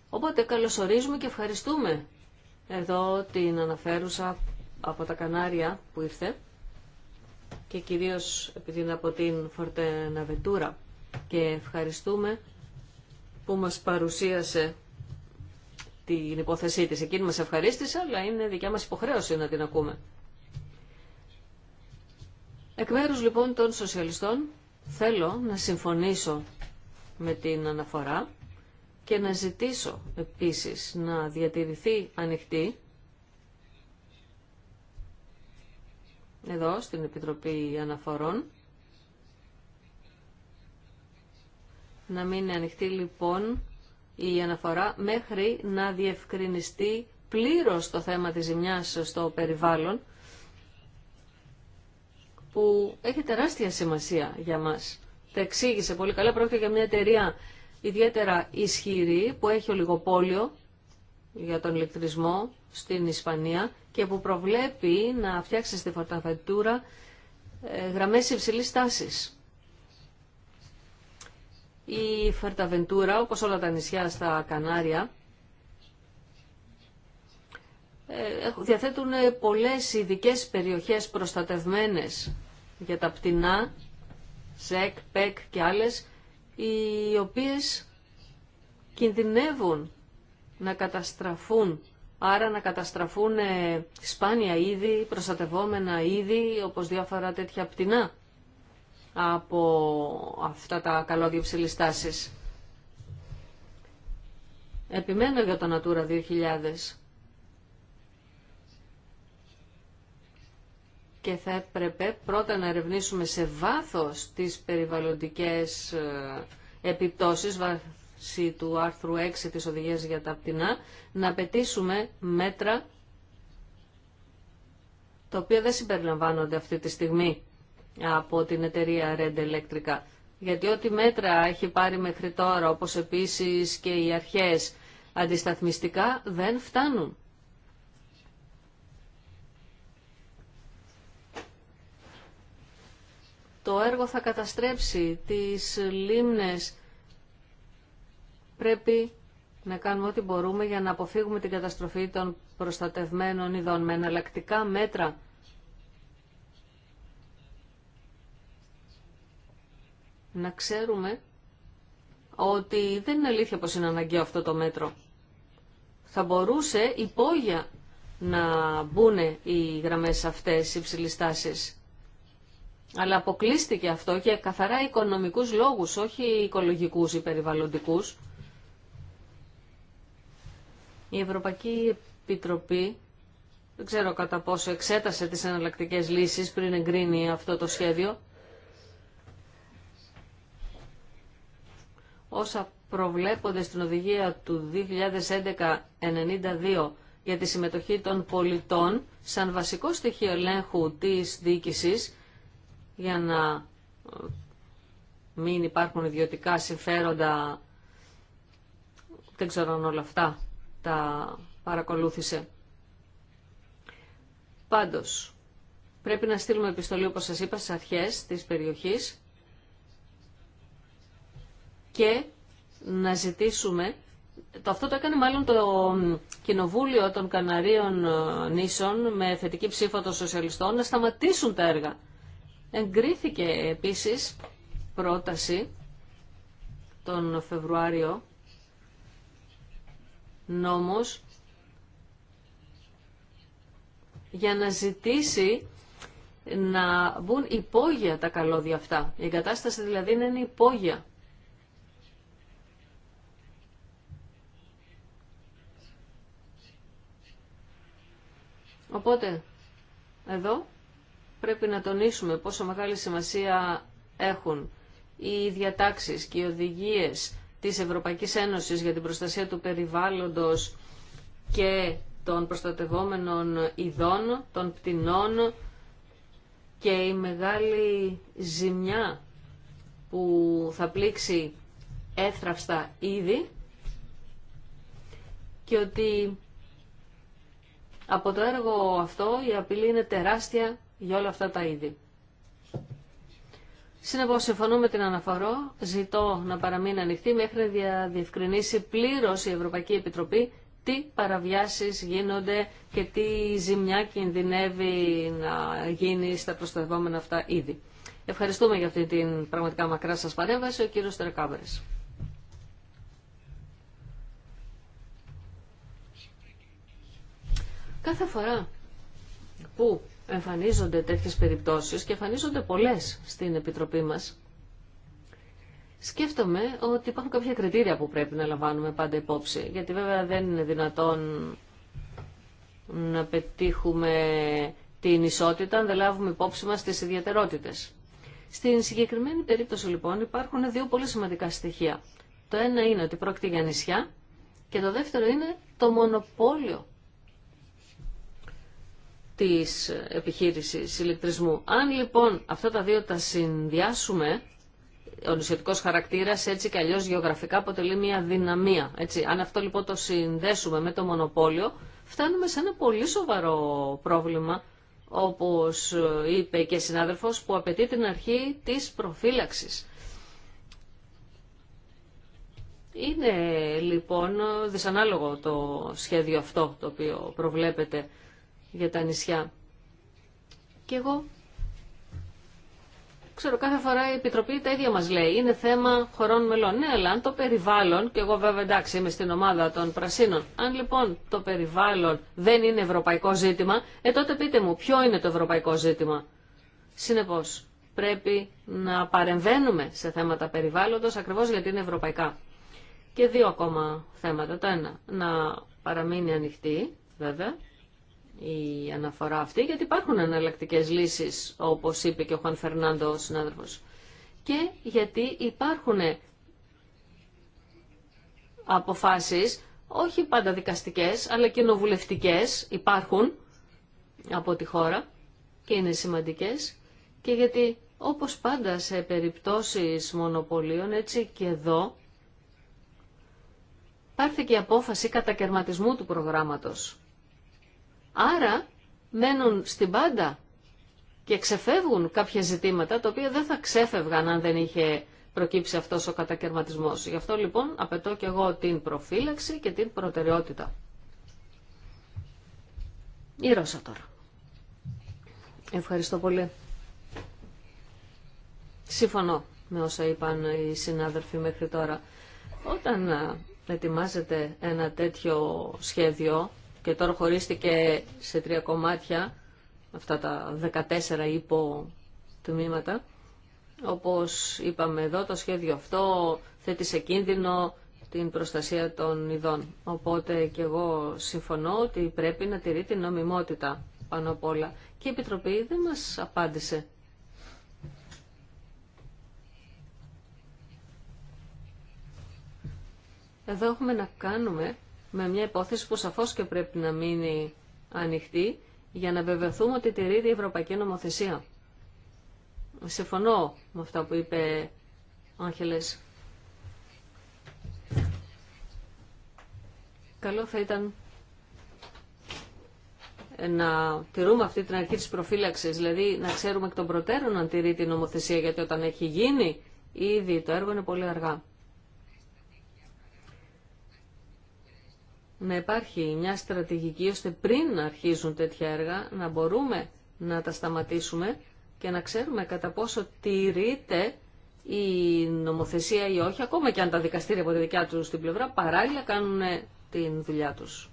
Οπότε καλωσορίζουμε και ευχαριστούμε εδώ την αναφέρουσα από τα Κανάρια που ήρθε και κυρίως επειδή είναι από την Φορτεναβεντούρα και ευχαριστούμε που μας παρουσίασε την υπόθεσή της. Εκείνη μας ευχαρίστησε, αλλά είναι δικιά μας υποχρέωση να την ακούμε. Εκ μέρους λοιπόν των σοσιαλιστών θέλω να συμφωνήσω με την αναφορά και να ζητήσω επίσης να διατηρηθεί ανοιχτή εδώ στην Επιτροπή Αναφορών Να μην ανοιχτή λοιπόν η αναφορά μέχρι να διευκρινιστεί πλήρως το θέμα της ζημιάς στο περιβάλλον που έχει τεράστια σημασία για μας. Τα εξήγησε πολύ καλά, πρόκειται για μια εταιρεία ιδιαίτερα ισχυρή που έχει ολιγοπόλιο για τον ηλεκτρισμό στην Ισπανία και που προβλέπει να φτιάξει στη φορταφετούρα ε, γραμμές υψηλής τάσης. Η Φερταβεντούρα, όπως όλα τα νησιά στα Κανάρια, ε, διαθέτουν ε, πολλές ειδικέ περιοχές προστατευμένες για τα πτηνά, ΣΕΚ, ΠΕΚ και άλλες, οι οποίες κινδυνεύουν να καταστραφούν, άρα να καταστραφούν σπάνια είδη, προστατευόμενα είδη, όπως διάφορα τέτοια πτηνά από αυτά τα καλώδια υψηλής Επιμένω για το Natura 2000 και θα έπρεπε πρώτα να ερευνήσουμε σε βάθος τις περιβαλλοντικές ε, επιπτώσεις βάσει του άρθρου 6 της Οδηγίας για τα Απτινά να απαιτήσουμε μέτρα τα οποία δεν συμπεριλαμβάνονται αυτή τη στιγμή από την εταιρεία Red Electrica. Γιατί ό,τι μέτρα έχει πάρει μέχρι τώρα, όπως επίσης και οι αρχές αντισταθμιστικά, δεν φτάνουν. Το έργο θα καταστρέψει τις λίμνες. Πρέπει να κάνουμε ό,τι μπορούμε για να αποφύγουμε την καταστροφή των προστατευμένων ειδών με εναλλακτικά μέτρα να ξέρουμε ότι δεν είναι αλήθεια πως είναι αναγκαίο αυτό το μέτρο. Θα μπορούσε υπόγεια να μπουν οι γραμμές αυτές υψηλής τάσης. Αλλά αποκλείστηκε αυτό και καθαρά οικονομικούς λόγους, όχι οικολογικούς ή περιβαλλοντικούς. Η Ευρωπαϊκή Επιτροπή δεν ξέρω κατά πόσο εξέτασε τις εναλλακτικές λύσεις πριν εγκρίνει αυτό το σχέδιο. όσα προβλέπονται στην οδηγία του 2011-92 για τη συμμετοχή των πολιτών σαν βασικό στοιχείο ελέγχου της διοίκησης για να ε, μην υπάρχουν ιδιωτικά συμφέροντα δεν ξέρω αν όλα αυτά τα παρακολούθησε. Πάντως, πρέπει να στείλουμε επιστολή, όπως σας είπα, στις αρχές της περιοχής και να ζητήσουμε το, αυτό το έκανε μάλλον το Κοινοβούλιο των Καναρίων ε, Νήσων με θετική ψήφα των σοσιαλιστών να σταματήσουν τα έργα. Εγκρίθηκε επίσης πρόταση τον Φεβρουάριο νόμος για να ζητήσει να μπουν υπόγεια τα καλώδια αυτά. Η εγκατάσταση δηλαδή είναι υπόγεια Οπότε, εδώ πρέπει να τονίσουμε πόσο μεγάλη σημασία έχουν οι διατάξεις και οι οδηγίες της Ευρωπαϊκής Ένωσης για την προστασία του περιβάλλοντος και των προστατευόμενων ειδών, των πτηνών και η μεγάλη ζημιά που θα πλήξει έθραυστα ήδη και ότι από το έργο αυτό η απειλή είναι τεράστια για όλα αυτά τα είδη. Συνεπώς, συμφωνώ με την αναφορά, ζητώ να παραμείνει ανοιχτή μέχρι να διευκρινίσει πλήρως η Ευρωπαϊκή Επιτροπή τι παραβιάσεις γίνονται και τι ζημιά κινδυνεύει να γίνει στα προστατευόμενα αυτά είδη. Ευχαριστούμε για αυτή την πραγματικά μακρά σας παρέμβαση, ο κύριος Κάθε φορά που εμφανίζονται τέτοιες περιπτώσεις και εμφανίζονται πολλές στην Επιτροπή μας, σκέφτομαι ότι υπάρχουν κάποια κριτήρια που πρέπει να λαμβάνουμε πάντα υπόψη, γιατί βέβαια δεν είναι δυνατόν να πετύχουμε την ισότητα αν δεν λάβουμε υπόψη μας τις ιδιαιτερότητες. Στην συγκεκριμένη περίπτωση λοιπόν υπάρχουν δύο πολύ σημαντικά στοιχεία. Το ένα είναι ότι πρόκειται για νησιά και το δεύτερο είναι το μονοπόλιο της επιχείρησης ηλεκτρισμού. Αν λοιπόν αυτά τα δύο τα συνδυάσουμε, ο νησιωτικός χαρακτήρας έτσι και αλλιώς γεωγραφικά αποτελεί μια δυναμία. Έτσι. Αν αυτό λοιπόν το συνδέσουμε με το μονοπόλιο, φτάνουμε σε ένα πολύ σοβαρό πρόβλημα, όπως είπε και συνάδελφος, που απαιτεί την αρχή της προφύλαξης. Είναι λοιπόν δυσανάλογο το σχέδιο αυτό το οποίο προβλέπεται για τα νησιά. Και εγώ, ξέρω κάθε φορά η Επιτροπή τα ίδια μας λέει, είναι θέμα χωρών μελών. Ναι, αλλά αν το περιβάλλον, και εγώ βέβαια εντάξει είμαι στην ομάδα των πρασίνων, αν λοιπόν το περιβάλλον δεν είναι ευρωπαϊκό ζήτημα, ε τότε πείτε μου ποιο είναι το ευρωπαϊκό ζήτημα. Συνεπώ, πρέπει να παρεμβαίνουμε σε θέματα περιβάλλοντος ακριβώ γιατί είναι ευρωπαϊκά. Και δύο ακόμα θέματα. Το ένα, να παραμείνει ανοιχτή, βέβαια, η αναφορά αυτή, γιατί υπάρχουν εναλλακτικέ λύσεις, όπως είπε και ο Χαν Φερνάντο, ο Και γιατί υπάρχουν αποφάσεις, όχι πάντα δικαστικέ, αλλά και νοβουλευτικές υπάρχουν από τη χώρα και είναι σημαντικές και γιατί όπως πάντα σε περιπτώσεις μονοπωλίων, έτσι και εδώ, πάρθηκε η απόφαση κατακαιρματισμού του προγράμματος. Άρα μένουν στην πάντα και ξεφεύγουν κάποια ζητήματα τα οποία δεν θα ξέφευγαν αν δεν είχε προκύψει αυτός ο κατακαιρματισμός. Γι' αυτό λοιπόν απαιτώ και εγώ την προφύλαξη και την προτεραιότητα. Η Ρώσα τώρα. Ευχαριστώ πολύ. Σύμφωνο με όσα είπαν οι συνάδελφοι μέχρι τώρα. Όταν ε, ετοιμάζεται ένα τέτοιο σχέδιο και τώρα χωρίστηκε σε τρία κομμάτια, αυτά τα 14 υπό τμήματα. Όπως είπαμε εδώ, το σχέδιο αυτό θέτει σε κίνδυνο την προστασία των ειδών. Οπότε και εγώ συμφωνώ ότι πρέπει να τηρεί την νομιμότητα πάνω απ' όλα. Και η Επιτροπή δεν μας απάντησε. Εδώ έχουμε να κάνουμε με μια υπόθεση που σαφώς και πρέπει να μείνει ανοιχτή για να βεβαιωθούμε ότι τηρείται η Ευρωπαϊκή Νομοθεσία. Συμφωνώ με αυτά που είπε ο Άγγελες. Καλό θα ήταν να τηρούμε αυτή την αρχή της προφύλαξης, δηλαδή να ξέρουμε εκ των προτέρων αν τηρεί την νομοθεσία, γιατί όταν έχει γίνει ήδη το έργο είναι πολύ αργά. να υπάρχει μια στρατηγική ώστε πριν αρχίζουν τέτοια έργα να μπορούμε να τα σταματήσουμε και να ξέρουμε κατά πόσο τηρείται η νομοθεσία ή όχι, ακόμα και αν τα δικαστήρια από τη δικιά του στην πλευρά παράλληλα κάνουν την δουλειά τους.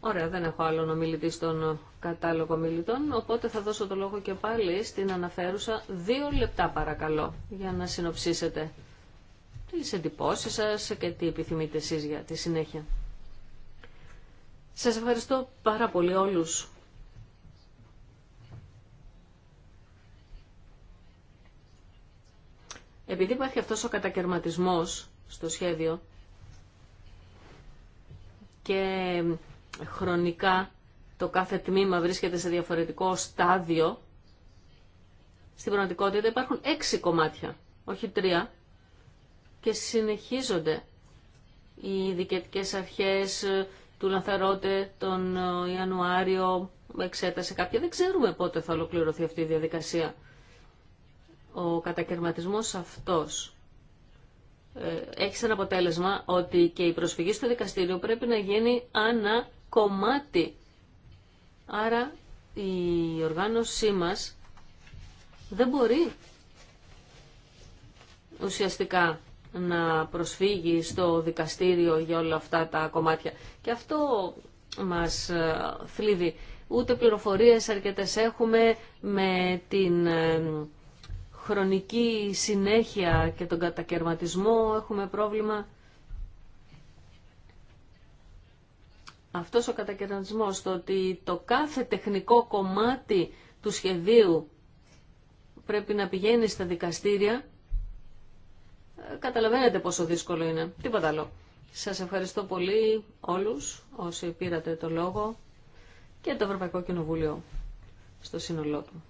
Ωραία, δεν έχω άλλον ομιλητή στον κατάλογο ομιλητών, οπότε θα δώσω το λόγο και πάλι στην αναφέρουσα δύο λεπτά παρακαλώ για να συνοψίσετε τις εντυπώσεις σας και τι επιθυμείτε εσείς για τη συνέχεια. Σας ευχαριστώ πάρα πολύ όλους. Επειδή υπάρχει αυτός ο κατακαιρματισμός στο σχέδιο και χρονικά το κάθε τμήμα βρίσκεται σε διαφορετικό στάδιο, στην πραγματικότητα υπάρχουν έξι κομμάτια, όχι τρία και συνεχίζονται οι δικαιωτικές αρχές του Λανθαρότε τον Ιανουάριο εξέτασε κάποια. Δεν ξέρουμε πότε θα ολοκληρωθεί αυτή η διαδικασία. Ο κατακαιρματισμός αυτός ε, έχει σαν αποτέλεσμα ότι και η προσφυγή στο δικαστήριο πρέπει να γίνει ανά κομμάτι. Άρα η οργάνωσή μας δεν μπορεί ουσιαστικά να προσφύγει στο δικαστήριο για όλα αυτά τα κομμάτια. Και αυτό μας ε, θλίβει. Ούτε πληροφορίες αρκετές έχουμε με την ε, χρονική συνέχεια και τον κατακαιρματισμό έχουμε πρόβλημα. Αυτός ο κατακαιρματισμός, το ότι το κάθε τεχνικό κομμάτι του σχεδίου πρέπει να πηγαίνει στα δικαστήρια, καταλαβαίνετε πόσο δύσκολο είναι. Τίποτα άλλο. Σας ευχαριστώ πολύ όλους όσοι πήρατε το λόγο και το Ευρωπαϊκό Κοινοβούλιο στο σύνολό του.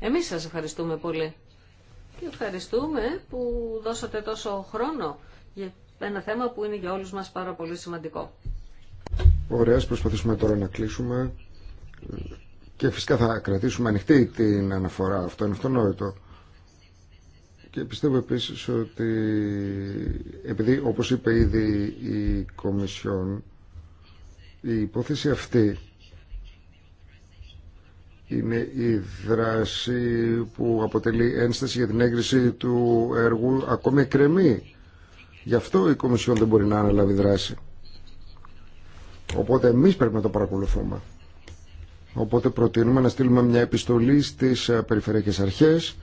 Εμείς σας ευχαριστούμε πολύ και ευχαριστούμε που δώσατε τόσο χρόνο για ένα θέμα που είναι για όλους μας πάρα πολύ σημαντικό. Ωραία, ας προσπαθήσουμε τώρα να κλείσουμε και φυσικά θα κρατήσουμε ανοιχτή την αναφορά, αυτό είναι αυτονόητο. Και πιστεύω επίσης ότι επειδή όπως είπε ήδη η Κομισιόν η υπόθεση αυτή είναι η δράση που αποτελεί ένσταση για την έγκριση του έργου ακόμη εκκρεμή. Γι' αυτό η Κομισιόν δεν μπορεί να αναλάβει δράση. Οπότε εμείς πρέπει να το παρακολουθούμε. Οπότε προτείνουμε να στείλουμε μια επιστολή στις ε, περιφερειακές αρχές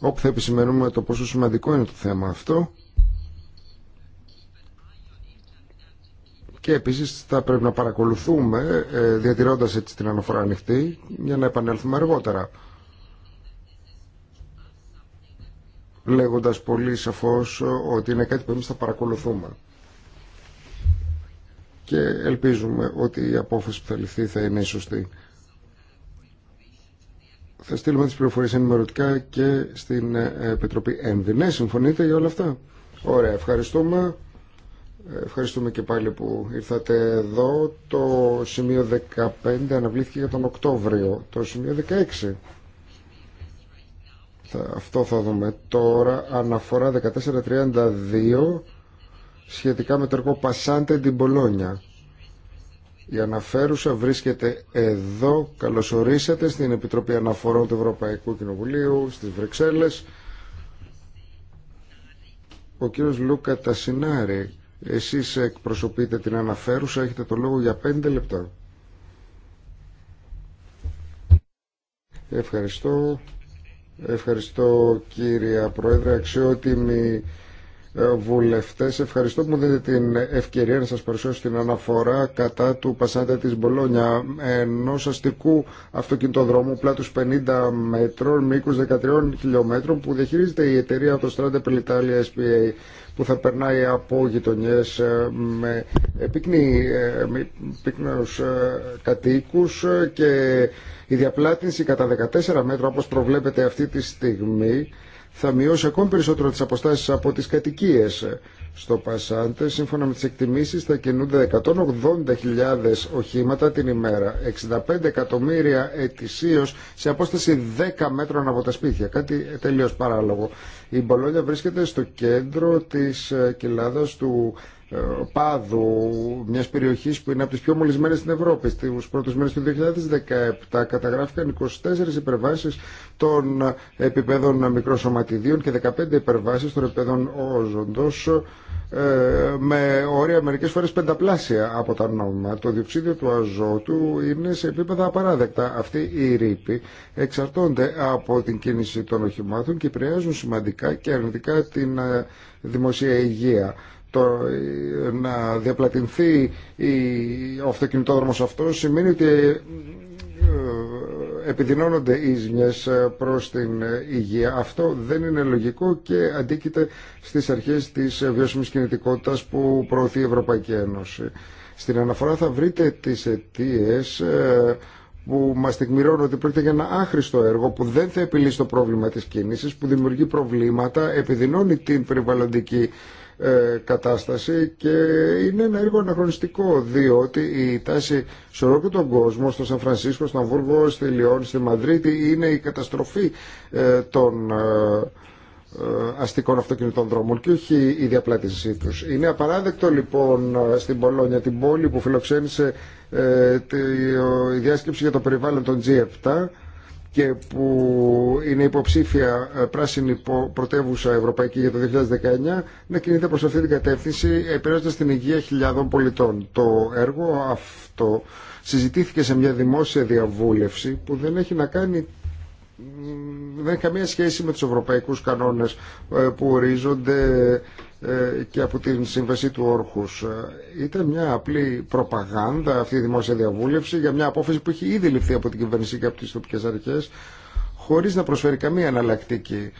όπου θα επισημαίνουμε το πόσο σημαντικό είναι το θέμα αυτό και επίσης θα πρέπει να παρακολουθούμε ε, διατηρώντας έτσι την αναφορά ανοιχτή για να επανέλθουμε αργότερα. λέγοντας πολύ σαφώς ότι είναι κάτι που εμείς θα παρακολουθούμε. Και ελπίζουμε ότι η απόφαση που θα ληφθεί θα είναι η σωστή θα στείλουμε τις πληροφορίες ενημερωτικά και στην ε, Επιτροπή ΕΜΒΗ. Ναι, συμφωνείτε για όλα αυτά. Ωραία, ευχαριστούμε. Ε, ευχαριστούμε και πάλι που ήρθατε εδώ. Το σημείο 15 αναβλήθηκε για τον Οκτώβριο. Το σημείο 16. Αυτό θα δούμε τώρα. Αναφορά 1432 σχετικά με το έργο Πασάντε την Πολόνια. Η αναφέρουσα βρίσκεται εδώ. Καλωσορίσατε στην Επιτροπή Αναφορών του Ευρωπαϊκού Κοινοβουλίου στις Βρυξέλλες. Ο κύριος Λούκα Τασινάρη, εσείς εκπροσωπείτε την αναφέρουσα, έχετε το λόγο για πέντε λεπτά. Ευχαριστώ. Ευχαριστώ κύρια Πρόεδρε, αξιότιμη ε, βουλευτές. Ευχαριστώ που μου δίνετε την ευκαιρία να σας παρουσιάσω την αναφορά κατά του Πασάντα της Μπολόνια, ενό αστικού αυτοκινητοδρόμου πλάτους 50 μέτρων, μήκους 13 χιλιόμετρων που διαχειρίζεται η εταιρεία Autostrade per SPA που θα περνάει από γειτονιέ ε, με ε, πυκνούς κατοίκους και η διαπλάτηση κατά 14 μέτρα όπως προβλέπεται αυτή τη στιγμή θα μειώσει ακόμη περισσότερο τις αποστάσεις από τις κατοικίες. Στο Πασάντε, σύμφωνα με τις εκτιμήσεις, θα κινούνται 180.000 οχήματα την ημέρα, 65 εκατομμύρια ετησίως σε απόσταση 10 μέτρων από τα σπίτια, κάτι τελείως παράλογο. Η Μπολόνια βρίσκεται στο κέντρο της ε, κοιλάδας του ε, πάδου μια περιοχή που είναι από τι πιο μολυσμένε στην Ευρώπη. Στου πρώτου μέρε του 2017 καταγράφηκαν 24 υπερβάσει των επιπέδων μικροσωματιδίων και 15 υπερβάσει των επιπέδων όζοντο ε, με όρια μερικές φορές πενταπλάσια από τα νόμιμα. Το διοξίδιο του αζότου είναι σε επίπεδα απαράδεκτα. Αυτοί οι ρήποι εξαρτώνται από την κίνηση των οχημάτων και επηρεάζουν σημαντικά και αρνητικά την ε, δημοσία υγεία το, να διαπλατηνθεί η, ο αυτοκινητόδρομος αυτό σημαίνει ότι ε, ε, επιδεινώνονται οι ζημιές ε, προς την υγεία. Αυτό δεν είναι λογικό και αντίκειται στις αρχές της βιώσιμης κινητικότητας που προωθεί η Ευρωπαϊκή Ένωση. Στην αναφορά θα βρείτε τις αιτίε που μας τεκμηρώνουν ότι πρόκειται για ένα άχρηστο έργο που δεν θα επιλύσει το πρόβλημα της κίνησης, που δημιουργεί προβλήματα, επιδεινώνει την περιβαλλοντική ε, κατάσταση και είναι ένα έργο αναχρονιστικό διότι η τάση σε όλο τον κόσμο, στο Σαν Φρανσίσκο, στο Αμβούργο, στη Λιόν, στη Μαδρίτη είναι η καταστροφή ε, των ε, αστικών αυτοκινητών δρόμων και όχι η διαπλάτησή του. Είναι απαράδεκτο λοιπόν στην Πολόνια, την πόλη που φιλοξένησε τη διάσκεψη για το περιβάλλον των G7 και που είναι υποψήφια ε, πράσινη πρωτεύουσα ευρωπαϊκή για το 2019 να κινείται προς αυτή την κατεύθυνση επηρεάζοντας την υγεία χιλιάδων πολιτών. Το έργο αυτό συζητήθηκε σε μια δημόσια διαβούλευση που δεν έχει να κάνει δεν έχει καμία σχέση με τους ευρωπαϊκούς κανόνες ε, που ορίζονται ε, και από την σύμβαση του Όρχους. Ε, ήταν μια απλή προπαγάνδα αυτή η δημόσια διαβούλευση για μια απόφαση που έχει ήδη ληφθεί από την κυβέρνηση και από τις τοπικές αρχές χωρίς να προσφέρει καμία αναλλακτική.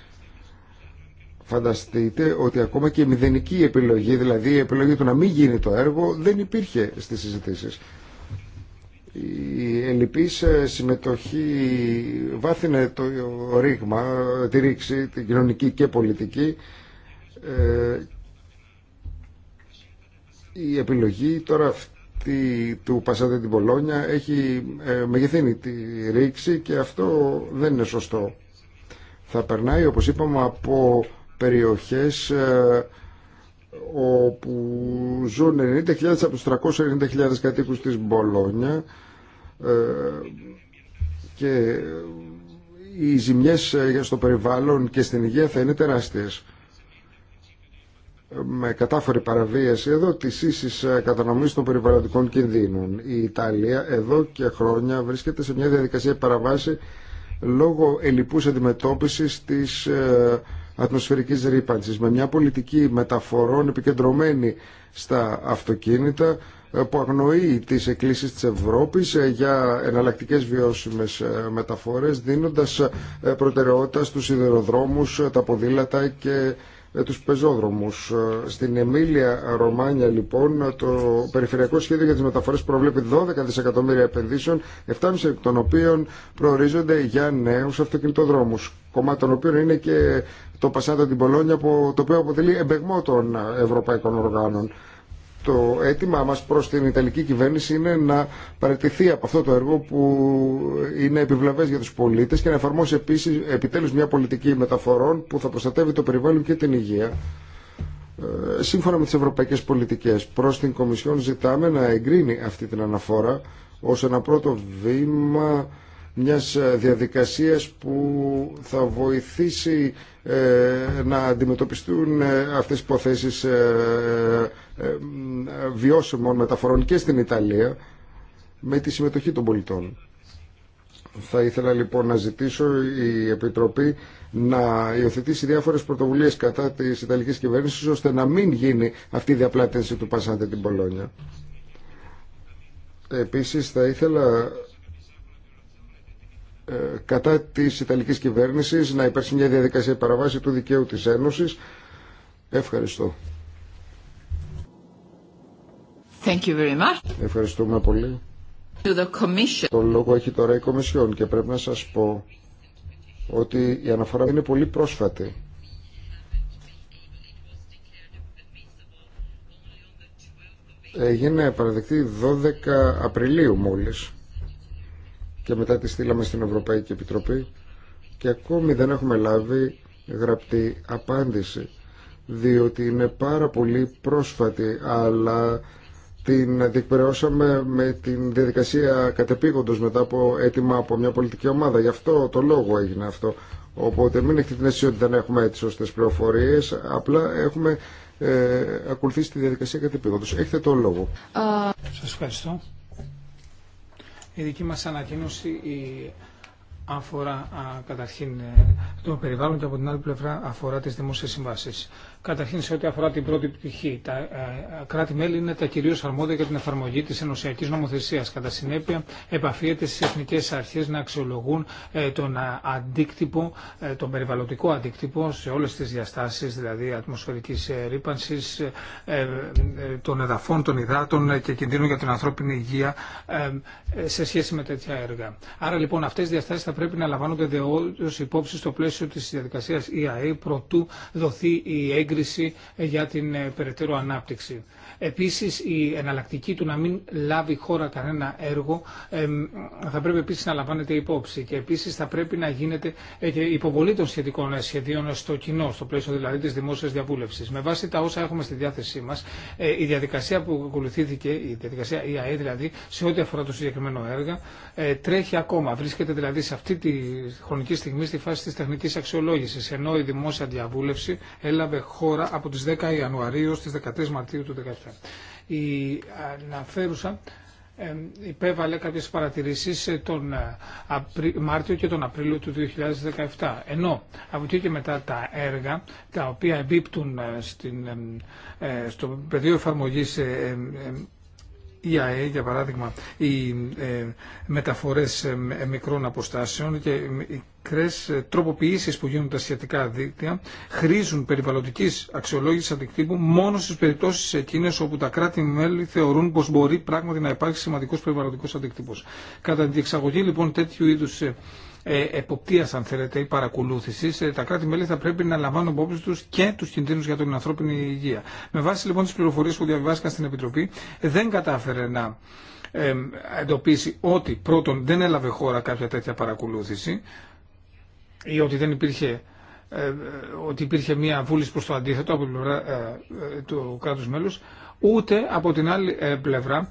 Φανταστείτε ότι ακόμα και η μηδενική επιλογή, δηλαδή η επιλογή του να μην γίνει το έργο, δεν υπήρχε στις συζητήσεις. Η ελληπής ε, συμμετοχή βάθινε το ρήγμα, τη ρήξη, την κοινωνική και πολιτική ε, η επιλογή τώρα αυτή του Πασάτε την Πολόνια έχει ε, μεγεθύνει τη ρήξη και αυτό δεν είναι σωστό. Θα περνάει, όπως είπαμε, από περιοχές ε, όπου ζουν 90.000 από τους 390.000 κατοίκους της Μπολόνια και οι ζημιές στο περιβάλλον και στην υγεία θα είναι τεράστιες με κατάφορη παραβίαση εδώ τη ίσης ε, κατανομής των περιβαλλοντικών κινδύνων. Η Ιταλία εδώ και χρόνια βρίσκεται σε μια διαδικασία παραβάση λόγω ελλειπούς αντιμετώπισης της ε, ατμοσφαιρικής ρήπανσης με μια πολιτική μεταφορών επικεντρωμένη στα αυτοκίνητα ε, που αγνοεί τις εκκλήσεις της Ευρώπης για εναλλακτικές βιώσιμες μεταφορές δίνοντας προτεραιότητα στους σιδηροδρόμους, τα ποδήλατα και ε, τους πεζόδρομους. Ε, στην Εμίλια Ρωμάνια λοιπόν το περιφερειακό σχέδιο για τις μεταφορές προβλέπει 12 δισεκατομμύρια επενδύσεων, 7,5 των οποίων προορίζονται για νέους αυτοκινητοδρόμους, κομμάτι των οποίων είναι και το Πασάντα την Πολόνια, το οποίο αποτελεί εμπεγμό των ευρωπαϊκών οργάνων. Το αίτημά μας προς την Ιταλική κυβέρνηση είναι να παραιτηθεί από αυτό το έργο που είναι επιβλαβές για τους πολίτες και να εφαρμόσει επίσης επιτέλους μια πολιτική μεταφορών που θα προστατεύει το περιβάλλον και την υγεία ε, σύμφωνα με τις ευρωπαϊκές πολιτικές. Προς την Κομισιόν ζητάμε να εγκρίνει αυτή την αναφορά ως ένα πρώτο βήμα μιας διαδικασίας που θα βοηθήσει ε, να αντιμετωπιστούν ε, αυτές οι υποθέσεις βιώσιμων μεταφορών και στην Ιταλία με τη συμμετοχή των πολιτών. Θα ήθελα λοιπόν να ζητήσω η Επιτροπή να υιοθετήσει διάφορες πρωτοβουλίες κατά της Ιταλικής κυβέρνησης ώστε να μην γίνει αυτή η διαπλάτευση του Πασάντε την Πολόνια. Επίσης θα ήθελα ε, κατά της Ιταλικής κυβέρνησης να υπάρξει μια διαδικασία παραβάση του δικαίου της Ένωσης. Ευχαριστώ. Ευχαριστούμε πολύ. Το λόγο έχει τώρα η Κομισιόν και πρέπει να σας πω ότι η αναφορά είναι πολύ πρόσφατη. Έγινε παραδεκτή 12 Απριλίου μόλις και μετά τη στείλαμε στην Ευρωπαϊκή Επιτροπή και ακόμη δεν έχουμε λάβει γραπτή απάντηση διότι είναι πάρα πολύ πρόσφατη αλλά την διεκπαιρεώσαμε με την διαδικασία κατεπήγοντος μετά από έτοιμα από μια πολιτική ομάδα. Γι' αυτό το λόγο έγινε αυτό. Οπότε μην έχετε την αίσθηση ότι δεν έχουμε τις σωστές πληροφορίες, απλά έχουμε ε, ακολουθήσει τη διαδικασία κατεπήγοντος. Έχετε το λόγο. Σας ευχαριστώ. Η δική μας ανακοίνωση η αφορά α, καταρχήν ε, το περιβάλλον και από την άλλη πλευρά αφορά τις δημόσιες συμβάσεις. Καταρχήν σε ό,τι αφορά την πρώτη πτυχή, τα ε, ε, κράτη-μέλη είναι τα κυρίω αρμόδια για την εφαρμογή τη ενωσιακή νομοθεσία. Κατά συνέπεια, επαφίεται στι εθνικέ αρχέ να αξιολογούν ε, τον αντίκτυπο, τον περιβαλλοντικό αντίκτυπο σε όλε τι διαστάσει, δηλαδή ατμοσφαιρική ρήπανση, των εδαφών, των υδάτων και κινδύνων για την ανθρώπινη υγεία σε σχέση με τέτοια έργα. Άρα λοιπόν αυτέ οι διαστάσει θα πρέπει να λαμβάνονται δεόντω υπόψη στο πλαίσιο τη διαδικασία EIA προτού δοθεί η έγκριση για την ε, περαιτέρω ανάπτυξη Επίσης η εναλλακτική του να μην λάβει χώρα κανένα έργο θα πρέπει επίσης να λαμβάνεται υπόψη και επίσης θα πρέπει να γίνεται ε, και υποβολή των σχετικών ε, σχεδίων στο κοινό, στο πλαίσιο δηλαδή της δημόσιας διαβούλευσης. Με βάση τα όσα έχουμε στη διάθεσή μας, ε, η διαδικασία που ακολουθήθηκε, η διαδικασία ΙΑΕ e δηλαδή, σε ό,τι αφορά το συγκεκριμένο έργο, τρέχει ακόμα. Βρίσκεται δηλαδή σε αυτή τη χρονική στιγμή στη φάση της τεχνικής αξιολόγησης, ενώ η δημόσια διαβούλευση έλαβε χώρα από τις 10 Ιανουαρίου στις 13 Μαρτίου του 2017. Η αναφέρουσα υπέβαλε κάποιες παρατηρήσεις τον ε, Μάρτιο και τον Απρίλιο του 2017. Ενώ από εκεί και μετά τα έργα τα οποία εμπίπτουν ε, στην, ε, στο πεδίο εφαρμογής η ΑΕ, για παράδειγμα, οι ε, μεταφορές ε, ε, μικρών αποστάσεων και οι μικρές τροποποιήσεις που γίνονται σχετικά δίκτυα χρήζουν περιβαλλοντικής αξιολόγησης αντικτύπου μόνο στις περιπτώσεις εκείνες όπου τα κράτη-μέλη θεωρούν πως μπορεί πράγματι να υπάρχει σημαντικός περιβαλλοντικός αντικτύπος. Κατά την διεξαγωγή λοιπόν τέτοιου είδους ε, εποπτεία, αν θέλετε ή παρακολούθηση ε, τα κράτη-μέλη θα πρέπει να λαμβάνουν υπόψη τους και τους κινδύνου για την ανθρώπινη υγεία. Με βάση λοιπόν τις πληροφορίες που διαβιβάστηκαν στην Επιτροπή δεν κατάφερε να ε, εντοπίσει ότι πρώτον δεν έλαβε χώρα κάποια τέτοια παρακολούθηση ή ότι δεν υπήρχε ότι υπήρχε μια βούληση προς το αντίθετο από την πλευρά του κράτους μέλους, ούτε από την άλλη πλευρά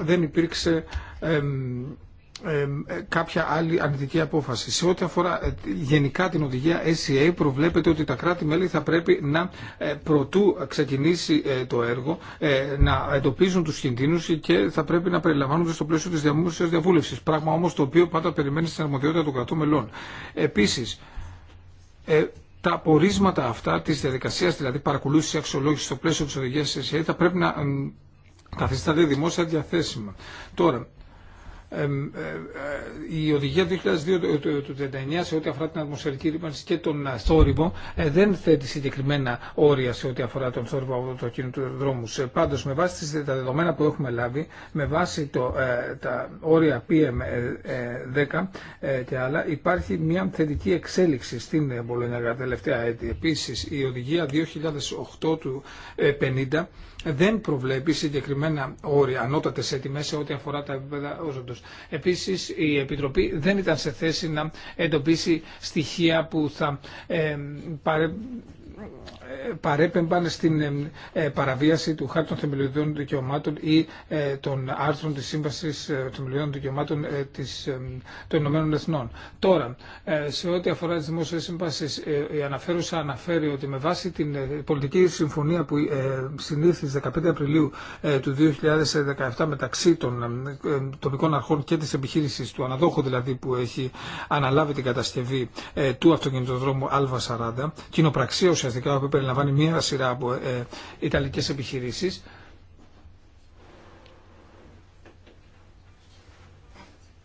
δεν υπήρξε ε, κάποια άλλη αρνητική απόφαση. Σε ό,τι αφορά ε, γενικά την οδηγία SCA προβλέπεται ότι τα κράτη-μέλη θα πρέπει να ε, προτού ξεκινήσει το έργο να εντοπίζουν τους κινδύνους και θα πρέπει να περιλαμβάνονται στο πλαίσιο της διαμόρφωσης διαβούλευσης. Πράγμα όμως το οποίο πάντα περιμένει στην αρμοδιότητα των κρατών μελών. Επίσης, τα πορίσματα αυτά της διαδικασίας, δηλαδή παρακολούθηση αξιολόγηση στο πλαίσιο της οδηγίας SEA θα πρέπει να καθιστάται δημόσια διαθέσιμα. Τώρα, ε, ε, η οδηγία 2002 του 39 σε ό,τι αφορά την ατμοσφαιρική ρήπανση και τον ε, θόρυβο δεν θέτει συγκεκριμένα όρια σε ό,τι αφορά τον θόρυβο από το του δρόμου. Πάντω, με βάση τα δεδομένα που έχουμε λάβει, με βάση το, τα όρια PM10 e και άλλα, υπάρχει μια θετική εξέλιξη στην Πολωνία τα τελευταία έτη. Επίση, η οδηγία 2008 του 50 δεν προβλέπει συγκεκριμένα όρια, ανώτατε έτοιμε σε ό,τι αφορά τα επίπεδα όζοντο. Επίση, η Επιτροπή δεν ήταν σε θέση να εντοπίσει στοιχεία που θα ε, παρέπεμπαν στην ε, παραβίαση του χάρτη των θεμελιωδών δικαιωμάτων ή ε, των άρθρων της Σύμβασης ε, των Θεμελιωδών Δικαιωμάτων της, των Ηνωμένων Εθνών. Τώρα, σε ό,τι αφορά τις δημόσιες σύμβασεις, η αναφέρουσα αναφέρει ότι με βάση την πολιτική συμφωνία που στις 15 Απριλίου του 2017 μεταξύ των τοπικών αρχών και της επιχείρησης του αναδόχου δηλαδή που έχει αναλάβει την κατασκευή του αυτοκινητοδρόμου Α40, κοινοπραξία ουσιαστικά περιλαμβάνει μία σειρά από ε, ε Ιταλικές επιχειρήσεις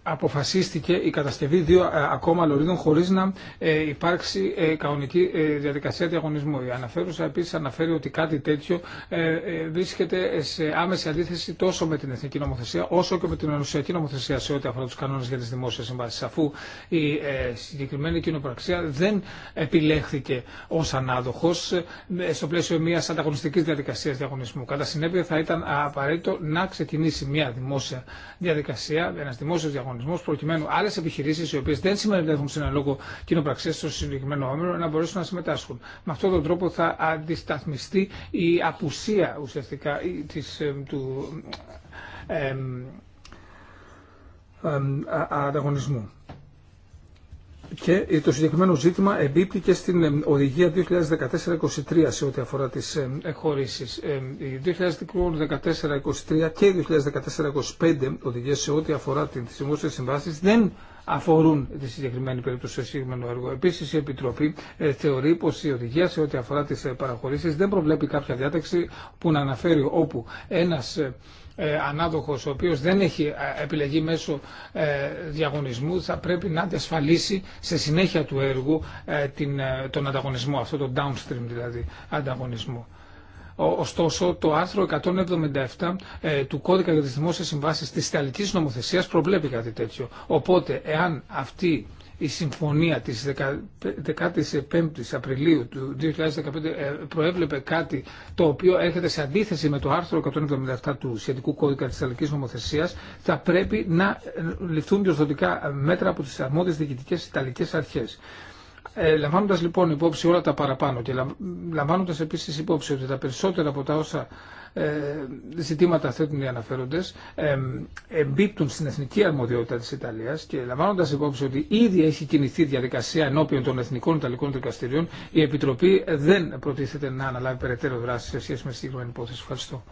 αποφασίστηκε η κατασκευή δύο ε, ακόμα λωρίδων χωρίς να ε, υπάρξει ε, κανονική διαδικασία διαγωνισμού. Η αναφέρουσα επίσης αναφέρει ότι κάτι τέτοιο βρίσκεται σε άμεση αντίθεση τόσο με την εθνική νομοθεσία όσο και με την ενωσιακή νομοθεσία σε ό,τι αφορά τους κανόνες για τις δημόσιες συμβάσεις αφού η συγκεκριμένη κοινοπραξία δεν επιλέχθηκε ως ανάδοχος στο πλαίσιο μιας ανταγωνιστικής διαδικασίας διαγωνισμού. Κατά συνέπεια θα ήταν απαραίτητο να ξεκινήσει μια δημόσια διαδικασία, ένας δημόσιος διαγωνισμός προκειμένου άλλε επιχειρήσει οι οποίε δεν συμμετέχουν σε ένα λόγο κοινοπραξία στο συγκεκριμένο όμιλο να μπορέσουν να συμμετάσχουν. Με αυτόν τον τρόπο θα αντισταθμιστεί η απουσία ουσιαστικά της, ε, του ε, ε, ε ανταγωνισμού και το συγκεκριμένο ζήτημα εμπίπτει και στην οδηγία 2014-23 σε ό,τι αφορά τις χωρίσεις. Η 2014-23 και η 2014-25 οδηγίες σε ό,τι αφορά τις δημόσιες συμβάσεις δεν αφορούν τη συγκεκριμένη περίπτωση σε συγκεκριμένο έργο. Επίση, η Επιτροπή ε, θεωρεί πω η οδηγία σε ό,τι αφορά τι ε, παραχωρήσει δεν προβλέπει κάποια διάταξη που να αναφέρει όπου ένα ε, ε, ανάδοχος ο οποίος δεν έχει ε, επιλεγεί μέσω ε, διαγωνισμού θα πρέπει να διασφαλίσει σε συνέχεια του έργου τον ανταγωνισμό, αυτό το downstream δηλαδή ανταγωνισμό. Ωστόσο, το άρθρο 177 του Κώδικα για τις Δημόσιες Συμβάσεις της Ιταλικής Νομοθεσίας προβλέπει κάτι τέτοιο. Οπότε, εάν αυτή η συμφωνία της 15ης Απριλίου του 2015 ε, προέβλεπε κάτι το οποίο έρχεται σε αντίθεση με το άρθρο 177 του σχετικού κώδικα της Ιταλικής νομοθεσίας θα πρέπει να ε, ληφθούν διορθωτικά μέτρα από τις αρμόδιες διοικητικές Ιταλικές αρχές. Ε, λαμβάνοντας λοιπόν υπόψη όλα τα παραπάνω και λαμβάνοντας επίσης υπόψη ότι τα περισσότερα από τα όσα ε, ζητήματα θέτουν οι αναφέροντες εμπίπτουν στην εθνική αρμοδιότητα τη Ιταλία και λαμβάνοντα υπόψη ότι ήδη έχει κινηθεί διαδικασία ενώπιον των εθνικών Ιταλικών δικαστηρίων η Επιτροπή δεν προτίθεται να αναλάβει περαιτέρω δράση σε σχέση με συγκεκριμένη υπόθεση. Ευχαριστώ.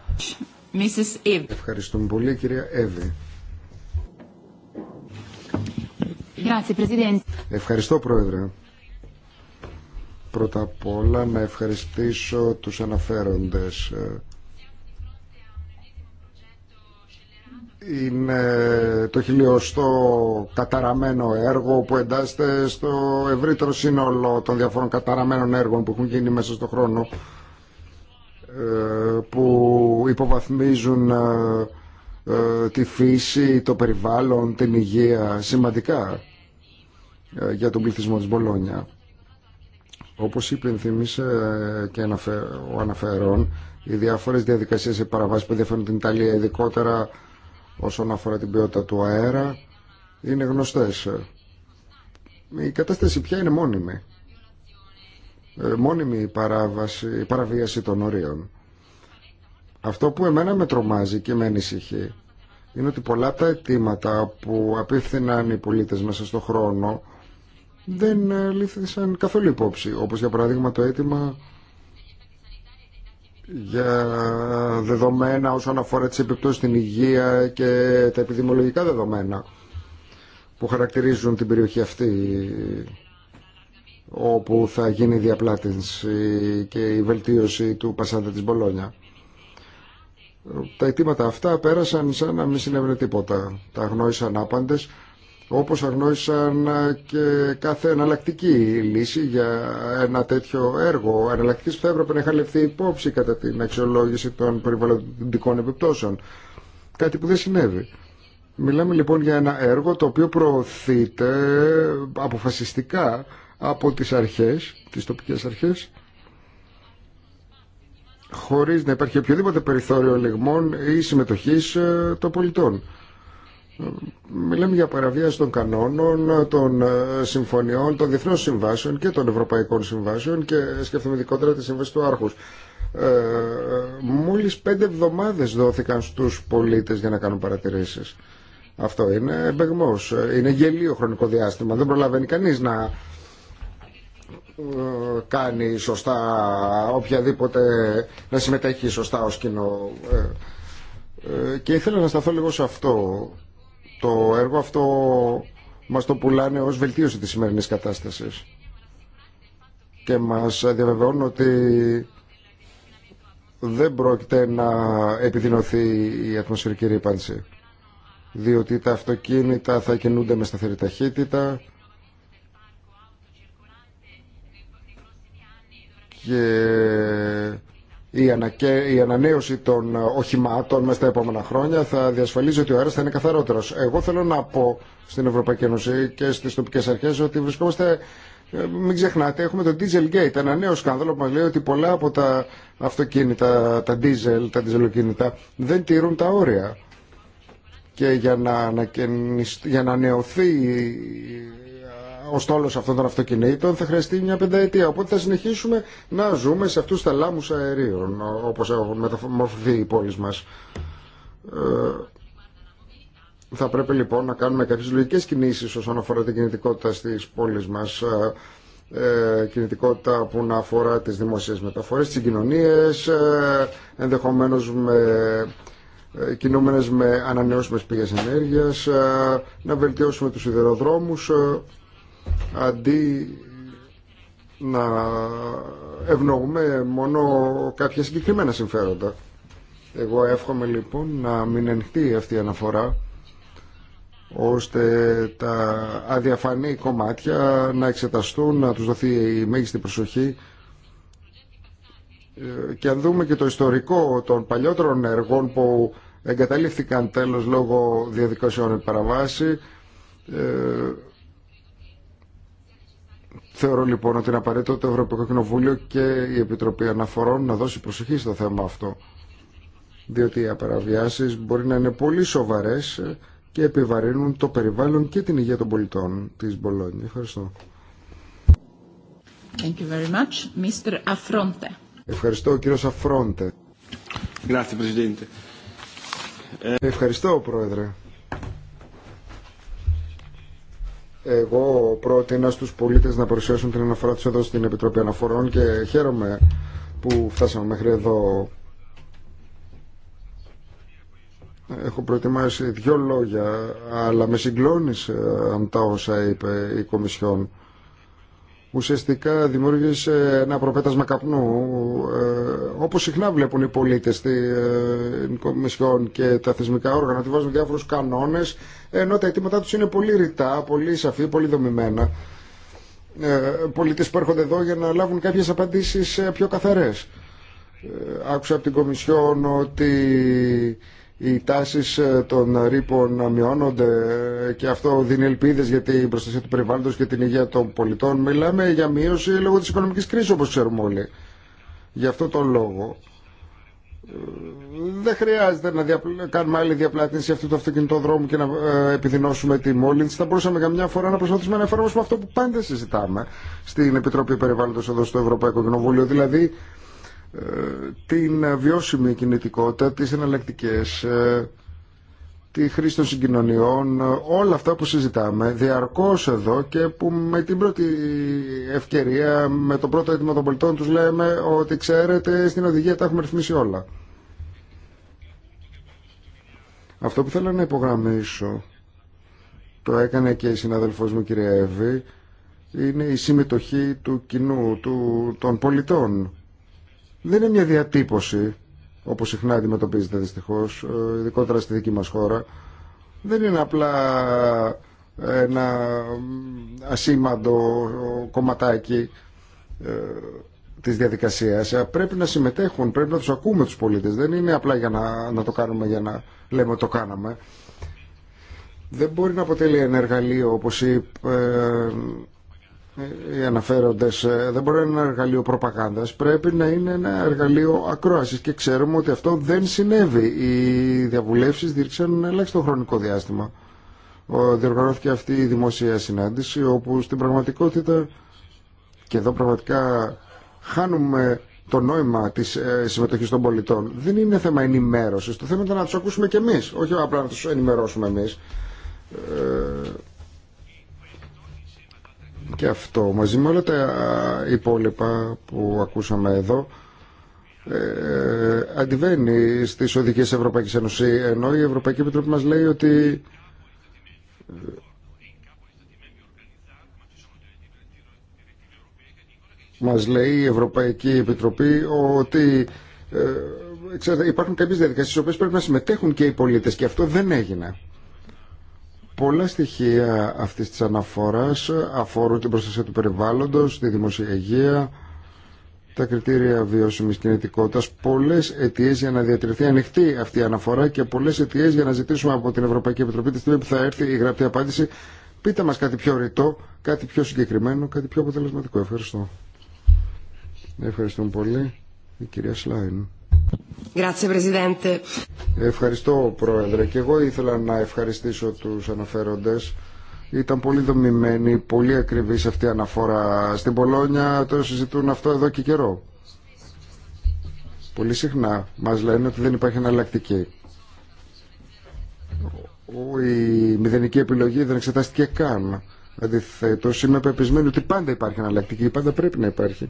Ευχαριστούμε πολύ κυρία Εύη. Ευχαριστώ Πρόεδρε. Πρώτα απ' όλα να ευχαριστήσω τους αναφέροντες ε, είναι το χιλιοστό καταραμένο έργο που εντάσσεται στο ευρύτερο σύνολο των διαφόρων καταραμένων έργων που έχουν γίνει μέσα στον χρόνο ε, που υποβαθμίζουν ε, ε, τη φύση, το περιβάλλον, την υγεία σημαντικά για τον πληθυσμό της Μπολόνια. Όπως θυμίσε και ο αναφέρον, οι διάφορες διαδικασίες επαραβάσεις που ενδιαφέρουν την Ιταλία, ειδικότερα όσον αφορά την ποιότητα του αέρα είναι γνωστές. Η κατάσταση πια είναι μόνιμη. Ε, μόνιμη παράβαση, η παραβίαση των ορίων. Αυτό που εμένα με τρομάζει και με ανησυχεί είναι ότι πολλά από τα αιτήματα που απίφθηναν οι πολίτες μέσα στον χρόνο δεν ε, λήφθησαν καθόλου υπόψη. Όπως για παράδειγμα το αίτημα για δεδομένα όσον αφορά τις επιπτώσεις στην υγεία και τα επιδημολογικά δεδομένα που χαρακτηρίζουν την περιοχή αυτή όπου θα γίνει η διαπλάτηση και η βελτίωση του Πασάντα της Μπολόνια. Τα αιτήματα αυτά πέρασαν σαν να μην συνέβαινε τίποτα. Τα γνώρισαν άπαντες όπως αγνώρισαν ε, και κάθε εναλλακτική λύση για ένα τέτοιο έργο. Ο που θα έπρεπε να είχαν λεφθεί υπόψη κατά την αξιολόγηση των περιβαλλοντικών επιπτώσεων. Κάτι που δεν συνέβη. Μιλάμε λοιπόν για ένα έργο το οποίο προωθείται αποφασιστικά από τις αρχές, τις τοπικές αρχές, χωρίς να υπάρχει οποιοδήποτε περιθώριο λιγμών ή συμμετοχής ε, των πολιτών. Μιλάμε για παραβίαση των κανόνων, των ε, συμφωνιών, των διεθνών συμβάσεων και των ευρωπαϊκών συμβάσεων και σκεφτούμε ειδικότερα τη σύμβαση του Άρχους. Ε, μόλις πέντε εβδομάδες δόθηκαν στους πολίτες για να κάνουν παρατηρήσεις. Αυτό είναι εμπεγμό. Είναι γελίο χρονικό διάστημα. Δεν προλαβαίνει κανεί να ε, κάνει σωστά οποιαδήποτε, να συμμετέχει σωστά ως κοινό. Ε, και ήθελα να σταθώ λίγο σε αυτό. Το έργο αυτό μας το πουλάνε ως βελτίωση της σημερινής κατάστασης και μας διαβεβαιώνουν ότι δεν πρόκειται να επιδεινωθεί η ατμοσφαιρική ρήπανση διότι τα αυτοκίνητα θα κινούνται με σταθερή ταχύτητα και η, η ανανέωση των ε, οχημάτων μέσα στα επόμενα χρόνια θα διασφαλίζει ότι ο αέρας θα είναι καθαρότερος. Εγώ θέλω να πω στην Ευρωπαϊκή Ένωση και στις τοπικές αρχές ότι βρισκόμαστε ε, μην ξεχνάτε, έχουμε το gate, ένα νέο σκάνδαλο που μας λέει ότι πολλά από τα αυτοκίνητα, τα diesel, τα dieselοκίνητα δεν τηρούν τα όρια. Και για να, για να νεωθεί ο στόλο αυτών των αυτοκινήτων θα χρειαστεί μια πενταετία. Οπότε θα συνεχίσουμε να ζούμε σε αυτού του θαλάμου αερίων, όπω έχουν μεταμορφωθεί οι πόλει μα. Ε, θα πρέπει λοιπόν να κάνουμε κάποιε λογικέ κινήσει όσον αφορά την κινητικότητα στι πόλει μα. Ε, ε, κινητικότητα που να αφορά τις δημοσίες μεταφορές, τις συγκοινωνίες, ε, ενδεχομένως με ε, κινούμενες με ανανεώσιμες πηγές ενέργειας, να βελτιώσουμε τους σιδηροδρόμους, αντί να ευνοούμε μόνο κάποια συγκεκριμένα συμφέροντα. Εγώ εύχομαι λοιπόν να μην ανοιχτεί αυτή η αναφορά ώστε τα αδιαφανή κομμάτια να εξεταστούν, να τους δοθεί η μέγιστη προσοχή ε, και αν δούμε και το ιστορικό των παλιότερων εργών που εγκαταλείφθηκαν τέλος λόγω διαδικασιών παραβάση ε, Θεωρώ λοιπόν ότι είναι απαραίτητο το Ευρωπαϊκό Κοινοβούλιο και η Επιτροπή Αναφορών να δώσει προσοχή στο θέμα αυτό. Διότι οι απαραβιάσεις μπορεί να είναι πολύ σοβαρέ και επιβαρύνουν το περιβάλλον και την υγεία των πολιτών της Μπολόνια. Ευχαριστώ. Thank you very much. Mr. Affronte. Ευχαριστώ κύριο Αφρόντε. Ευχαριστώ πρόεδρε. Εγώ πρότεινα στους πολίτες να παρουσιάσουν την αναφορά τους εδώ στην Επιτροπή Αναφορών και χαίρομαι που φτάσαμε μέχρι εδώ. Έχω προετοιμάσει δύο λόγια, αλλά με συγκλώνησε τα όσα είπε η Κομισιόν ουσιαστικά δημιούργησε ένα προπέτασμα καπνού, ε, όπως συχνά βλέπουν οι πολίτες στην ε, Κομισιόν και τα θεσμικά όργανα, ότι βάζουν διάφορους κανόνες, ενώ τα αιτήματά τους είναι πολύ ρητά, πολύ σαφή, πολύ δομημένα. Ε, πολίτες που έρχονται εδώ για να λάβουν κάποιες απαντήσεις πιο καθαρές. Άκουσα από την Κομισιόν ότι οι τάσεις ε, των ρήπων να μειώνονται και αυτό δίνει ελπίδες για την προστασία του περιβάλλοντος και την υγεία των πολιτών. Μιλάμε για μείωση λόγω της οικονομικής κρίσης όπως ξέρουμε όλοι. Γι' αυτό τον λόγο ε, δεν χρειάζεται να κάνουμε άλλη διαπλάτηση αυτού του αυτοκινητοδρόμου και να ε, επιδεινώσουμε τη μόλυνση. Θα μπορούσαμε καμιά φορά να προσπαθήσουμε να εφαρμόσουμε αυτό που πάντα συζητάμε στην Επιτροπή Περιβάλλοντος εδώ στο Ευρωπαϊκό Κοινοβούλιο. Δηλαδή την βιώσιμη κινητικότητα, τις εναλλακτικέ, ε, τη χρήση των συγκοινωνιών, όλα αυτά που συζητάμε διαρκώς εδώ και που με την πρώτη ευκαιρία, με το πρώτο αίτημα των πολιτών τους λέμε ότι ξέρετε στην οδηγία τα έχουμε ρυθμίσει όλα. Αυτό που θέλω να υπογραμμίσω, το έκανε και η συναδελφός μου κυρία Εύη, είναι η συμμετοχή του κοινού, του, των πολιτών δεν είναι μια διατύπωση, όπως συχνά αντιμετωπίζεται δυστυχώς, ε, ειδικότερα στη δική μας χώρα. Δεν είναι απλά ένα ασήμαντο κομματάκι ε, της διαδικασίας. Ε, πρέπει να συμμετέχουν, πρέπει να τους ακούμε τους πολίτες. Δεν είναι απλά για να, να το κάνουμε για να λέμε ότι το κάναμε. Δεν μπορεί να αποτελεί ένα εργαλείο, όπως είπε ε, οι αναφέροντες ε, δεν μπορεί να είναι ένα εργαλείο προπαγάνδας πρέπει να είναι ένα εργαλείο ακρόασης και ξέρουμε ότι αυτό δεν συνέβη οι διαβουλεύσεις δήρξαν ένα ελάχιστο χρονικό διάστημα διοργανώθηκε αυτή η δημόσια συνάντηση όπου στην πραγματικότητα και εδώ πραγματικά χάνουμε το νόημα της ε, συμμετοχής των πολιτών δεν είναι θέμα ενημέρωσης το θέμα ήταν να τους ακούσουμε και εμείς όχι απλά να τους ενημερώσουμε εμείς και αυτό μαζί με όλα τα υπόλοιπα που ακούσαμε εδώ ε, αντιβαίνει στις της Ευρωπαϊκής Ένωσης ενώ η Ευρωπαϊκή Επιτροπή μας λέει ότι ε, μας λέει η Ευρωπαϊκή Επιτροπή ότι ε, υπάρχουν κάποιες διαδικασίες στις οποίες πρέπει να συμμετέχουν και οι πολίτες και αυτό δεν έγινε. Πολλά στοιχεία αυτής της αναφοράς αφορούν την προστασία του περιβάλλοντος, τη δημοσία υγεία, τα κριτήρια βιώσιμης κινητικότητας, πολλές αιτίες για να διατηρηθεί ανοιχτή αυτή η αναφορά και πολλές αιτίες για να ζητήσουμε από την Ευρωπαϊκή Επιτροπή τη στιγμή που θα έρθει η γραπτή απάντηση. Πείτε μας κάτι πιο ρητό, κάτι πιο συγκεκριμένο, κάτι πιο αποτελεσματικό. Ευχαριστώ. Ευχαριστούμε πολύ. Η κυρία Σλάιν. Ευχαριστώ Πρόεδρε και εγώ ήθελα να ευχαριστήσω τους αναφέροντες. Ήταν πολύ δομημένη, πολύ ακριβή αυτή η αναφορά. Στην Πολόνια το συζητούν αυτό εδώ και καιρό. Πολύ συχνά μας λένε ότι δεν υπάρχει εναλλακτική. Η μηδενική επιλογή δεν εξετάστηκε καν. Αντιθέτω, είμαι πεπισμένη ότι πάντα υπάρχει εναλλακτική, πάντα πρέπει να υπάρχει.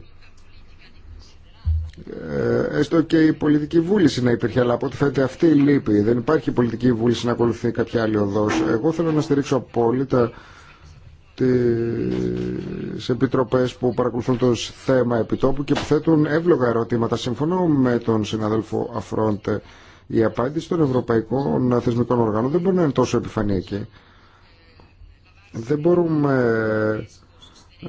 Ε, έστω και η πολιτική βούληση να υπήρχε, αλλά από ό,τι φαίνεται αυτή η λύπη Δεν υπάρχει πολιτική βούληση να ακολουθεί κάποια άλλη οδό. Εγώ θέλω να στηρίξω απόλυτα τι επιτροπέ που παρακολουθούν το θέμα επιτόπου και που θέτουν εύλογα ερωτήματα. Συμφωνώ με τον συναδέλφο Αφρόντε. Η απάντηση των ευρωπαϊκών θεσμικών οργάνων δεν μπορεί να είναι τόσο επιφανειακή. Δεν μπορούμε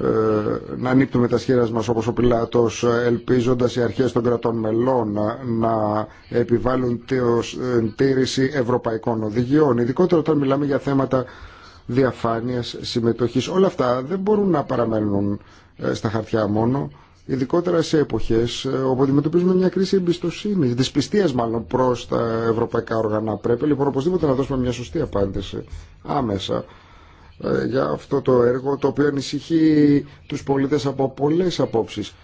ε, να ανοίπτουμε τα σχέδια μας όπως ο Πιλάτος ε, ελπίζοντας οι αρχές των κρατών μελών να επιβάλλουν ε, τήρηση ευρωπαϊκών οδηγιών ειδικότερα όταν μιλάμε για θέματα διαφάνειας, συμμετοχής όλα αυτά δεν μπορούν να παραμένουν στα χαρτιά μόνο ειδικότερα σε εποχές όπου αντιμετωπίζουμε μια κρίση εμπιστοσύνης δυσπιστίας μάλλον προς τα ευρωπαϊκά όργανα πρέπει λοιπόν οπωσδήποτε να δώσουμε μια σωστή απάντηση άμεσα ε, για αυτό το έργο το οποίο ανησυχεί τους πολίτες από πολλές απόψεις.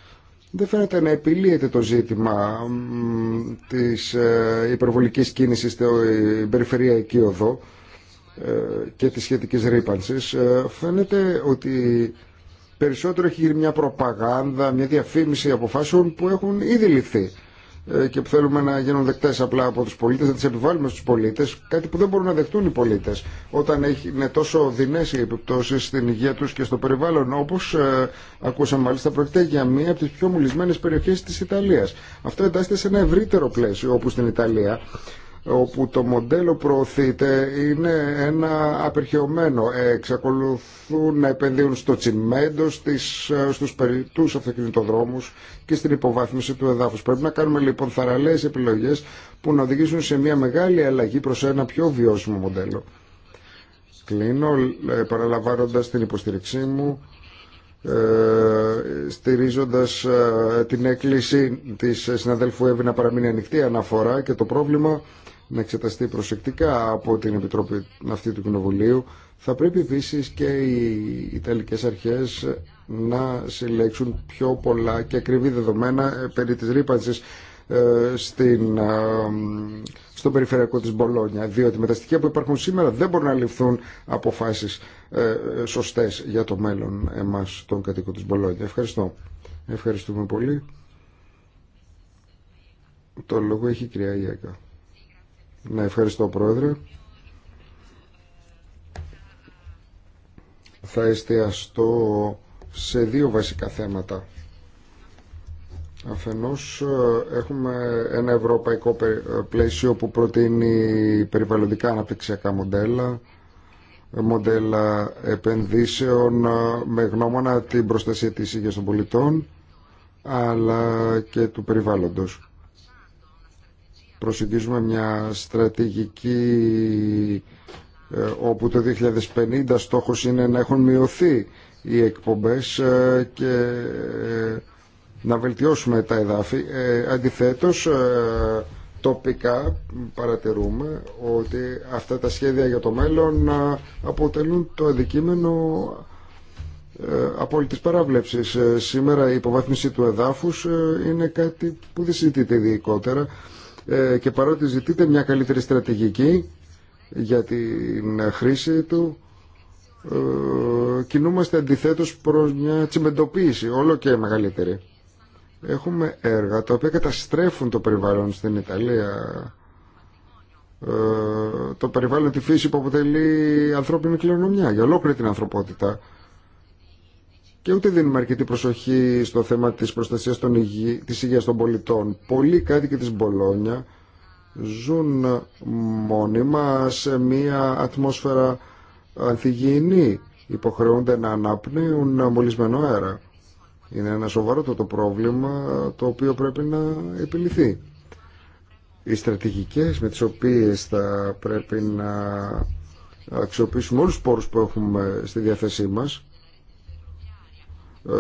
Δεν φαίνεται να επιλύεται το ζήτημα της ε, υπερβολικής κίνησης στην περιφερειακή οδό ε, και της σχετικής ρήπανσης. Φαίνεται ότι περισσότερο έχει γίνει μια προπαγάνδα, μια διαφήμιση αποφάσεων που έχουν ήδη ληφθεί. Ε, και που θέλουμε να γίνουν δεκτέ απλά από του πολίτε, να τι επιβάλλουμε στου πολίτε, κάτι που δεν μπορούν να δεχτούν οι πολίτε. Όταν είναι τόσο δεινέ οι επιπτώσει στην υγεία του και στο περιβάλλον, όπω ε, ακούσαμε μάλιστα, πρόκειται για μία από τι πιο μολυσμένε περιοχέ τη Ιταλία. Αυτό εντάσσεται σε ένα ευρύτερο πλαίσιο, όπου στην Ιταλία όπου το μοντέλο προωθείται είναι ένα απερχαιωμένο. Ε, εξακολουθούν να επενδύουν στο τσιμέντο, στις, ε, στους περιττούς αυτοκινητοδρόμους και στην υποβάθμιση του εδάφους. Πρέπει να κάνουμε λοιπόν θαραλέες επιλογές που να οδηγήσουν σε μια μεγάλη αλλαγή προς ένα πιο βιώσιμο μοντέλο. Κλείνω ε, παραλαμβάνοντας την υποστήριξή μου στηρίζοντας την έκκληση της συναδέλφου Εύη να παραμείνει ανοιχτή αναφορά και το πρόβλημα να εξεταστεί προσεκτικά από την Επιτροπή αυτή του Κοινοβουλίου. Θα πρέπει επίση και οι Ιταλικές αρχές να συλλέξουν πιο πολλά και ακριβή δεδομένα ε, περί τη ρήπανση ε, στην, ε, στο περιφερειακό της Μπολόνια διότι με τα στοιχεία που υπάρχουν σήμερα δεν μπορούν να ληφθούν αποφάσεις σωστές για το μέλλον εμάς των κατοίκων της Μπολόνια. Ευχαριστώ. Ευχαριστούμε πολύ. Το λόγο έχει η κυρία Ιέκα. Να ευχαριστώ Πρόεδρε. Θα εστιαστώ σε δύο βασικά θέματα. Αφενός ε, έχουμε ένα ευρωπαϊκό ε, πλαίσιο που προτείνει περιβαλλοντικά αναπτυξιακά μοντέλα, μοντέλα επενδύσεων ε, με γνώμονα την προστασία της υγείας των πολιτών αλλά και του περιβάλλοντος προσεγγίζουμε μια στρατηγική ε, όπου το 2050 στόχος είναι να έχουν μειωθεί οι εκπομπές ε, και ε, να βελτιώσουμε τα εδάφη. Αντιθέτως, τοπικά παρατηρούμε ότι αυτά τα σχέδια για το μέλλον αποτελούν το αντικείμενο απόλυτης παράβλεψης. Σήμερα η υποβάθμιση του εδάφους είναι κάτι που δεν συζητείται ειδικότερα ε, και παρότι ζητείται μια καλύτερη στρατηγική για την χρήση του, ε, κινούμαστε αντιθέτως προς μια τσιμεντοποίηση, όλο και μεγαλύτερη. Έχουμε έργα τα οποία καταστρέφουν το περιβάλλον στην Ιταλία. Ε, το περιβάλλον, τη φύση που αποτελεί ανθρώπινη κληρονομιά για ολόκληρη την ανθρωπότητα και ούτε δίνουμε αρκετή προσοχή στο θέμα της προστασίας των Υγεία της υγείας των πολιτών. Πολλοί κάτοικοι της Μπολόνια ζουν μόνιμα σε μια ατμόσφαιρα ανθυγιεινή. Υποχρεούνται να αναπνέουν μολυσμένο αέρα. Είναι ένα σοβαρό το πρόβλημα το οποίο πρέπει να επιληθεί. Οι στρατηγικές με τις οποίες θα πρέπει να αξιοποιήσουμε όλους τους πόρους που έχουμε στη διάθεσή μας ε,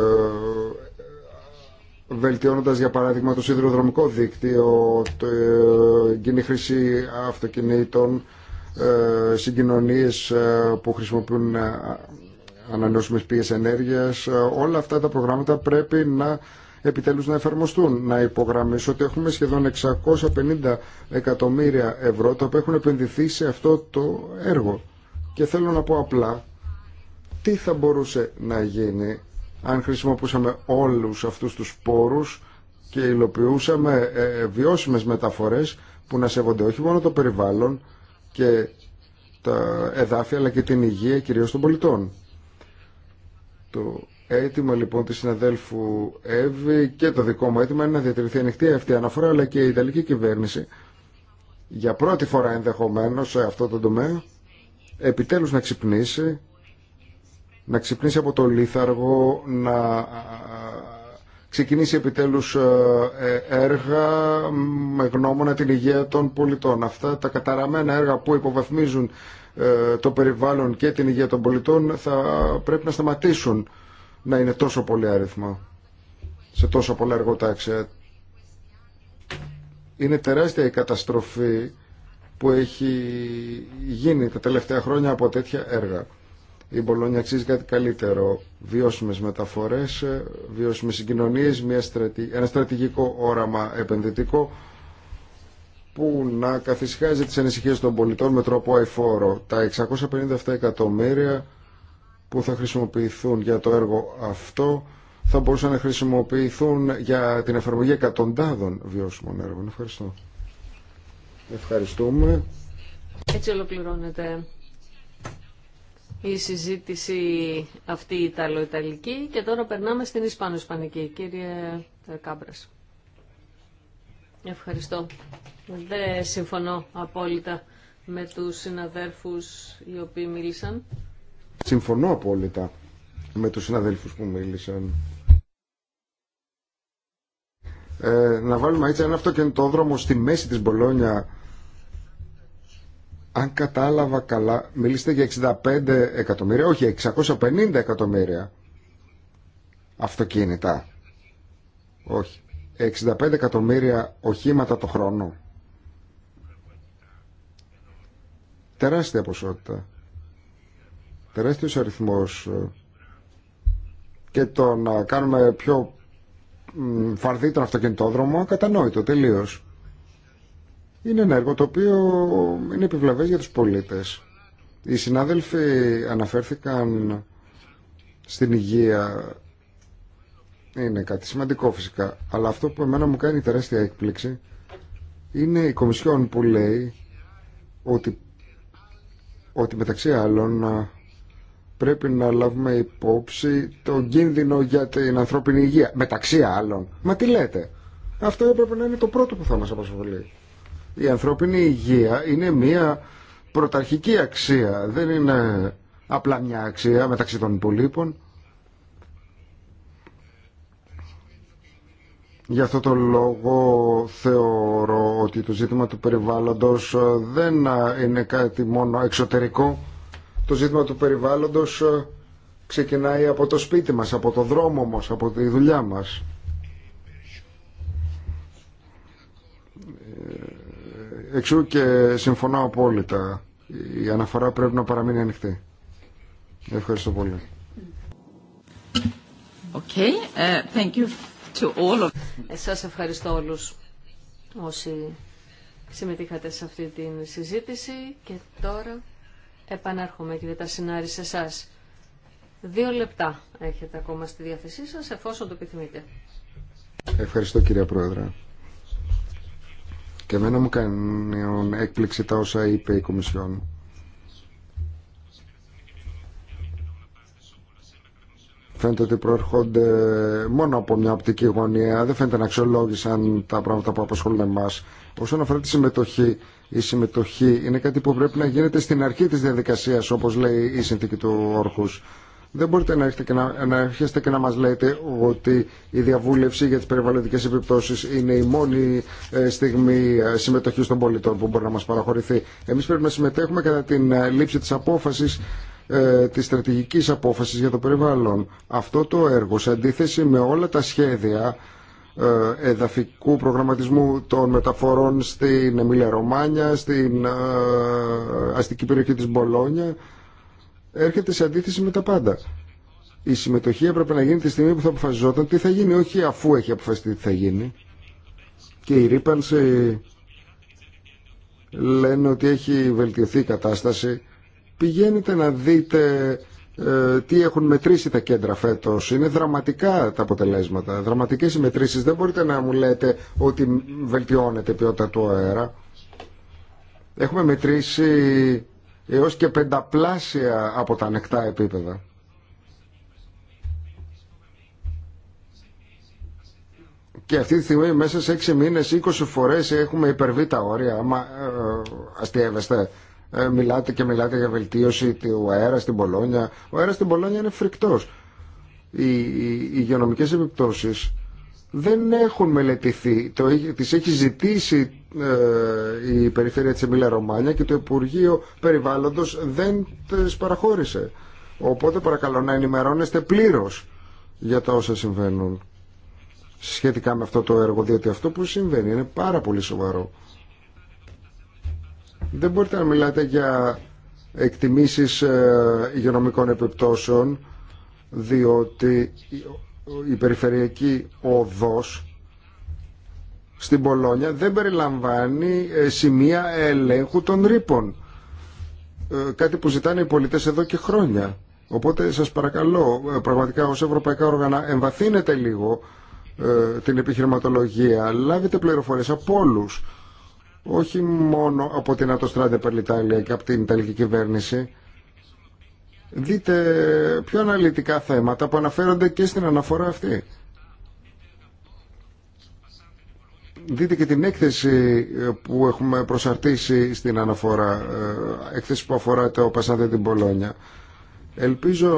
βελτιώνοντας για παράδειγμα το σιδηροδρομικό δίκτυο, την ε, κοινή χρήση αυτοκινήτων, ε, συγκοινωνίες που χρησιμοποιούν ανανεώσιμες πηγές ενέργειας. Όλα αυτά τα προγράμματα πρέπει να επιτέλους να εφαρμοστούν. Να υπογραμμίσω ότι έχουμε σχεδόν 650 εκατομμύρια ευρώ τα οποία έχουν επενδυθεί σε αυτό το έργο. Και θέλω να πω απλά τι θα μπορούσε να γίνει αν χρησιμοποιούσαμε όλους αυτούς τους πόρους και υλοποιούσαμε ε, ε, βιώσιμες μεταφορές που να σέβονται όχι μόνο το περιβάλλον και τα εδάφια αλλά και την υγεία κυρίως των πολιτών. Το αίτημα λοιπόν της συναδέλφου Εύη και το δικό μου αίτημα είναι να διατηρηθεί ανοιχτή αυτή η αναφορά αλλά και η Ιταλική κυβέρνηση για πρώτη φορά ενδεχομένως σε αυτό το τομέα επιτέλους να ξυπνήσει να ξυπνήσει από το λίθαργο, να ξεκινήσει επιτέλους ε, ε, έργα με γνώμονα την υγεία των πολιτών. Αυτά τα καταραμένα έργα που υποβαθμίζουν ε, το περιβάλλον και την υγεία των πολιτών θα πρέπει να σταματήσουν να είναι τόσο πολύ αριθμό σε τόσο πολλά εργοτάξια. Είναι τεράστια η καταστροφή που έχει γίνει τα τελευταία χρόνια από τέτοια έργα η Μπολόνια αξίζει κάτι καλύτερο. Βιώσιμες μεταφορές, ε, βιώσιμες συγκοινωνίες, μια ένα στρατηγικό όραμα επενδυτικό που να καθησυχάζει τις ανησυχίες των πολιτών με τρόπο αηφόρο. Τα 657 εκατομμύρια που θα χρησιμοποιηθούν για το έργο αυτό θα μπορούσαν να χρησιμοποιηθούν για την εφαρμογή εκατοντάδων βιώσιμων έργων. Ευχαριστώ. Ευχαριστούμε. Έτσι ολοκληρώνεται η συζήτηση αυτή η Ιταλο-Ιταλική και τώρα περνάμε στην Ισπανο-Ισπανική. Κύριε Κάμπρας. Ευχαριστώ. Δεν συμφωνώ απόλυτα με τους συναδέρφους οι οποίοι μίλησαν. Συμφωνώ απόλυτα με τους συναδέλφους που μίλησαν. Ε, να βάλουμε έτσι ένα δρόμο στη μέση της Μπολόνια αν κατάλαβα καλά, μιλήσετε για 65 εκατομμύρια, όχι 650 εκατομμύρια αυτοκίνητα. Όχι. 65 εκατομμύρια οχήματα το χρόνο. Τεράστια ποσότητα. Τεράστιος αριθμός. Και το να κάνουμε πιο φαρδί τον αυτοκινητόδρομο, κατανόητο τελείως είναι ένα έργο το οποίο είναι επιβλαβές για τους πολίτες. Οι συνάδελφοι αναφέρθηκαν στην υγεία. Είναι κάτι σημαντικό φυσικά. Αλλά αυτό που εμένα μου κάνει τεράστια έκπληξη είναι η Κομισιόν που λέει ότι, ότι μεταξύ άλλων πρέπει να λάβουμε υπόψη τον κίνδυνο για την ανθρώπινη υγεία. Μεταξύ άλλων. Μα τι λέτε. Αυτό έπρεπε να είναι το πρώτο που θα μας απασχολεί. Η ανθρώπινη υγεία είναι μια πρωταρχική αξία, δεν είναι απλά μια αξία μεταξύ των υπολείπων. Γι' αυτό το λόγο θεωρώ ότι το ζήτημα του περιβάλλοντος δεν είναι κάτι μόνο εξωτερικό. Το ζήτημα του περιβάλλοντος ξεκινάει από το σπίτι μας, από το δρόμο μας, από τη δουλειά μας. Εξού και συμφωνώ απόλυτα. Η αναφορά πρέπει να παραμείνει ανοιχτή. Ευχαριστώ πολύ. Okay. Uh, thank you to all of... Ε, σας ευχαριστώ όλους όσοι συμμετείχατε σε αυτή την συζήτηση και τώρα επανέρχομαι κύριε Τασινάρη σε εσά. Δύο λεπτά έχετε ακόμα στη διάθεσή σας εφόσον το επιθυμείτε. Ευχαριστώ κυρία Πρόεδρε. Και εμένα μου κάνει έκπληξη τα όσα είπε η Κομισιόν. Φαίνεται ότι προερχόνται μόνο από μια οπτική γωνία. Δεν φαίνεται να αξιολόγησαν τα πράγματα που απασχολούν εμά. Όσον αφορά τη συμμετοχή, η συμμετοχή είναι κάτι που πρέπει να γίνεται στην αρχή τη διαδικασία, όπω λέει η συνθήκη του όρχου. Δεν μπορείτε να έρχεστε και να, να, να μας λέτε ότι η διαβούλευση για τις περιβαλλοντικές επιπτώσεις είναι η μόνη ε, στιγμή ε, συμμετοχής των πολιτών που μπορεί να μας παραχωρηθεί. Εμείς πρέπει να συμμετέχουμε κατά την ε, λήψη της απόφασης της στρατηγικής απόφασης για το περιβάλλον. Αυτό το έργο, σε αντίθεση με όλα τα σχέδια εδαφικού προγραμματισμού των μεταφορών στην Εμίλια Ρωμάνια, στην αστική περιοχή της Μπολόνια, έρχεται σε αντίθεση με τα πάντα. Η συμμετοχή έπρεπε να γίνει τη στιγμή που θα αποφασιζόταν τι θα γίνει, όχι αφού έχει αποφασιστεί τι θα γίνει. Και η ρήπανση ε, λένε ότι έχει βελτιωθεί η κατάσταση. Πηγαίνετε να δείτε ε, τι έχουν μετρήσει τα κέντρα φέτος. Είναι δραματικά τα αποτελέσματα, δραματικές οι μετρήσεις. Δεν μπορείτε να μου λέτε ότι βελτιώνεται η ποιότητα του αέρα. Έχουμε μετρήσει έως και πενταπλάσια από τα ανεκτά επίπεδα. Και αυτή τη στιγμή μέσα σε έξι μήνες 20 φορές έχουμε υπερβεί τα όρια. Άμα ε, ε, μιλάτε και μιλάτε για βελτίωση του αέρα στην Πολόνια. Ο αέρας στην Πολόνια είναι φρικτός. Οι, οι, οι υγειονομικές επιπτώσεις δεν έχουν μελετηθεί. Το, τις έχει ζητήσει ε, η περιφέρεια της Εμίλα Ρωμάνια και το Υπουργείο Περιβάλλοντος δεν τις παραχώρησε. Οπότε παρακαλώ να ενημερώνεστε πλήρως για τα όσα συμβαίνουν σχετικά με αυτό το έργο, διότι αυτό που συμβαίνει είναι πάρα πολύ σοβαρό. Δεν μπορείτε να μιλάτε για εκτιμήσεις ε, υγειονομικών επιπτώσεων, διότι η περιφερειακή οδός στην Πολόνια δεν περιλαμβάνει ε, σημεία ελέγχου των ρήπων. Ε, κάτι που ζητάνε οι πολίτες εδώ και χρόνια. Οπότε σας παρακαλώ, ε, πραγματικά ως ευρωπαϊκά όργανα εμβαθύνετε λίγο την επιχειρηματολογία, λάβετε πληροφορίες από όλου, όχι μόνο από την Ατοστράντε Περλιτάλια και από την Ιταλική κυβέρνηση, δείτε πιο αναλυτικά θέματα που αναφέρονται και στην αναφορά αυτή. Δείτε και την έκθεση ε, που έχουμε προσαρτήσει στην αναφορά, ε, έκθεση που αφορά το Πασάντε την Πολόνια. Ελπίζω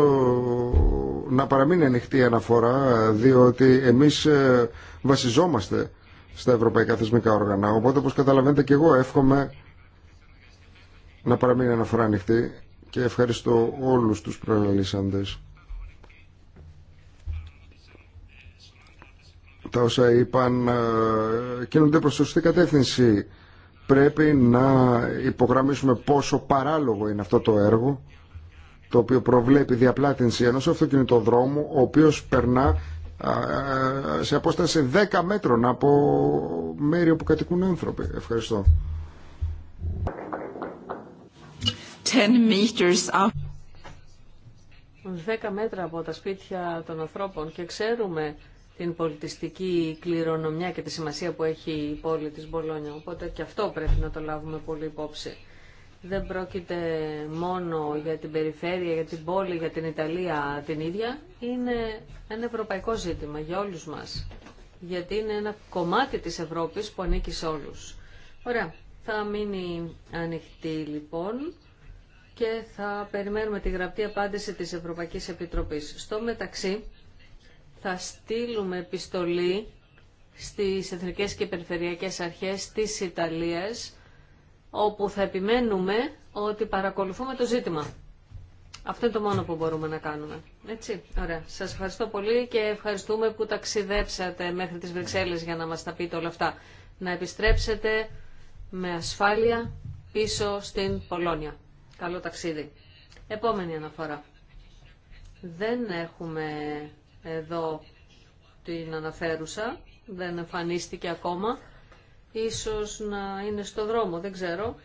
να παραμείνει ανοιχτή η αναφορά, διότι εμείς ε, βασιζόμαστε στα ευρωπαϊκά θεσμικά όργανα. Οπότε, όπως καταλαβαίνετε και εγώ, εύχομαι να παραμείνει η αναφορά ανοιχτή και ευχαριστώ όλους τους προαναλύσαντες. Τα όσα είπαν ε, κινούνται προς σωστή κατεύθυνση. Πρέπει να υπογραμμίσουμε πόσο παράλογο είναι αυτό το έργο το οποίο προβλέπει διαπλάτηση ενός αυτοκινητοδρόμου ο οποίος περνά ε, ε, σε απόσταση 10 μέτρων από μέρη όπου κατοικούν άνθρωποι. Ευχαριστώ. 10 μέτρα από τα σπίτια των ανθρώπων και ξέρουμε την πολιτιστική κληρονομιά και τη σημασία που έχει η πόλη της Μπολόνια. Οπότε και αυτό πρέπει να το λάβουμε πολύ υπόψη. Δεν πρόκειται μόνο για την περιφέρεια, για την πόλη, για την Ιταλία την ίδια. Είναι ένα ευρωπαϊκό ζήτημα για όλους μας. Γιατί είναι ένα κομμάτι της Ευρώπης που ανήκει σε όλους. Ωραία. Θα μείνει ανοιχτή λοιπόν και θα περιμένουμε τη γραπτή απάντηση της Ευρωπαϊκής Επιτροπής. Στο μεταξύ θα στείλουμε επιστολή στις Εθνικές και Περιφερειακές Αρχές της Ιταλίας όπου θα επιμένουμε ότι παρακολουθούμε το ζήτημα. Αυτό είναι το μόνο που μπορούμε να κάνουμε. Έτσι, ωραία. Σας ευχαριστώ πολύ και ευχαριστούμε που ταξιδέψατε μέχρι τις Βρυξέλλες για να μας τα πείτε όλα αυτά. Να επιστρέψετε με ασφάλεια πίσω στην Πολώνια. Καλό ταξίδι. Επόμενη αναφορά. Δεν έχουμε εδώ την αναφέρουσα, δεν εμφανίστηκε ακόμα. Ίσως να είναι στο δρόμο, δεν ξέρω.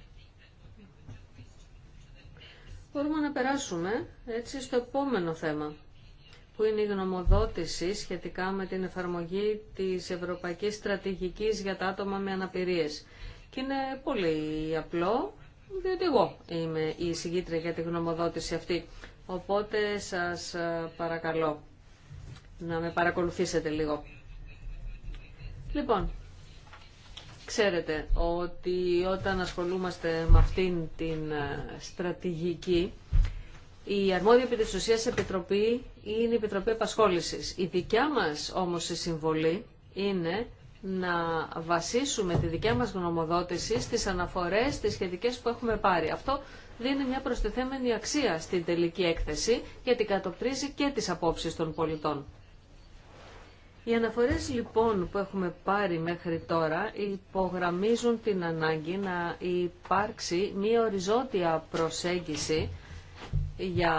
Μπορούμε να περάσουμε έτσι στο επόμενο θέμα, που είναι η γνωμοδότηση σχετικά με την εφαρμογή της Ευρωπαϊκής Στρατηγικής για τα άτομα με αναπηρίες. Και είναι πολύ απλό, διότι εγώ είμαι η συγκήτρια για τη γνωμοδότηση αυτή. Οπότε σας ε, παρακαλώ να με παρακολουθήσετε λίγο. Λοιπόν, ξέρετε ότι όταν ασχολούμαστε με αυτήν την ε, στρατηγική, η αρμόδια επί επιτροπή είναι η Επιτροπή Επασχόλησης. Η δικιά μας όμως η συμβολή είναι να βασίσουμε τη δικιά μας γνωμοδότηση στις αναφορές, στις σχετικές που έχουμε πάρει. Αυτό δίνει μια προστιθέμενη αξία στην τελική έκθεση γιατί κατοπτρίζει και τις απόψεις των πολιτών. Οι αναφορές λοιπόν που έχουμε πάρει μέχρι τώρα υπογραμμίζουν την ανάγκη να υπάρξει μια οριζόντια προσέγγιση για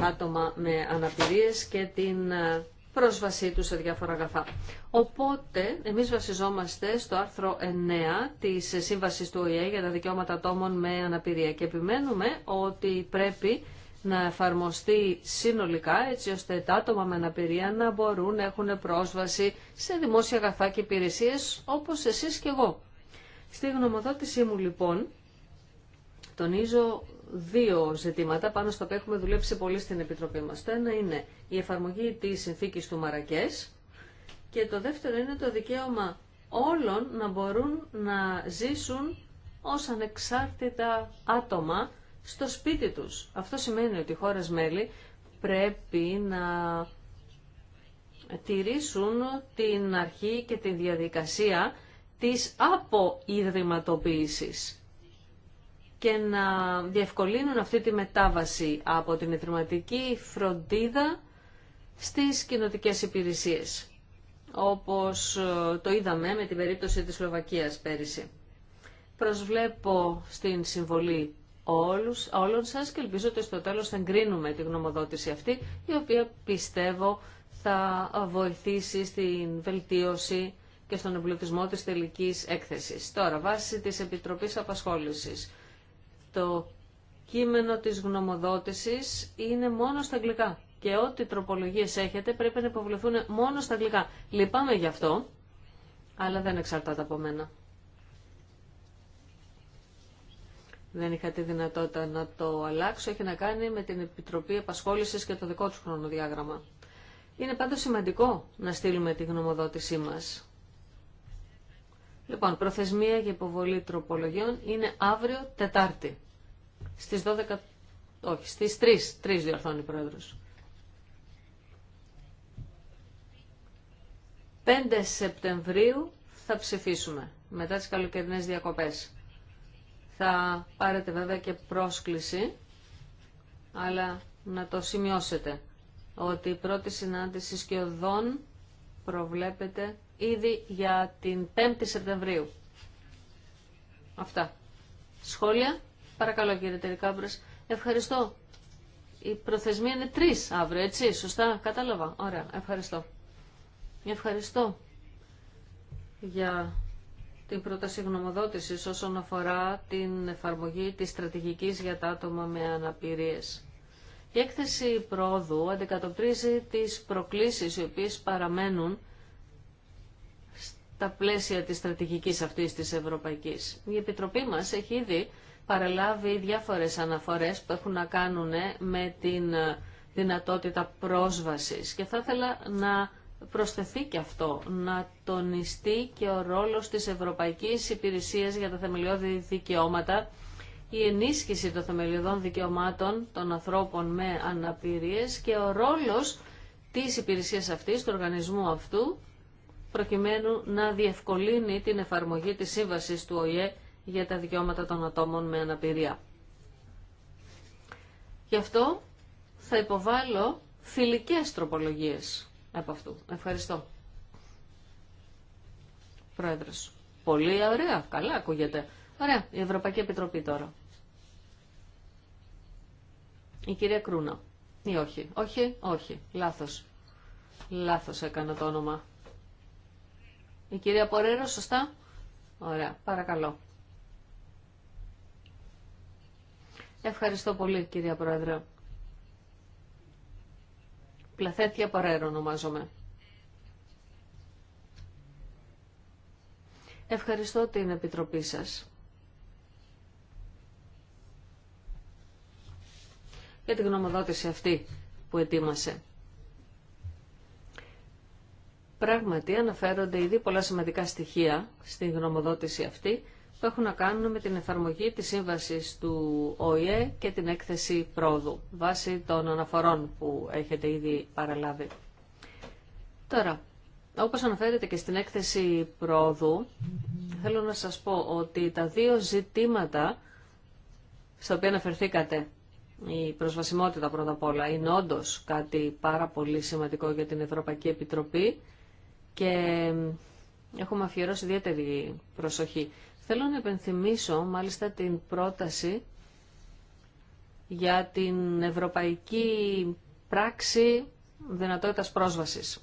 άτομα με αναπηρίες και την πρόσβασή τους σε διάφορα αγαθά. Οπότε, εμείς βασιζόμαστε στο άρθρο 9 της Σύμβασης του ΟΗΕ για τα δικαιώματα ατόμων με αναπηρία και επιμένουμε ότι πρέπει να εφαρμοστεί συνολικά έτσι ώστε τα άτομα με αναπηρία να μπορούν να έχουν πρόσβαση σε δημόσια αγαθά και υπηρεσίες όπως εσείς και εγώ. Στη γνωμοδότησή μου λοιπόν τονίζω δύο ζητήματα πάνω στα οποίο έχουμε δουλέψει πολύ στην Επιτροπή μας. Το ένα είναι η εφαρμογή της συνθήκης του Μαρακές και το δεύτερο είναι το δικαίωμα όλων να μπορούν να ζήσουν ως ανεξάρτητα άτομα στο σπίτι τους. Αυτό σημαίνει ότι οι χώρες μέλη πρέπει να τηρήσουν την αρχή και τη διαδικασία της αποειδηματοποίησης και να διευκολύνουν αυτή τη μετάβαση από την ιδρυματική φροντίδα στις κοινοτικέ υπηρεσίες, όπως ε, το είδαμε με την περίπτωση της Σλοβακίας πέρυσι. Προσβλέπω στην συμβολή όλους, όλων σας και ελπίζω ότι στο τέλος θα εγκρίνουμε τη γνωμοδότηση αυτή, η οποία πιστεύω θα βοηθήσει στην βελτίωση και στον εμπλουτισμό της τελικής έκθεσης. Τώρα, βάσει της Επιτροπής Απασχόλησης το κείμενο της γνωμοδότησης είναι μόνο στα αγγλικά και ό,τι τροπολογίες έχετε πρέπει να υποβληθούν μόνο στα αγγλικά. Λυπάμαι γι' αυτό, αλλά δεν εξαρτάται από μένα. Δεν είχα τη δυνατότητα να το αλλάξω. Έχει να κάνει με την Επιτροπή Επασχόλησης και το δικό του χρονοδιάγραμμα. Είναι πάντως σημαντικό να στείλουμε τη γνωμοδότησή μας Λοιπόν, προθεσμία για υποβολή τροπολογιών είναι αύριο Τετάρτη. Στις 12... Όχι, στις 3. 3 διορθώνει η Πρόεδρος. 5 Σεπτεμβρίου θα ψηφίσουμε μετά τις καλοκαιρινές διακοπές. Θα πάρετε βέβαια και πρόσκληση, αλλά να το σημειώσετε ότι η πρώτη συνάντηση σκιωδών προβλέπεται ήδη για την 5η Σεπτεμβρίου. Αυτά. Σχόλια. Παρακαλώ κύριε Τερικάμπρες. Ευχαριστώ. Η προθεσμία είναι τρει αύριο, έτσι, σωστά, κατάλαβα. Ωραία, ευχαριστώ. Ευχαριστώ για την πρόταση γνωμοδότησης όσον αφορά την εφαρμογή της στρατηγικής για τα άτομα με αναπηρίες. Η έκθεση πρόοδου αντικατοπτρίζει τις προκλήσεις οι οποίες παραμένουν τα πλαίσια της στρατηγικής αυτής της Ευρωπαϊκής. Η Επιτροπή μας έχει ήδη παραλάβει διάφορες αναφορές που έχουν να κάνουν ε, με την ε, δυνατότητα πρόσβασης και θα ήθελα να προσθεθεί και αυτό, να τονιστεί και ο ρόλος της Ευρωπαϊκής Υπηρεσίας για τα Θεμελιώδη Δικαιώματα, η ενίσχυση των θεμελιωδών δικαιωμάτων των ανθρώπων με αναπηρίες και ο ρόλος της υπηρεσίας αυτής, του οργανισμού αυτού, προκειμένου να διευκολύνει την εφαρμογή της σύμβασης του ΟΗΕ για τα δικαιώματα των ατόμων με αναπηρία. Γι' αυτό θα υποβάλω φιλικές τροπολογίες από αυτού. Ευχαριστώ. Πρόεδρος. Πολύ ωραία. Καλά ακούγεται. Ωραία. Η Ευρωπαϊκή Επιτροπή τώρα. Η κυρία Κρούνα. Ή όχι. Όχι. Όχι. Λάθος. Λάθος έκανα το όνομα. Η κυρία Πορέρο, σωστά. Ωραία, παρακαλώ. Ευχαριστώ πολύ, κυρία Πρόεδρε. Πλαθέτια Πορέρο ονομάζομαι. Ευχαριστώ την Επιτροπή σας. για την γνωμοδότηση αυτή που ετοίμασε. Πράγματι αναφέρονται ήδη πολλά σημαντικά στοιχεία στην γνωμοδότηση αυτή που έχουν να κάνουν με την εφαρμογή της σύμβασης του ΟΗΕ και την έκθεση πρόοδου βάσει των αναφορών που έχετε ήδη παραλάβει. Τώρα, όπως αναφέρεται και στην έκθεση πρόοδου, θέλω να σας πω ότι τα δύο ζητήματα στα οποία αναφερθήκατε, η προσβασιμότητα πρώτα απ' όλα, είναι όντω κάτι πάρα πολύ σημαντικό για την Ευρωπαϊκή Επιτροπή και έχουμε αφιερώσει ιδιαίτερη προσοχή. Θέλω να επενθυμίσω μάλιστα την πρόταση για την ευρωπαϊκή πράξη δυνατότητας πρόσβασης,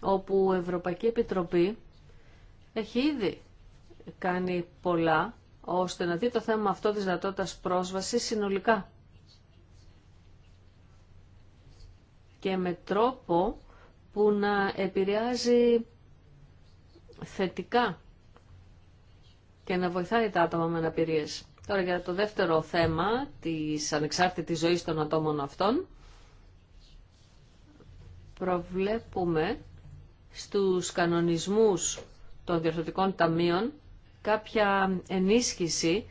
όπου η Ευρωπαϊκή Επιτροπή έχει ήδη κάνει πολλά ώστε να δει το θέμα αυτό της δυνατότητας πρόσβασης συνολικά και με τρόπο που να επηρεάζει θετικά και να βοηθάει τα άτομα με αναπηρίες. Τώρα για το δεύτερο θέμα της ανεξάρτητης ζωής των ατόμων αυτών, προβλέπουμε στους κανονισμούς των διορθωτικών ταμείων κάποια ενίσχυση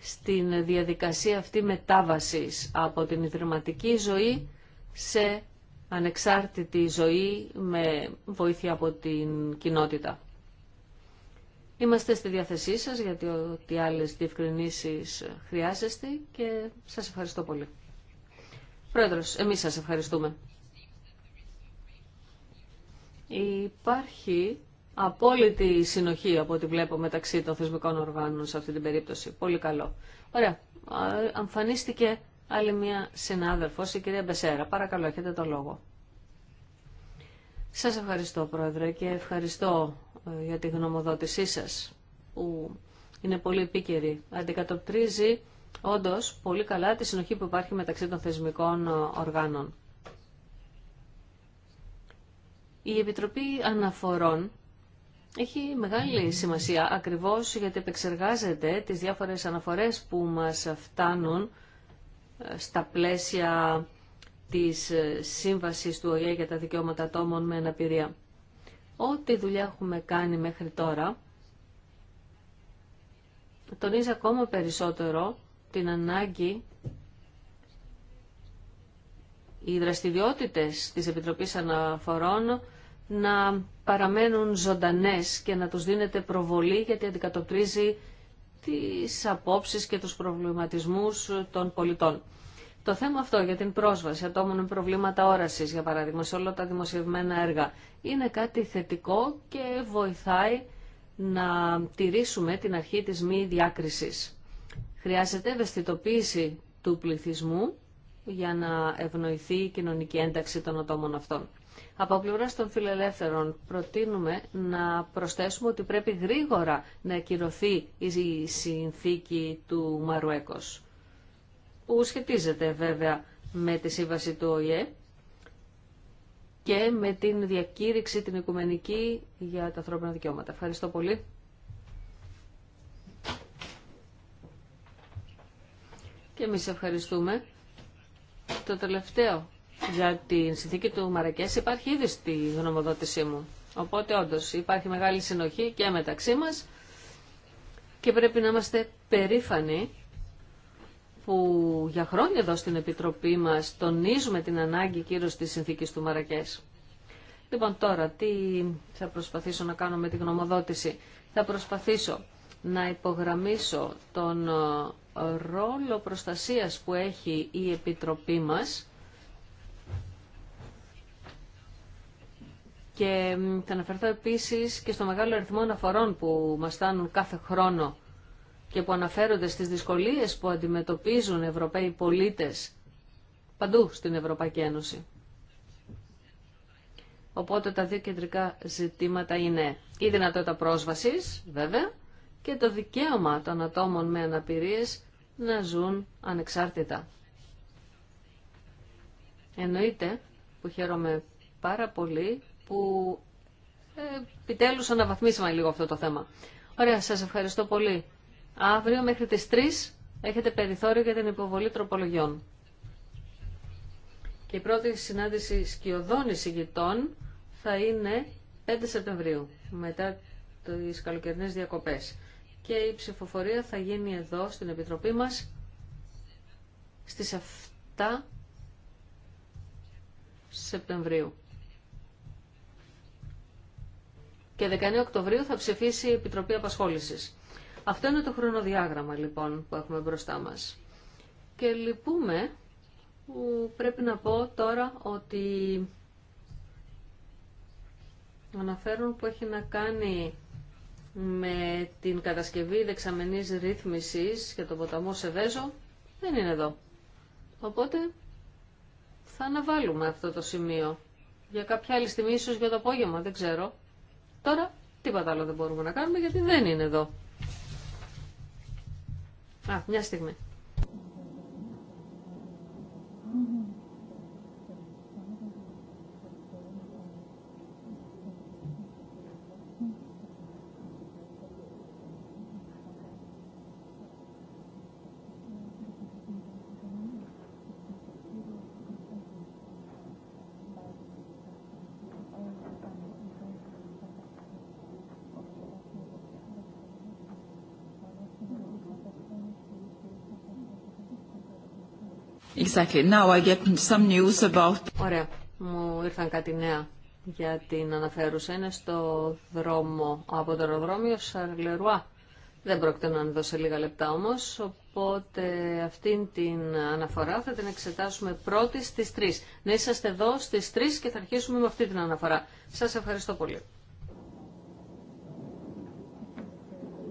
στην διαδικασία αυτή μετάβασης από την ιδρυματική ζωή σε ανεξάρτητη ζωή με βοήθεια από την κοινότητα. Είμαστε στη διάθεσή σας γιατί ό,τι άλλες διευκρινήσεις χρειάζεστε και σας ευχαριστώ πολύ. Πρόεδρος, εμείς σας ευχαριστούμε. Υπάρχει απόλυτη συνοχή από ό,τι βλέπω μεταξύ των θεσμικών οργάνων σε αυτή την περίπτωση. Πολύ καλό. Ωραία. Αμφανίστηκε άλλη μια συνάδελφος, η κυρία Μπεσέρα. Παρακαλώ, έχετε το λόγο. Σας ευχαριστώ, Πρόεδρε, και ευχαριστώ ε, για τη γνωμοδότησή σας, που είναι πολύ επίκαιρη. Αντικατοπτρίζει όντως πολύ καλά τη συνοχή που υπάρχει μεταξύ των θεσμικών ε, οργάνων. Η Επιτροπή Αναφορών έχει μεγάλη σημασία ακριβώς γιατί επεξεργάζεται τις διάφορες αναφορές που μας φτάνουν στα πλαίσια της σύμβασης του ΟΗΕ για τα δικαιώματα ατόμων με αναπηρία. Ό,τι δουλειά έχουμε κάνει μέχρι τώρα, τονίζει ακόμα περισσότερο την ανάγκη οι δραστηριότητες της Επιτροπής Αναφορών να παραμένουν ζωντανές και να τους δίνεται προβολή γιατί αντικατοπτρίζει τις απόψεις και τους προβληματισμούς των πολιτών. Το θέμα αυτό για την πρόσβαση ατόμων με προβλήματα όρασης, για παράδειγμα, σε όλα τα δημοσιευμένα έργα, είναι κάτι θετικό και βοηθάει να τηρήσουμε την αρχή της μη διάκρισης. Χρειάζεται ευαισθητοποίηση του πληθυσμού για να ευνοηθεί η κοινωνική ένταξη των ατόμων αυτών. Από πλευρά των φιλελεύθερων προτείνουμε να προσθέσουμε ότι πρέπει γρήγορα να ακυρωθεί η συνθήκη του Μαρουέκος που σχετίζεται βέβαια με τη σύμβαση του ΟΗΕ και με την διακήρυξη την οικουμενική για τα ανθρώπινα δικαιώματα. Ευχαριστώ πολύ. Και εμείς ευχαριστούμε. Το τελευταίο για την συνθήκη του Μαρακές υπάρχει ήδη στη γνωμοδότησή μου. Οπότε όντω υπάρχει μεγάλη συνοχή και μεταξύ μας και πρέπει να είμαστε περήφανοι που για χρόνια εδώ στην Επιτροπή μας τονίζουμε την ανάγκη κύριο της συνθήκης του Μαρακές. Λοιπόν τώρα, τι θα προσπαθήσω να κάνω με τη γνωμοδότηση. Θα προσπαθήσω να υπογραμμίσω τον ε, ρόλο προστασίας που έχει η Επιτροπή μας Και θα αναφερθώ επίσης και στο μεγάλο αριθμό αναφορών που μας στάνουν κάθε χρόνο και που αναφέρονται στις δυσκολίες που αντιμετωπίζουν Ευρωπαίοι πολίτες παντού στην Ευρωπαϊκή Ένωση. Οπότε τα δύο κεντρικά ζητήματα είναι η δυνατότητα πρόσβασης, βέβαια, και το δικαίωμα των ατόμων με αναπηρίες να ζουν ανεξάρτητα. Εννοείται που χαίρομαι πάρα πολύ που ε, επιτέλους αναβαθμίσαμε λίγο αυτό το θέμα. Ωραία, σας ευχαριστώ πολύ. Αύριο μέχρι τις 3 έχετε περιθώριο για την υποβολή τροπολογιών. Και η πρώτη συνάντηση σκιωδών εισηγητών θα είναι 5 Σεπτεμβρίου, μετά τις καλοκαιρινές διακοπές. Και η ψηφοφορία θα γίνει εδώ, στην Επιτροπή μας, στις 7 Σεπτεμβρίου. και 19 Οκτωβρίου θα ψηφίσει η Επιτροπή Απασχόλησης. Αυτό είναι το χρονοδιάγραμμα λοιπόν που έχουμε μπροστά μας. Και λυπούμε που πρέπει να πω τώρα ότι αναφέρουν που έχει να κάνει με την κατασκευή δεξαμενής ρύθμισης για τον ποταμό Σεβέζο δεν είναι εδώ. Οπότε θα αναβάλουμε αυτό το σημείο. Για κάποια άλλη στιγμή, ίσως για το απόγευμα, δεν ξέρω. Τώρα τίποτα άλλο δεν μπορούμε να κάνουμε γιατί δεν είναι εδώ. Α, μια στιγμή. Ωραία. Μου ήρθαν κάτι νέα για την αναφέρουσα. Είναι στο δρόμο από το αεροδρόμιο Σαρλερουά. Δεν πρόκειται να δω σε λίγα λεπτά όμως, οπότε αυτήν την αναφορά θα την εξετάσουμε πρώτη στις 3. Να είσαστε εδώ στις 3 και θα αρχίσουμε με αυτή την αναφορά. Σας ευχαριστώ πολύ.